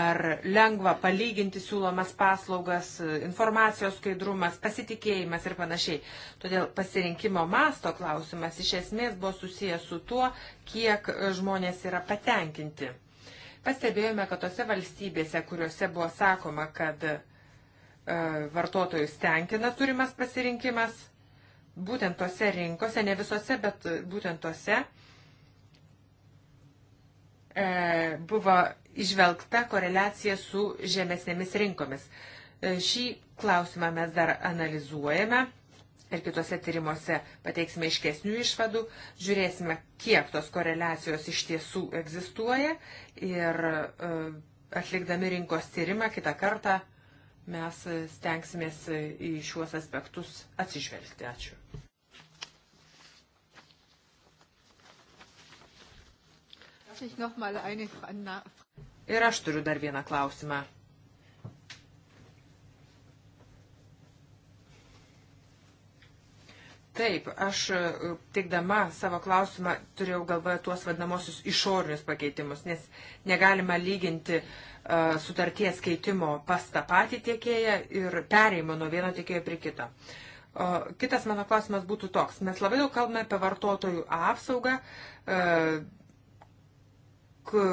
ar lengva palyginti siūlomas paslaugas, informacijos skaidrumas, pasitikėjimas ir panašiai. Todėl pasirinkimo masto klausimas iš esmės buvo susijęs su tuo, kiek žmonės yra patenkinti. Pastebėjome, kad tose valstybėse, kuriuose buvo sakoma, kad e, vartotojus tenkina turimas pasirinkimas, būtent tose rinkose, ne visose, bet būtent tose, e, buvo išvelgta koreliacija su žemesnėmis rinkomis. E, šį klausimą mes dar analizuojame ir kitose tyrimuose pateiksime iškesnių išvadų, žiūrėsime, kiek tos koreliacijos iš tiesų egzistuoja ir e, atlikdami rinkos tyrimą kitą kartą mes stengsimės į šiuos aspektus atsižvelgti. Ačiū. Ir aš turiu dar vieną klausimą. Taip, aš e, teikdama savo klausimą turėjau galvoje tuos vadinamosius išorinius pakeitimus, nes negalima lyginti uh, E, sutarties keitimo pas tą patį tiekėją ir pereimo nuo vieno tiekėjo prie kito. O kitas mano klausimas būtų toks. Mes labai daug kalbame apie vartotojų apsaugą e, k,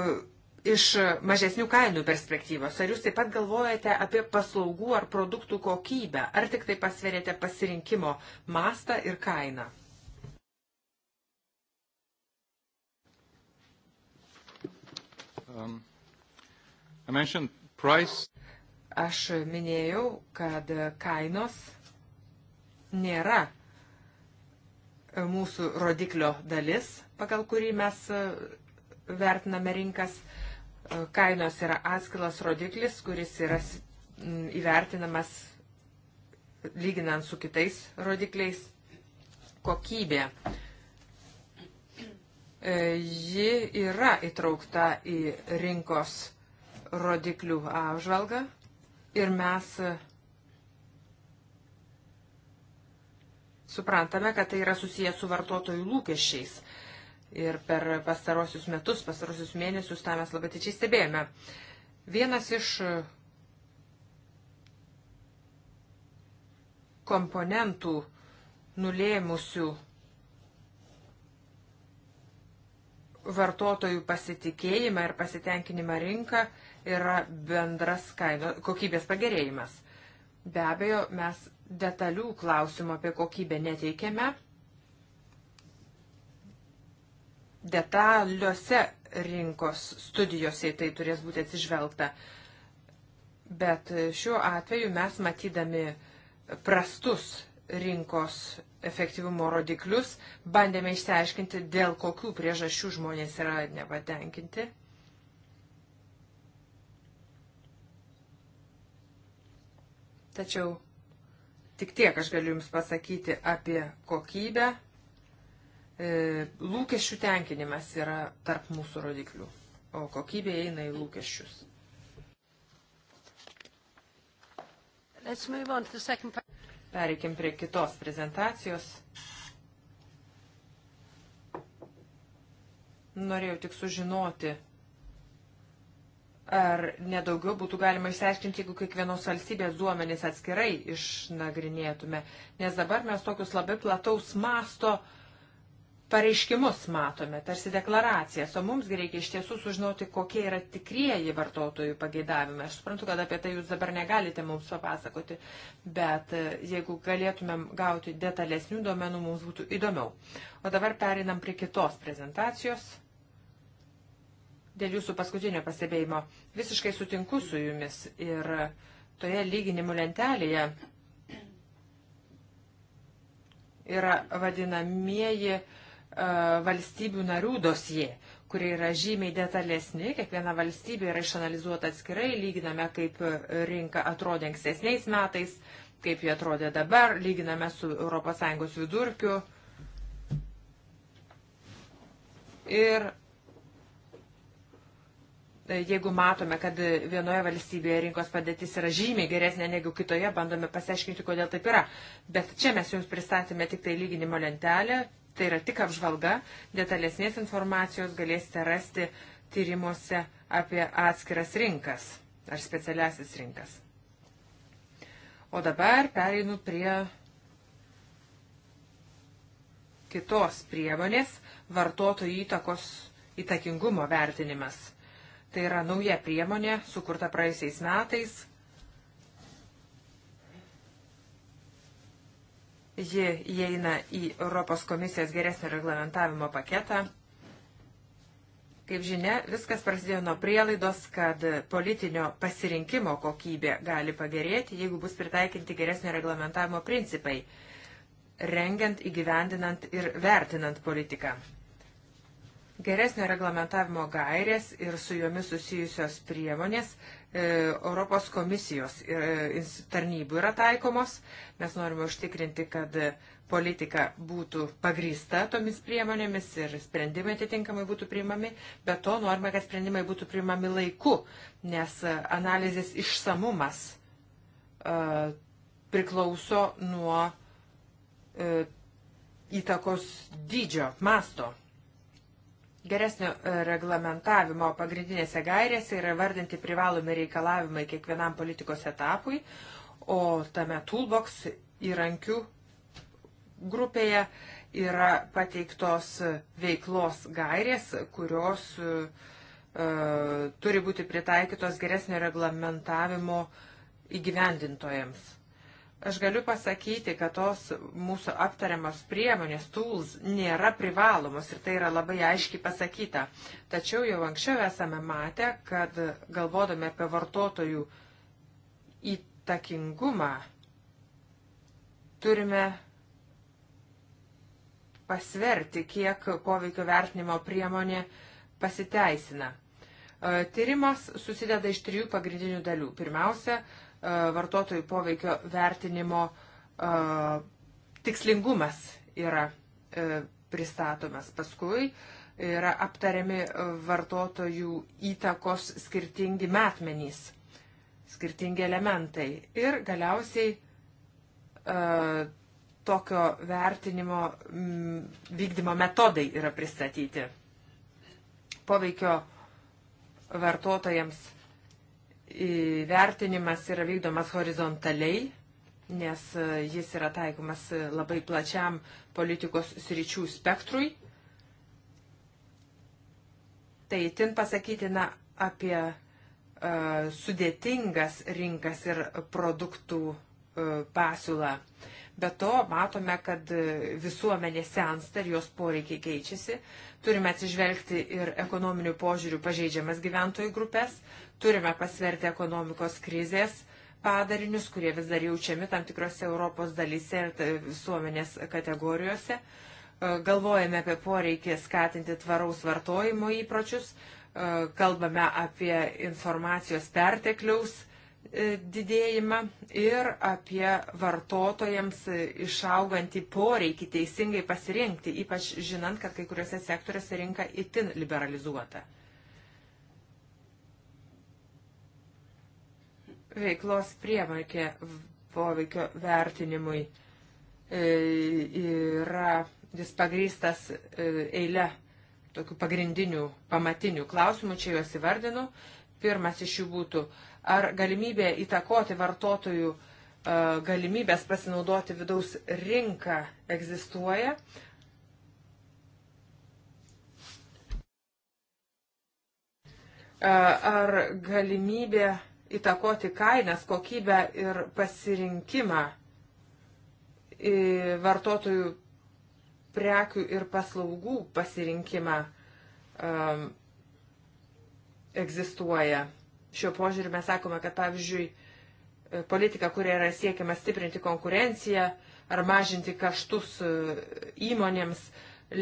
iš mažesnių kainų perspektyvos. Ar jūs taip pat galvojate apie paslaugų ar produktų kokybę? Ar tik tai pasverėte pasirinkimo mastą ir kainą? Um. Aš minėjau, kad kainos nėra mūsų rodiklio dalis, pagal kurį mes e, vertiname rinkas. E, kainos yra atskilas rodiklis, kuris yra įvertinamas lyginant su kitais rodikliais. Kokybė. E, ji yra įtraukta į rinkos rodiklių apžvalgą ir mes suprantame, kad tai yra susijęs su vartotojų lūkesčiais. Ir per pastarosius metus, pastarosius mėnesius tą mes labai tečiai stebėjome. Vienas iš komponentų nulėmusių vartotojų pasitikėjimą ir pasitenkinimą rinką yra bendras kaino, kokybės pagerėjimas. Be abejo, mes detalių klausimų apie kokybę neteikėme. Detaliuose rinkos studijose tai turės būti atsižvelgta. Bet šiuo atveju mes matydami prastus rinkos efektyvumo rodiklius bandėme išsiaiškinti, dėl kokių priežasčių žmonės yra nepatenkinti Tačiau tik tiek aš galiu Jums pasakyti apie kokybę. E, lūkesčių tenkinimas yra tarp mūsų rodiklių, o kokybė eina į lūkesčius. Pereikim prie kitos prezentacijos. Norėjau tik sužinoti, Ar nedaugiau būtų galima išsiaiškinti, jeigu kiekvienos valstybės duomenys atskirai išnagrinėtume, nes dabar mes tokius labai plataus masto pareiškimus matome, tarsi deklaracijas, o mums reikia iš tiesų sužinoti, kokie yra tikrieji vartotojų pageidavimai. Aš suprantu, kad apie tai jūs dabar negalite mums papasakoti, bet e, jeigu galėtumėm gauti detalesnių duomenų, mums būtų įdomiau. O dabar perinam prie kitos prezentacijos. Dėl jūsų paskutinio pastebėjimo visiškai sutinku su jumis ir toje lyginimų lentelėje yra vadinamieji uh, valstybių narių dosie, kurie yra žymiai detalesni, kiekviena valstybė yra išanalizuota atskirai, lyginame, kaip rinka atrodė ankstesniais metais, kaip jie atrodė dabar, lyginame su ES vidurkiu. Ir jeigu matome, kad vienoje valstybėje rinkos padėtis yra žymiai geresnė negu kitoje, bandome pasiaiškinti, kodėl taip yra. Bet čia mes jums pristatėme tik tai lyginimo lentelę, tai yra tik apžvalga, detalesnės informacijos galėsite rasti tyrimuose apie atskiras rinkas ar specialiasis rinkas. O dabar pereinu prie kitos priemonės vartotojų įtakos įtakingumo vertinimas. Tai yra nauja priemonė, sukurta praeisiais metais. Ji įeina į Europos komisijos geresnio reglamentavimo paketą. Kaip žinia, viskas prasidėjo nuo prielaidos, kad politinio pasirinkimo kokybė gali pagerėti, jeigu bus pritaikinti geresnio reglamentavimo principai, rengiant, įgyvendinant ir vertinant politiką. Geresnio reglamentavimo gairės ir su jomis susijusios priemonės e, Europos komisijos e, tarnybų yra taikomos. Mes norime užtikrinti, kad politika būtų pagrįsta tomis priemonėmis ir sprendimai atitinkamai būtų priimami. Be to norime, kad sprendimai būtų priimami laiku, nes analizės išsamumas e, priklauso nuo įtakos dydžio, masto geresnio e, reglamentavimo pagrindinėse gairėse yra vardinti privalomi reikalavimai kiekvienam politikos etapui, o tame toolbox įrankių grupėje yra pateiktos veiklos gairės, kurios uh, turi būti pritaikytos geresnio reglamentavimo įgyvendintojams. Aš galiu pasakyti, kad tos mūsų aptariamos priemonės, tools, nėra privalomos ir tai yra labai aiškiai pasakyta. Tačiau jau anksčiau esame matę, kad galvodami apie vartotojų įtakingumą, turime pasverti, kiek poveikio vertinimo priemonė pasiteisina. E, tyrimas susideda iš trijų pagrindinių dalių. Pirmiausia, E, vartotojų poveikio vertinimo e, tikslingumas yra e, pristatomas. Paskui yra aptariami vartotojų įtakos skirtingi metmenys, skirtingi elementai. Ir galiausiai tokio vertinimo vykdymo metodai yra pristatyti. Poveikio vartotojams vertinimas yra vykdomas horizontaliai, nes e, jis yra taikomas e, labai plačiam politikos sričių spektrui. Tai tin pasakytina apie uh, sudėtingas rinkas ir produktų uh, pasiūlą. Uh, Be to, matome, kad visuomenė sensta ir jos poreikiai keičiasi. Turime atsižvelgti ir ekonominių požiūrių pažeidžiamas gyventojų grupės. Turime pasverti ekonomikos krizės padarinius, kurie vis dar jaučiami tam tikrose Europos dalyse ir visuomenės kategorijose. E, galvojame apie poreikį skatinti tvaraus vartojimo įpročius, e, kalbame apie informacijos pertekliaus E, didėjimą ir apie vartotojams išaugantį poreikį teisingai pasirinkti, ypač žinant, kad kai kuriuose sektoriuose rinka itin liberalizuota. Veiklos priemakė poveikio vertinimui e, yra jis pagrystas e, eile tokių pagrindinių pamatinių klausimų, čia juos įvardinu. Pirmas iš jų būtų uh, ar galimybė įtakoti vartotojų e, galimybės pasinaudoti vidaus rinką egzistuoja. E, ar galimybė įtakoti kainas, kokybę ir pasirinkimą vartotojų prekių ir paslaugų pasirinkimą um, egzistuoja. Šiuo požiūriu mes sakome, kad pavyzdžiui, e, politika, kuria yra siekiama stiprinti konkurenciją ar mažinti kaštus e, įmonėms,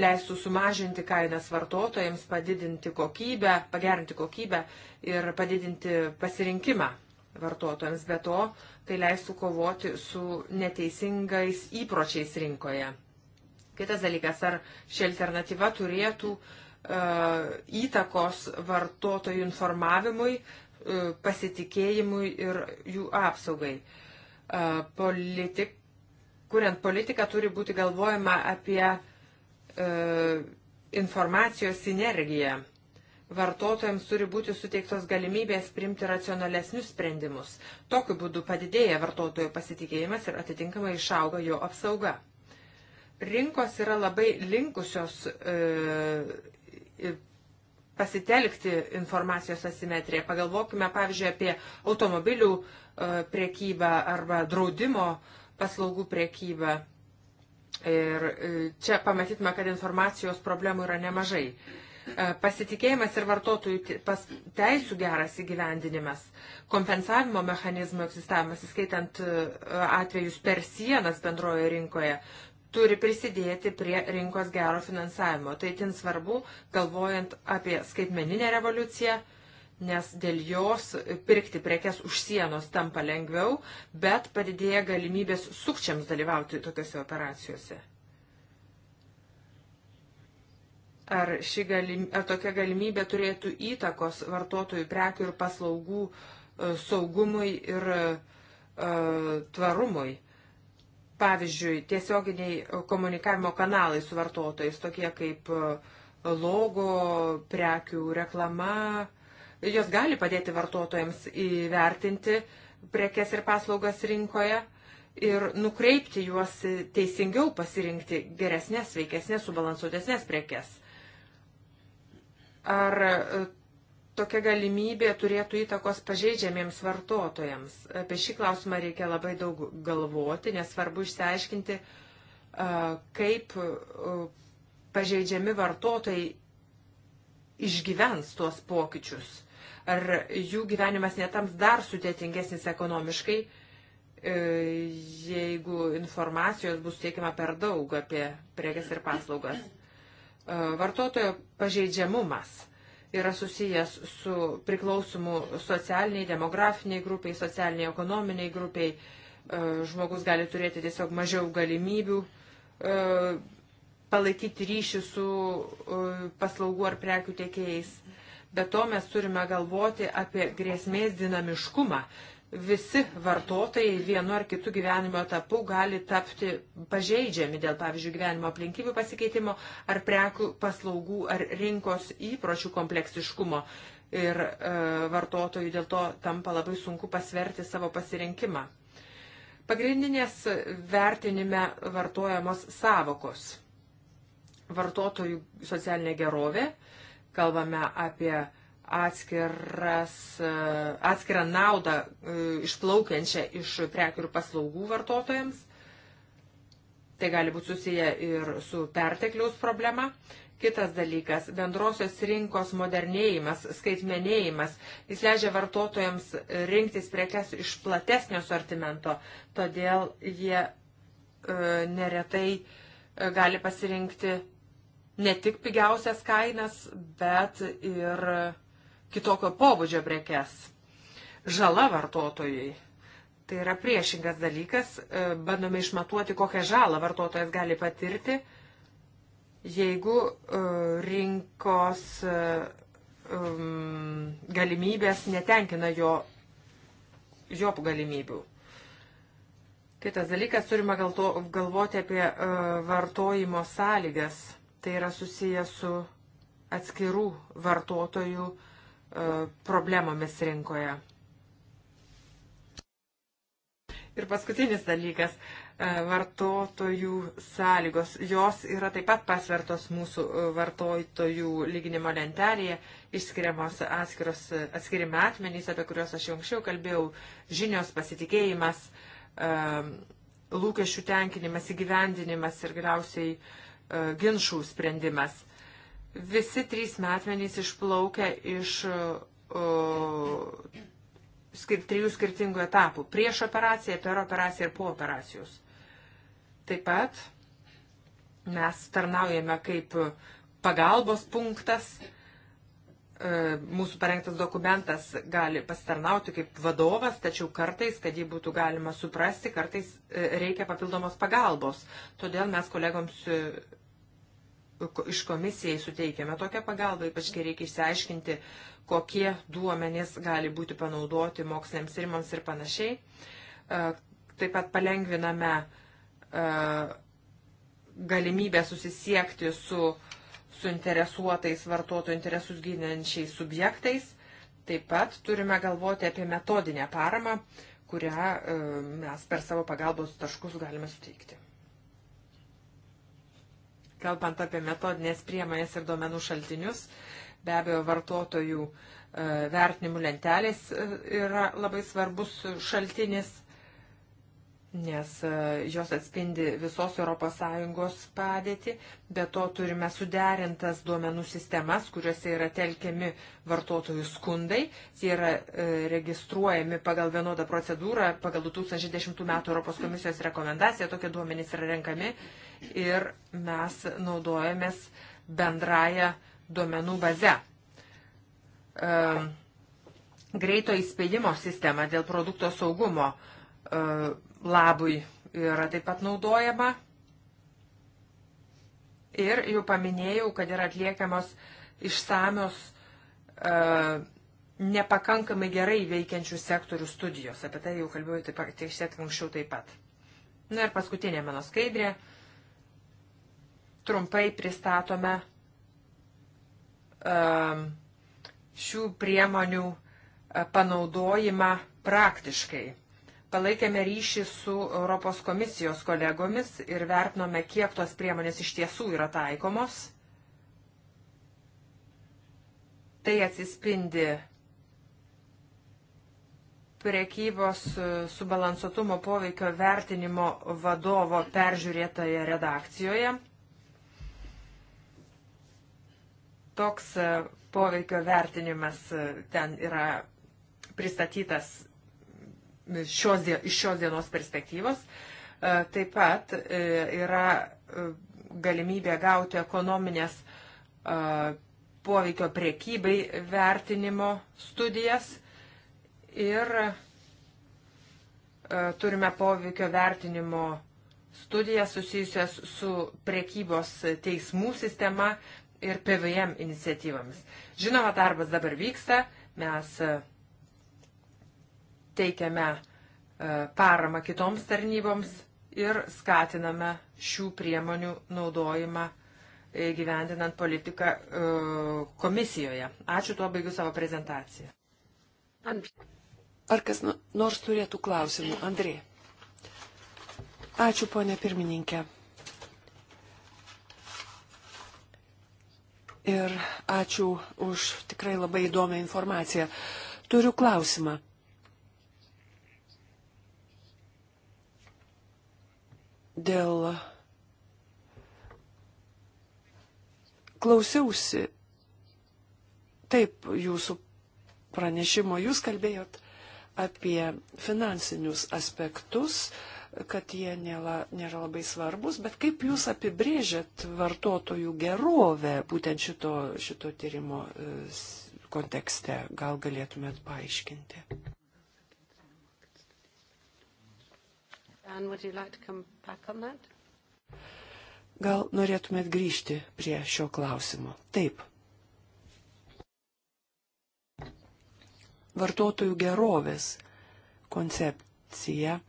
leistų sumažinti kainas vartotojams, padidinti kokybę, pagerinti kokybę ir padidinti pasirinkimą vartotojams. Be to, tai leistų kovoti su neteisingais įpročiais rinkoje. Kitas dalykas, ar ši alternatyva turėtų uh, įtakos vartotojų informavimui, E, pasitikėjimui ir jų apsaugai. E, politik, kuriant politiką turi būti galvojama apie e, informacijos sinergiją. Vartotojams turi būti suteiktos galimybės priimti racionalesnius sprendimus. Tokiu būdu padidėja vartotojo pasitikėjimas ir atitinkamai išauga jo apsauga. Rinkos yra labai linkusios e, pasitelkti informacijos asimetriją. Pagalvokime, pavyzdžiui, apie automobilių e, priekybą arba draudimo paslaugų priekybą. Ir e, čia pamatytume, kad informacijos problemų yra nemažai. E, pasitikėjimas ir vartotojų teisų geras įgyvendinimas, kompensavimo mechanizmų egzistavimas, įskaitant atvejus per sienas bendrojo rinkoje, turi prisidėti prie rinkos gero finansavimo. Tai tin svarbu, galvojant apie skaitmeninę revoliuciją, nes dėl jos pirkti prekes už sienos tampa lengviau, bet padidėja galimybės sukčiams dalyvauti tokiuose operacijose. Ar, galim, ar tokia galimybė turėtų įtakos vartotojų prekių ir paslaugų e, saugumui ir uh, tvarumui? Pavyzdžiui, tiesioginiai e, komunikavimo kanalai su vartotojais, tokie kaip e, logo, prekių reklama, jos gali padėti vartotojams įvertinti prekes ir paslaugas rinkoje ir nukreipti juos teisingiau pasirinkti geresnės, sveikesnės, subalansuotesnės prekes. Ar e, tokia galimybė turėtų įtakos pažeidžiamiems vartotojams. Apie šį klausimą reikia labai daug galvoti, nes svarbu išsiaiškinti, kaip pažeidžiami vartotojai išgyvens tuos pokyčius. Ar jų gyvenimas netams dar sudėtingesnis ekonomiškai, e, jeigu informacijos bus teikiama per daug apie prekes ir paslaugas. Vartotojo pažeidžiamumas yra susijęs su priklausimu socialiniai, demografiniai grupiai, socialiniai, ekonominiai grupiai. E, žmogus gali turėti tiesiog mažiau galimybių e, palaikyti ryšį su e, paslaugų ar prekių tiekėjais. Be to mes turime galvoti apie grėsmės dinamiškumą visi vartotojai vienu ar kitu gyvenimo etapu gali tapti pažeidžiami dėl, pavyzdžiui, gyvenimo aplinkybių pasikeitimo ar prekių paslaugų ar rinkos įpročių kompleksiškumo. Ir e, vartotojui dėl to tampa labai sunku pasverti savo pasirinkimą. Pagrindinės vertinime vartojamos savokos. Vartotojų socialinė gerovė, kalbame apie atskiras, e, atskirą naudą e, išplaukiančią iš prekių ir paslaugų vartotojams. Tai gali būti susiję ir su pertekliaus problema. Kitas dalykas - bendrosios rinkos modernėjimas, skaitmenėjimas. Jis leidžia vartotojams rinktis prekes iš platesnio sortimento, todėl jie e, neretai e, gali pasirinkti ne tik pigiausias kainas, bet ir e, kitokio pobūdžio prekes. Žala vartotojui. Tai yra priešingas dalykas, e, bandome išmatuoti, kokią žalą vartotojas gali patirti, jeigu e, rinkos e, galimybės netenkina jo, jo galimybių. Kitas dalykas, turime galvoti apie vartojimo sąlygas. Tai yra susijęs su atskirų vartotojų uh, E, problemomis rinkoje. Ir paskutinis dalykas e, - vartotojų sąlygos. Jos yra taip pat pasvertos mūsų e, vartotojų lyginimo lentelėje, išskiriamos atskiros, atskiri metmenys, apie kuriuos aš jau anksčiau kalbėjau, žinios, pasitikėjimas, lūkesčių tenkinimas, įgyvendinimas ir galiausiai ginčių sprendimas. Visi trys metmenys išplaukia iš skir, trijų skirtingų etapų - prieš operaciją, per operaciją ir po operacijos. Taip pat mes tarnaujame kaip pagalbos punktas, e, mūsų parengtas dokumentas gali pasitarnauti kaip vadovas, tačiau kartais, kad jį būtų galima suprasti, kartais e, reikia papildomos pagalbos. Todėl mes kolegoms iš komisijai suteikiame tokią pagalbą, ypač kai reikia išsiaiškinti, kokie duomenys gali būti panaudoti moksliniams tyrimams ir panašiai. E, taip pat palengviname e, galimybę susisiekti su suinteresuotais vartotojų interesus gynančiais subjektais. Taip pat turime galvoti apie metodinę paramą, kurią e, mes per savo pagalbos taškus galime suteikti. Kalbant apie metodinės priemonės ir duomenų šaltinius, be abejo, vartotojų e, vertinimų lentelės e, yra labai svarbus šaltinis nes e, jos atspindi visos ES padėtį, bet to turime suderintas duomenų sistemas, kuriuose yra telkiami vartotojų skundai, jie yra e, registruojami pagal vienodą procedūrą, pagal 2010 m. Europos komisijos rekomendaciją tokie duomenys yra renkami ir mes naudojamės bendrają duomenų bazę. E, greito įspėjimo sistema dėl produkto saugumo. E, labui yra taip pat naudojama. Ir jau paminėjau, kad yra atliekamos išsamios e, nepakankamai gerai veikiančių sektorių studijos. Apie tai jau kalbėjau taip pat, tiek šiek tiek anksčiau taip pat. Na ir paskutinė mano skaidrė. Trumpai pristatome um, šių priemonių e, panaudojimą praktiškai. Palaikėme ryšį su Europos komisijos kolegomis ir vertinome, kiek tos priemonės iš tiesų yra taikomos. Tai atsispindi priekybos subalansuotumo poveikio vertinimo vadovo peržiūrėtoje redakcijoje. Toks poveikio vertinimas ten yra pristatytas šios, iš šios dienos perspektyvos. E, taip pat e, yra e, galimybė gauti ekonominės poveikio priekybai vertinimo studijas ir turime poveikio vertinimo studijas susijusias su priekybos teismų sistema ir PVM iniciatyvomis. Žinoma, darbas dabar vyksta, mes teikiame e, paramą kitoms tarnyboms ir skatiname šių priemonių naudojimą gyvendinant politiką e, komisijoje. Ačiū, tuo baigiu savo prezentaciją. Ar kas nu, nors turėtų klausimų? Andrė. Ačiū, ponė pirmininkė. Ir ačiū už tikrai labai įdomią informaciją. Turiu klausimą. dėl. Klausiausi taip jūsų pranešimo, jūs kalbėjot apie finansinius aspektus, kad jie nėra, nėra labai svarbus, bet kaip jūs apibrėžėt vartotojų gerovę būtent šito, šito tyrimo e, kontekste, gal galėtumėt paaiškinti? Anne, would you like to come back on that? Gal norėtumėt grįžti prie šio klausimo? Taip. Vartotojų gerovės koncepcija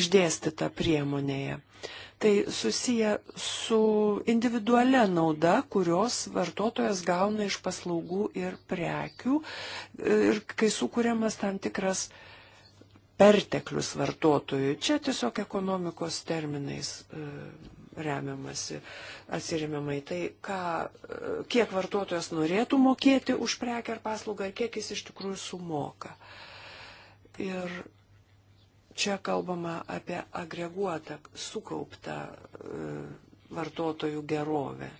išdėstyta priemonėje. Tai susiję su individualia nauda, kurios vartotojas gauna iš paslaugų ir prekių ir kai sukūriamas tam tikras uh, perteklius vartotojų. Čia tiesiog ekonomikos terminais e, remiamasi, atsiremiama į tai, ką, e, kiek vartotojas norėtų mokėti už prekę ar paslaugą ir kiek jis iš tikrųjų sumoka. Ir čia kalbama apie agreguotą, sukauptą e, vartotojų gerovę.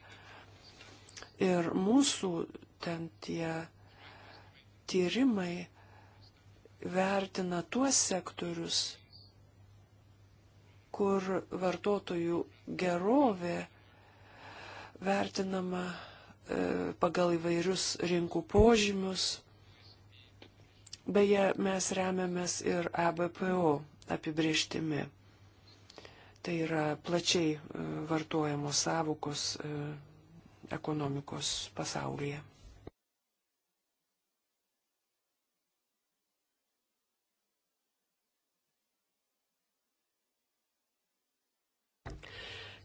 Ir mūsų ten tie tyrimai, vertina tuos sektorius, kur vartotojų gerovė vertinama e, pagal įvairius rinkų požymius. Beje, mes remiamės ir ABPO apibrieštimi. Tai yra plačiai e, vartojamos savukos e, ekonomikos pasaulyje.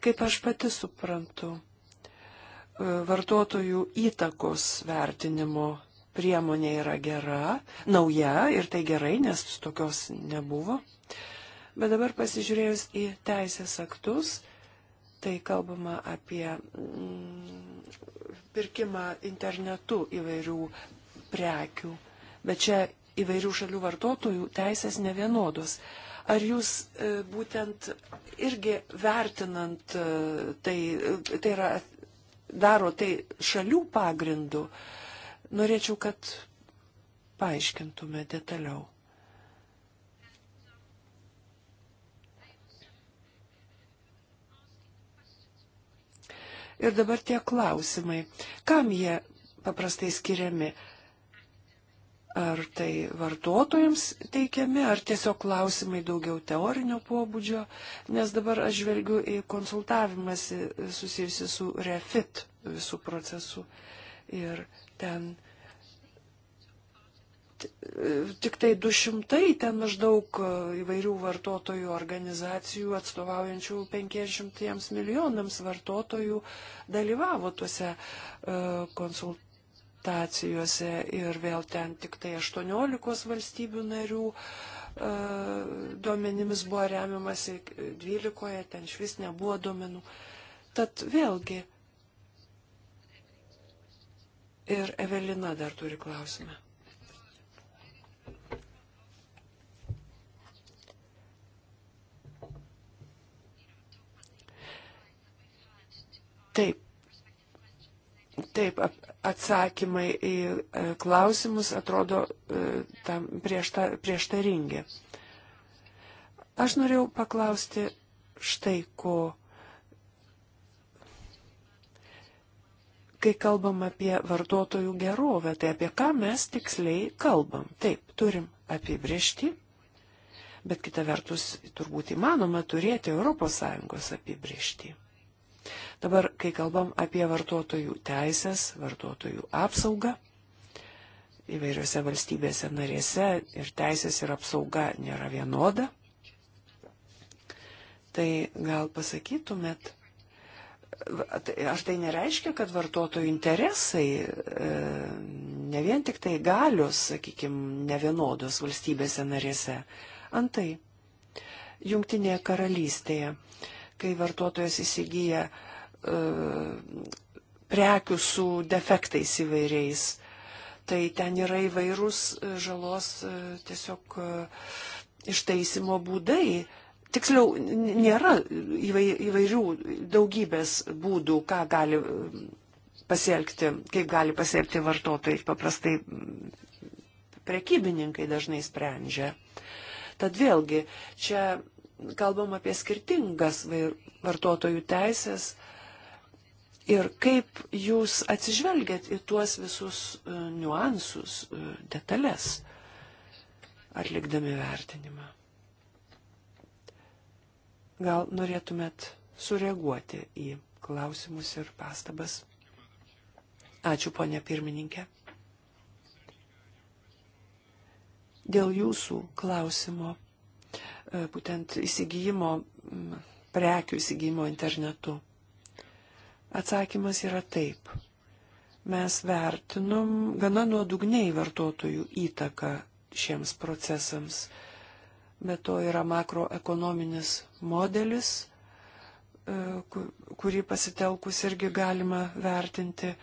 Kaip aš pati suprantu, e, vartotojų įtakos vertinimo priemonė yra gera, nauja ir tai gerai, nes tokios nebuvo. Bet dabar pasižiūrėjus į teisės aktus, tai kalbama apie mm, pirkimą internetu įvairių prekių. Bet čia įvairių šalių vartotojų teisės nevienodos. Ar jūs e, būtent irgi vertinant e, tai, e, tai yra, daro tai šalių pagrindų, norėčiau, kad paaiškintume detaliau. Ir dabar tie klausimai, kam jie paprastai skiriami? Ar tai vartotojams teikiami, ar tiesiog klausimai daugiau teorinio pobūdžio, nes dabar aš žvelgiu į konsultavimąsi susijusi su refit visų procesų. Ir ten tik tai 200 ten maždaug e, įvairių vartotojų organizacijų atstovaujančių 500 milijonams vartotojų dalyvavo tuose uh, e, konsultavimuose konsultacijose ir vėl ten tik tai 18 valstybių narių e, duomenimis buvo remiamasi 12, ten iš vis nebuvo duomenų. Tad vėlgi. Ir Evelina dar turi klausimą. Taip. Taip, ap, atsakymai į e, klausimus atrodo e, tam priešta, prieštaringi. Aš norėjau paklausti štai ko. Kai kalbam apie vartotojų gerovę, tai apie ką mes tiksliai kalbam. Taip, turim apibriešti, bet kita vertus turbūt įmanoma turėti ES apibriešti. Dabar, kai kalbam apie vartotojų teisės, vartotojų apsaugą, įvairiose valstybėse narėse ir teisės ir apsauga nėra vienoda, tai gal pasakytumėt, tai ar tai nereiškia, kad vartotojų interesai e, ne vien tik tai galios, sakykime, nevienodos valstybėse narėse. Antai, jungtinėje karalystėje, kai vartotojas įsigyja uh, E, prekių su defektais įvairiais. Tai ten yra įvairūs e, žalos e, tiesiog ištaisimo būdai. Tiksliau, nėra įvairių daugybės būdų, ką gali pasielgti, kaip gali pasielgti vartotojai. Paprastai prekybininkai dažnai sprendžia. Tad vėlgi, čia kalbam apie skirtingas vartotojų teisės Ir kaip jūs atsižvelgiat į tuos visus e, niuansus, e, detalės, atlikdami vertinimą? Gal norėtumėt sureaguoti į klausimus ir pastabas? Ačiū, ponė pirmininkė. Dėl jūsų klausimo, e, būtent įsigijimo, prekių įsigijimo internetu Atsakymas yra taip. Mes vertinom gana nuodugniai vartotojų įtaką šiems procesams. Bet to yra makroekonominis modelis, e, kurį pasitelkus irgi galima vertinti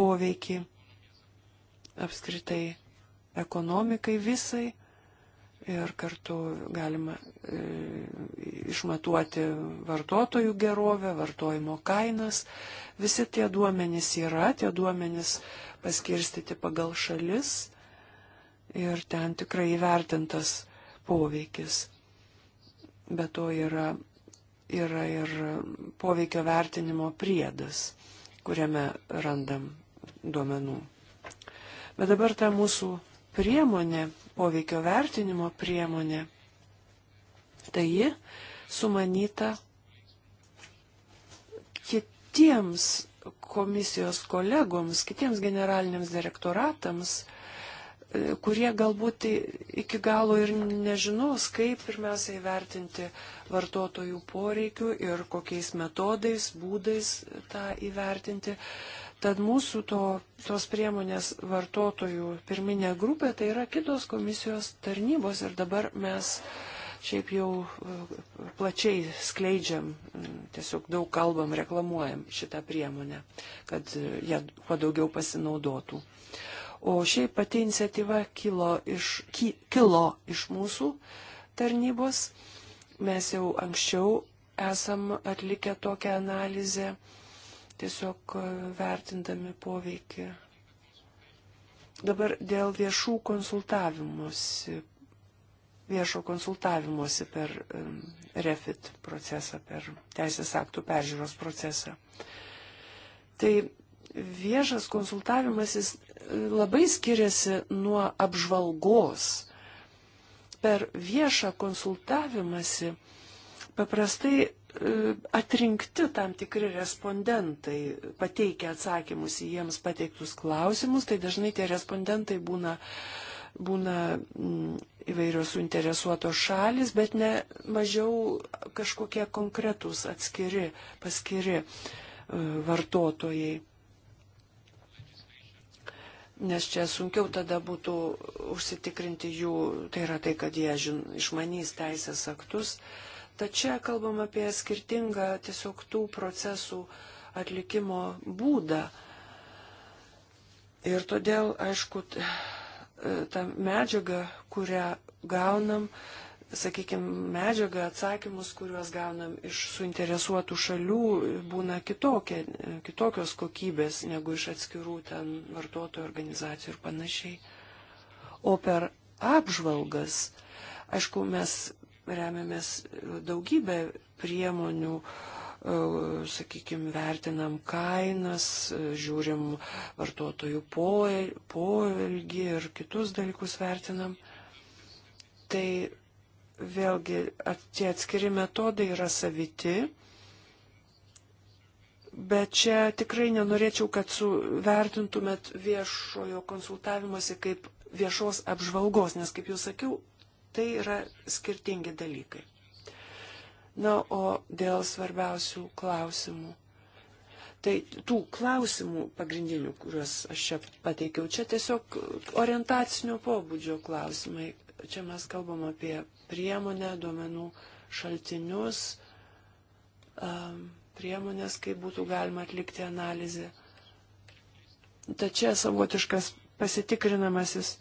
poveikį apskritai ekonomikai visai ir kartu galima e, išmatuoti vartotojų gerovę, vartojimo kainas. Visi tie duomenys yra, tie duomenys paskirstyti pagal šalis ir ten tikrai įvertintas poveikis. Be to yra, yra ir poveikio vertinimo priedas, kuriame randam duomenų. Bet dabar ta mūsų priemonė, poveikio vertinimo priemonė, tai ji sumanyta kitiems komisijos kolegoms, kitiems generaliniams direktoratams, e, kurie galbūt iki galo ir nežinos, kaip pirmiausia įvertinti vartotojų poreikių ir kokiais metodais, būdais tą įvertinti. Tad mūsų to, tos priemonės vartotojų pirminė grupė tai yra kitos komisijos tarnybos ir dabar mes šiaip jau e, plačiai skleidžiam, tiesiog daug kalbam, reklamuojam šitą priemonę, kad jie kuo daugiau pasinaudotų. O šiaip pati iniciatyva kilo iš, ki, kilo iš mūsų tarnybos. Mes jau anksčiau esam atlikę tokią analizę tiesiog e, vertindami poveikį. Dabar dėl viešų konsultavimuose, viešo konsultavimuose per e, refit procesą, per teisės aktų peržiūros procesą. Tai viešas konsultavimasis e, labai skiriasi nuo apžvalgos. Per viešą konsultavimąsi paprastai E, atrinkti tam tikri respondentai, pateikia atsakymus į jiems pateiktus klausimus, tai dažnai tie respondentai būna, būna mm, įvairios suinteresuotos šalis, bet ne mažiau kažkokie konkretūs atskiri, paskiri e, vartotojai nes čia sunkiau tada būtų užsitikrinti jų, tai yra tai, kad jie žin, išmanys teisės aktus, Tačiau kalbam apie skirtingą tiesiog tų procesų atlikimo būdą. Ir todėl, aišku, e, ta medžiaga, kurią gaunam, sakykime, medžiaga, atsakymus, kuriuos gaunam iš suinteresuotų šalių, būna kitokia, e, kitokios kokybės negu iš atskirų ten vartotojų organizacijų ir panašiai. O per apžvalgas, aišku, mes remiamės daugybę priemonių, e, sakykime, vertinam kainas, e, žiūrim vartotojų poelgį ir kitus dalykus vertinam. Tai vėlgi tie atskiri metodai yra saviti. Bet čia tikrai nenorėčiau, kad suvertintumėt viešojo konsultavimuose kaip viešos apžvalgos, nes, kaip jau sakiau, Tai yra skirtingi dalykai. Na, o dėl svarbiausių klausimų. Tai tų klausimų pagrindinių, kuriuos aš čia pateikiau, čia tiesiog orientacinio pobūdžio klausimai. Čia mes kalbam apie priemonę, duomenų šaltinius, priemonės, kaip būtų galima atlikti analizę. Tačiau savotiškas pasitikrinamasis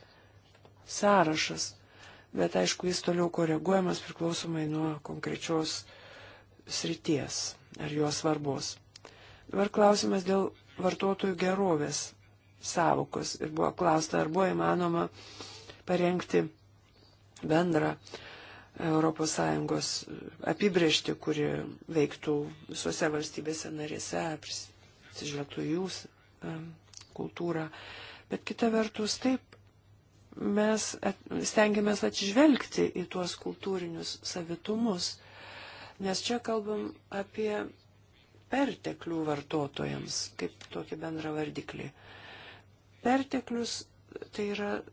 sąrašas bet aišku, jis toliau koreguojamas priklausomai nuo konkrečios srities ar jo svarbos. Dabar klausimas dėl vartotojų gerovės savokos ir buvo klausta, ar buvo įmanoma parengti bendrą ES apibriežti, kuri veiktų visose valstybėse narėse, atsižvelgtų jūs kultūrą. Bet kita vertus, taip, mes stengiamės atžvelgti į tuos kultūrinius savitumus, nes čia kalbam apie perteklių vartotojams, kaip tokį bendrą vardiklį. Perteklius tai yra e,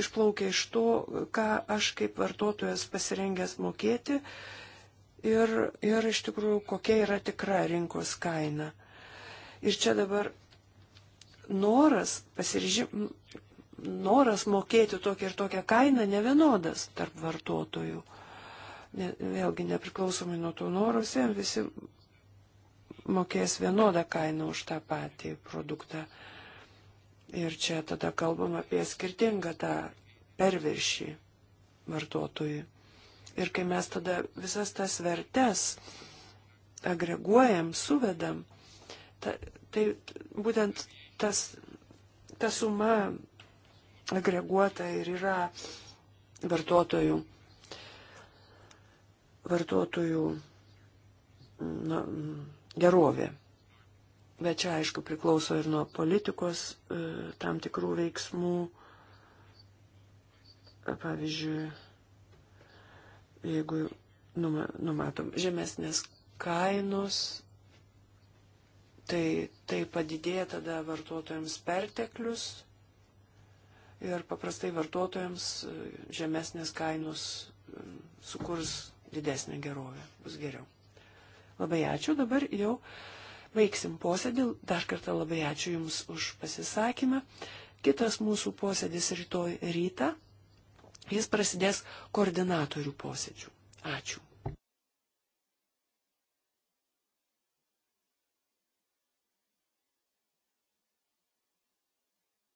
išplaukia iš to, ką aš kaip vartotojas pasirengęs mokėti ir, ir iš tikrųjų kokia yra tikra rinkos kaina. Ir čia dabar noras, pasirižim, noras mokėti tokią ir tokią kainą nevienodas tarp vartotojų. Ne, vėlgi nepriklausomai nuo to noros, visi mokės vienodą kainą už tą patį produktą. Ir čia tada kalbam apie skirtingą tą perviršį vartotojui. Ir kai mes tada visas tas vertes agreguojam, suvedam, ta, tai būtent tas, ta suma agreguota ir yra vartotojų, vartotojų na, gerovė. Bet čia, aišku, priklauso ir nuo politikos e, tam tikrų veiksmų. Pavyzdžiui, jeigu numatom žemesnės kainos, tai, tai padidėja tada vartotojams perteklius ir paprastai vartotojams e, žemesnės kainos e, sukurs didesnę gerovę, bus geriau. Labai ačiū, dabar jau baigsim posėdį, dar kartą labai ačiū Jums už pasisakymą. Kitas mūsų posėdis rytoj rytą, jis prasidės koordinatorių posėdžių. Ačiū.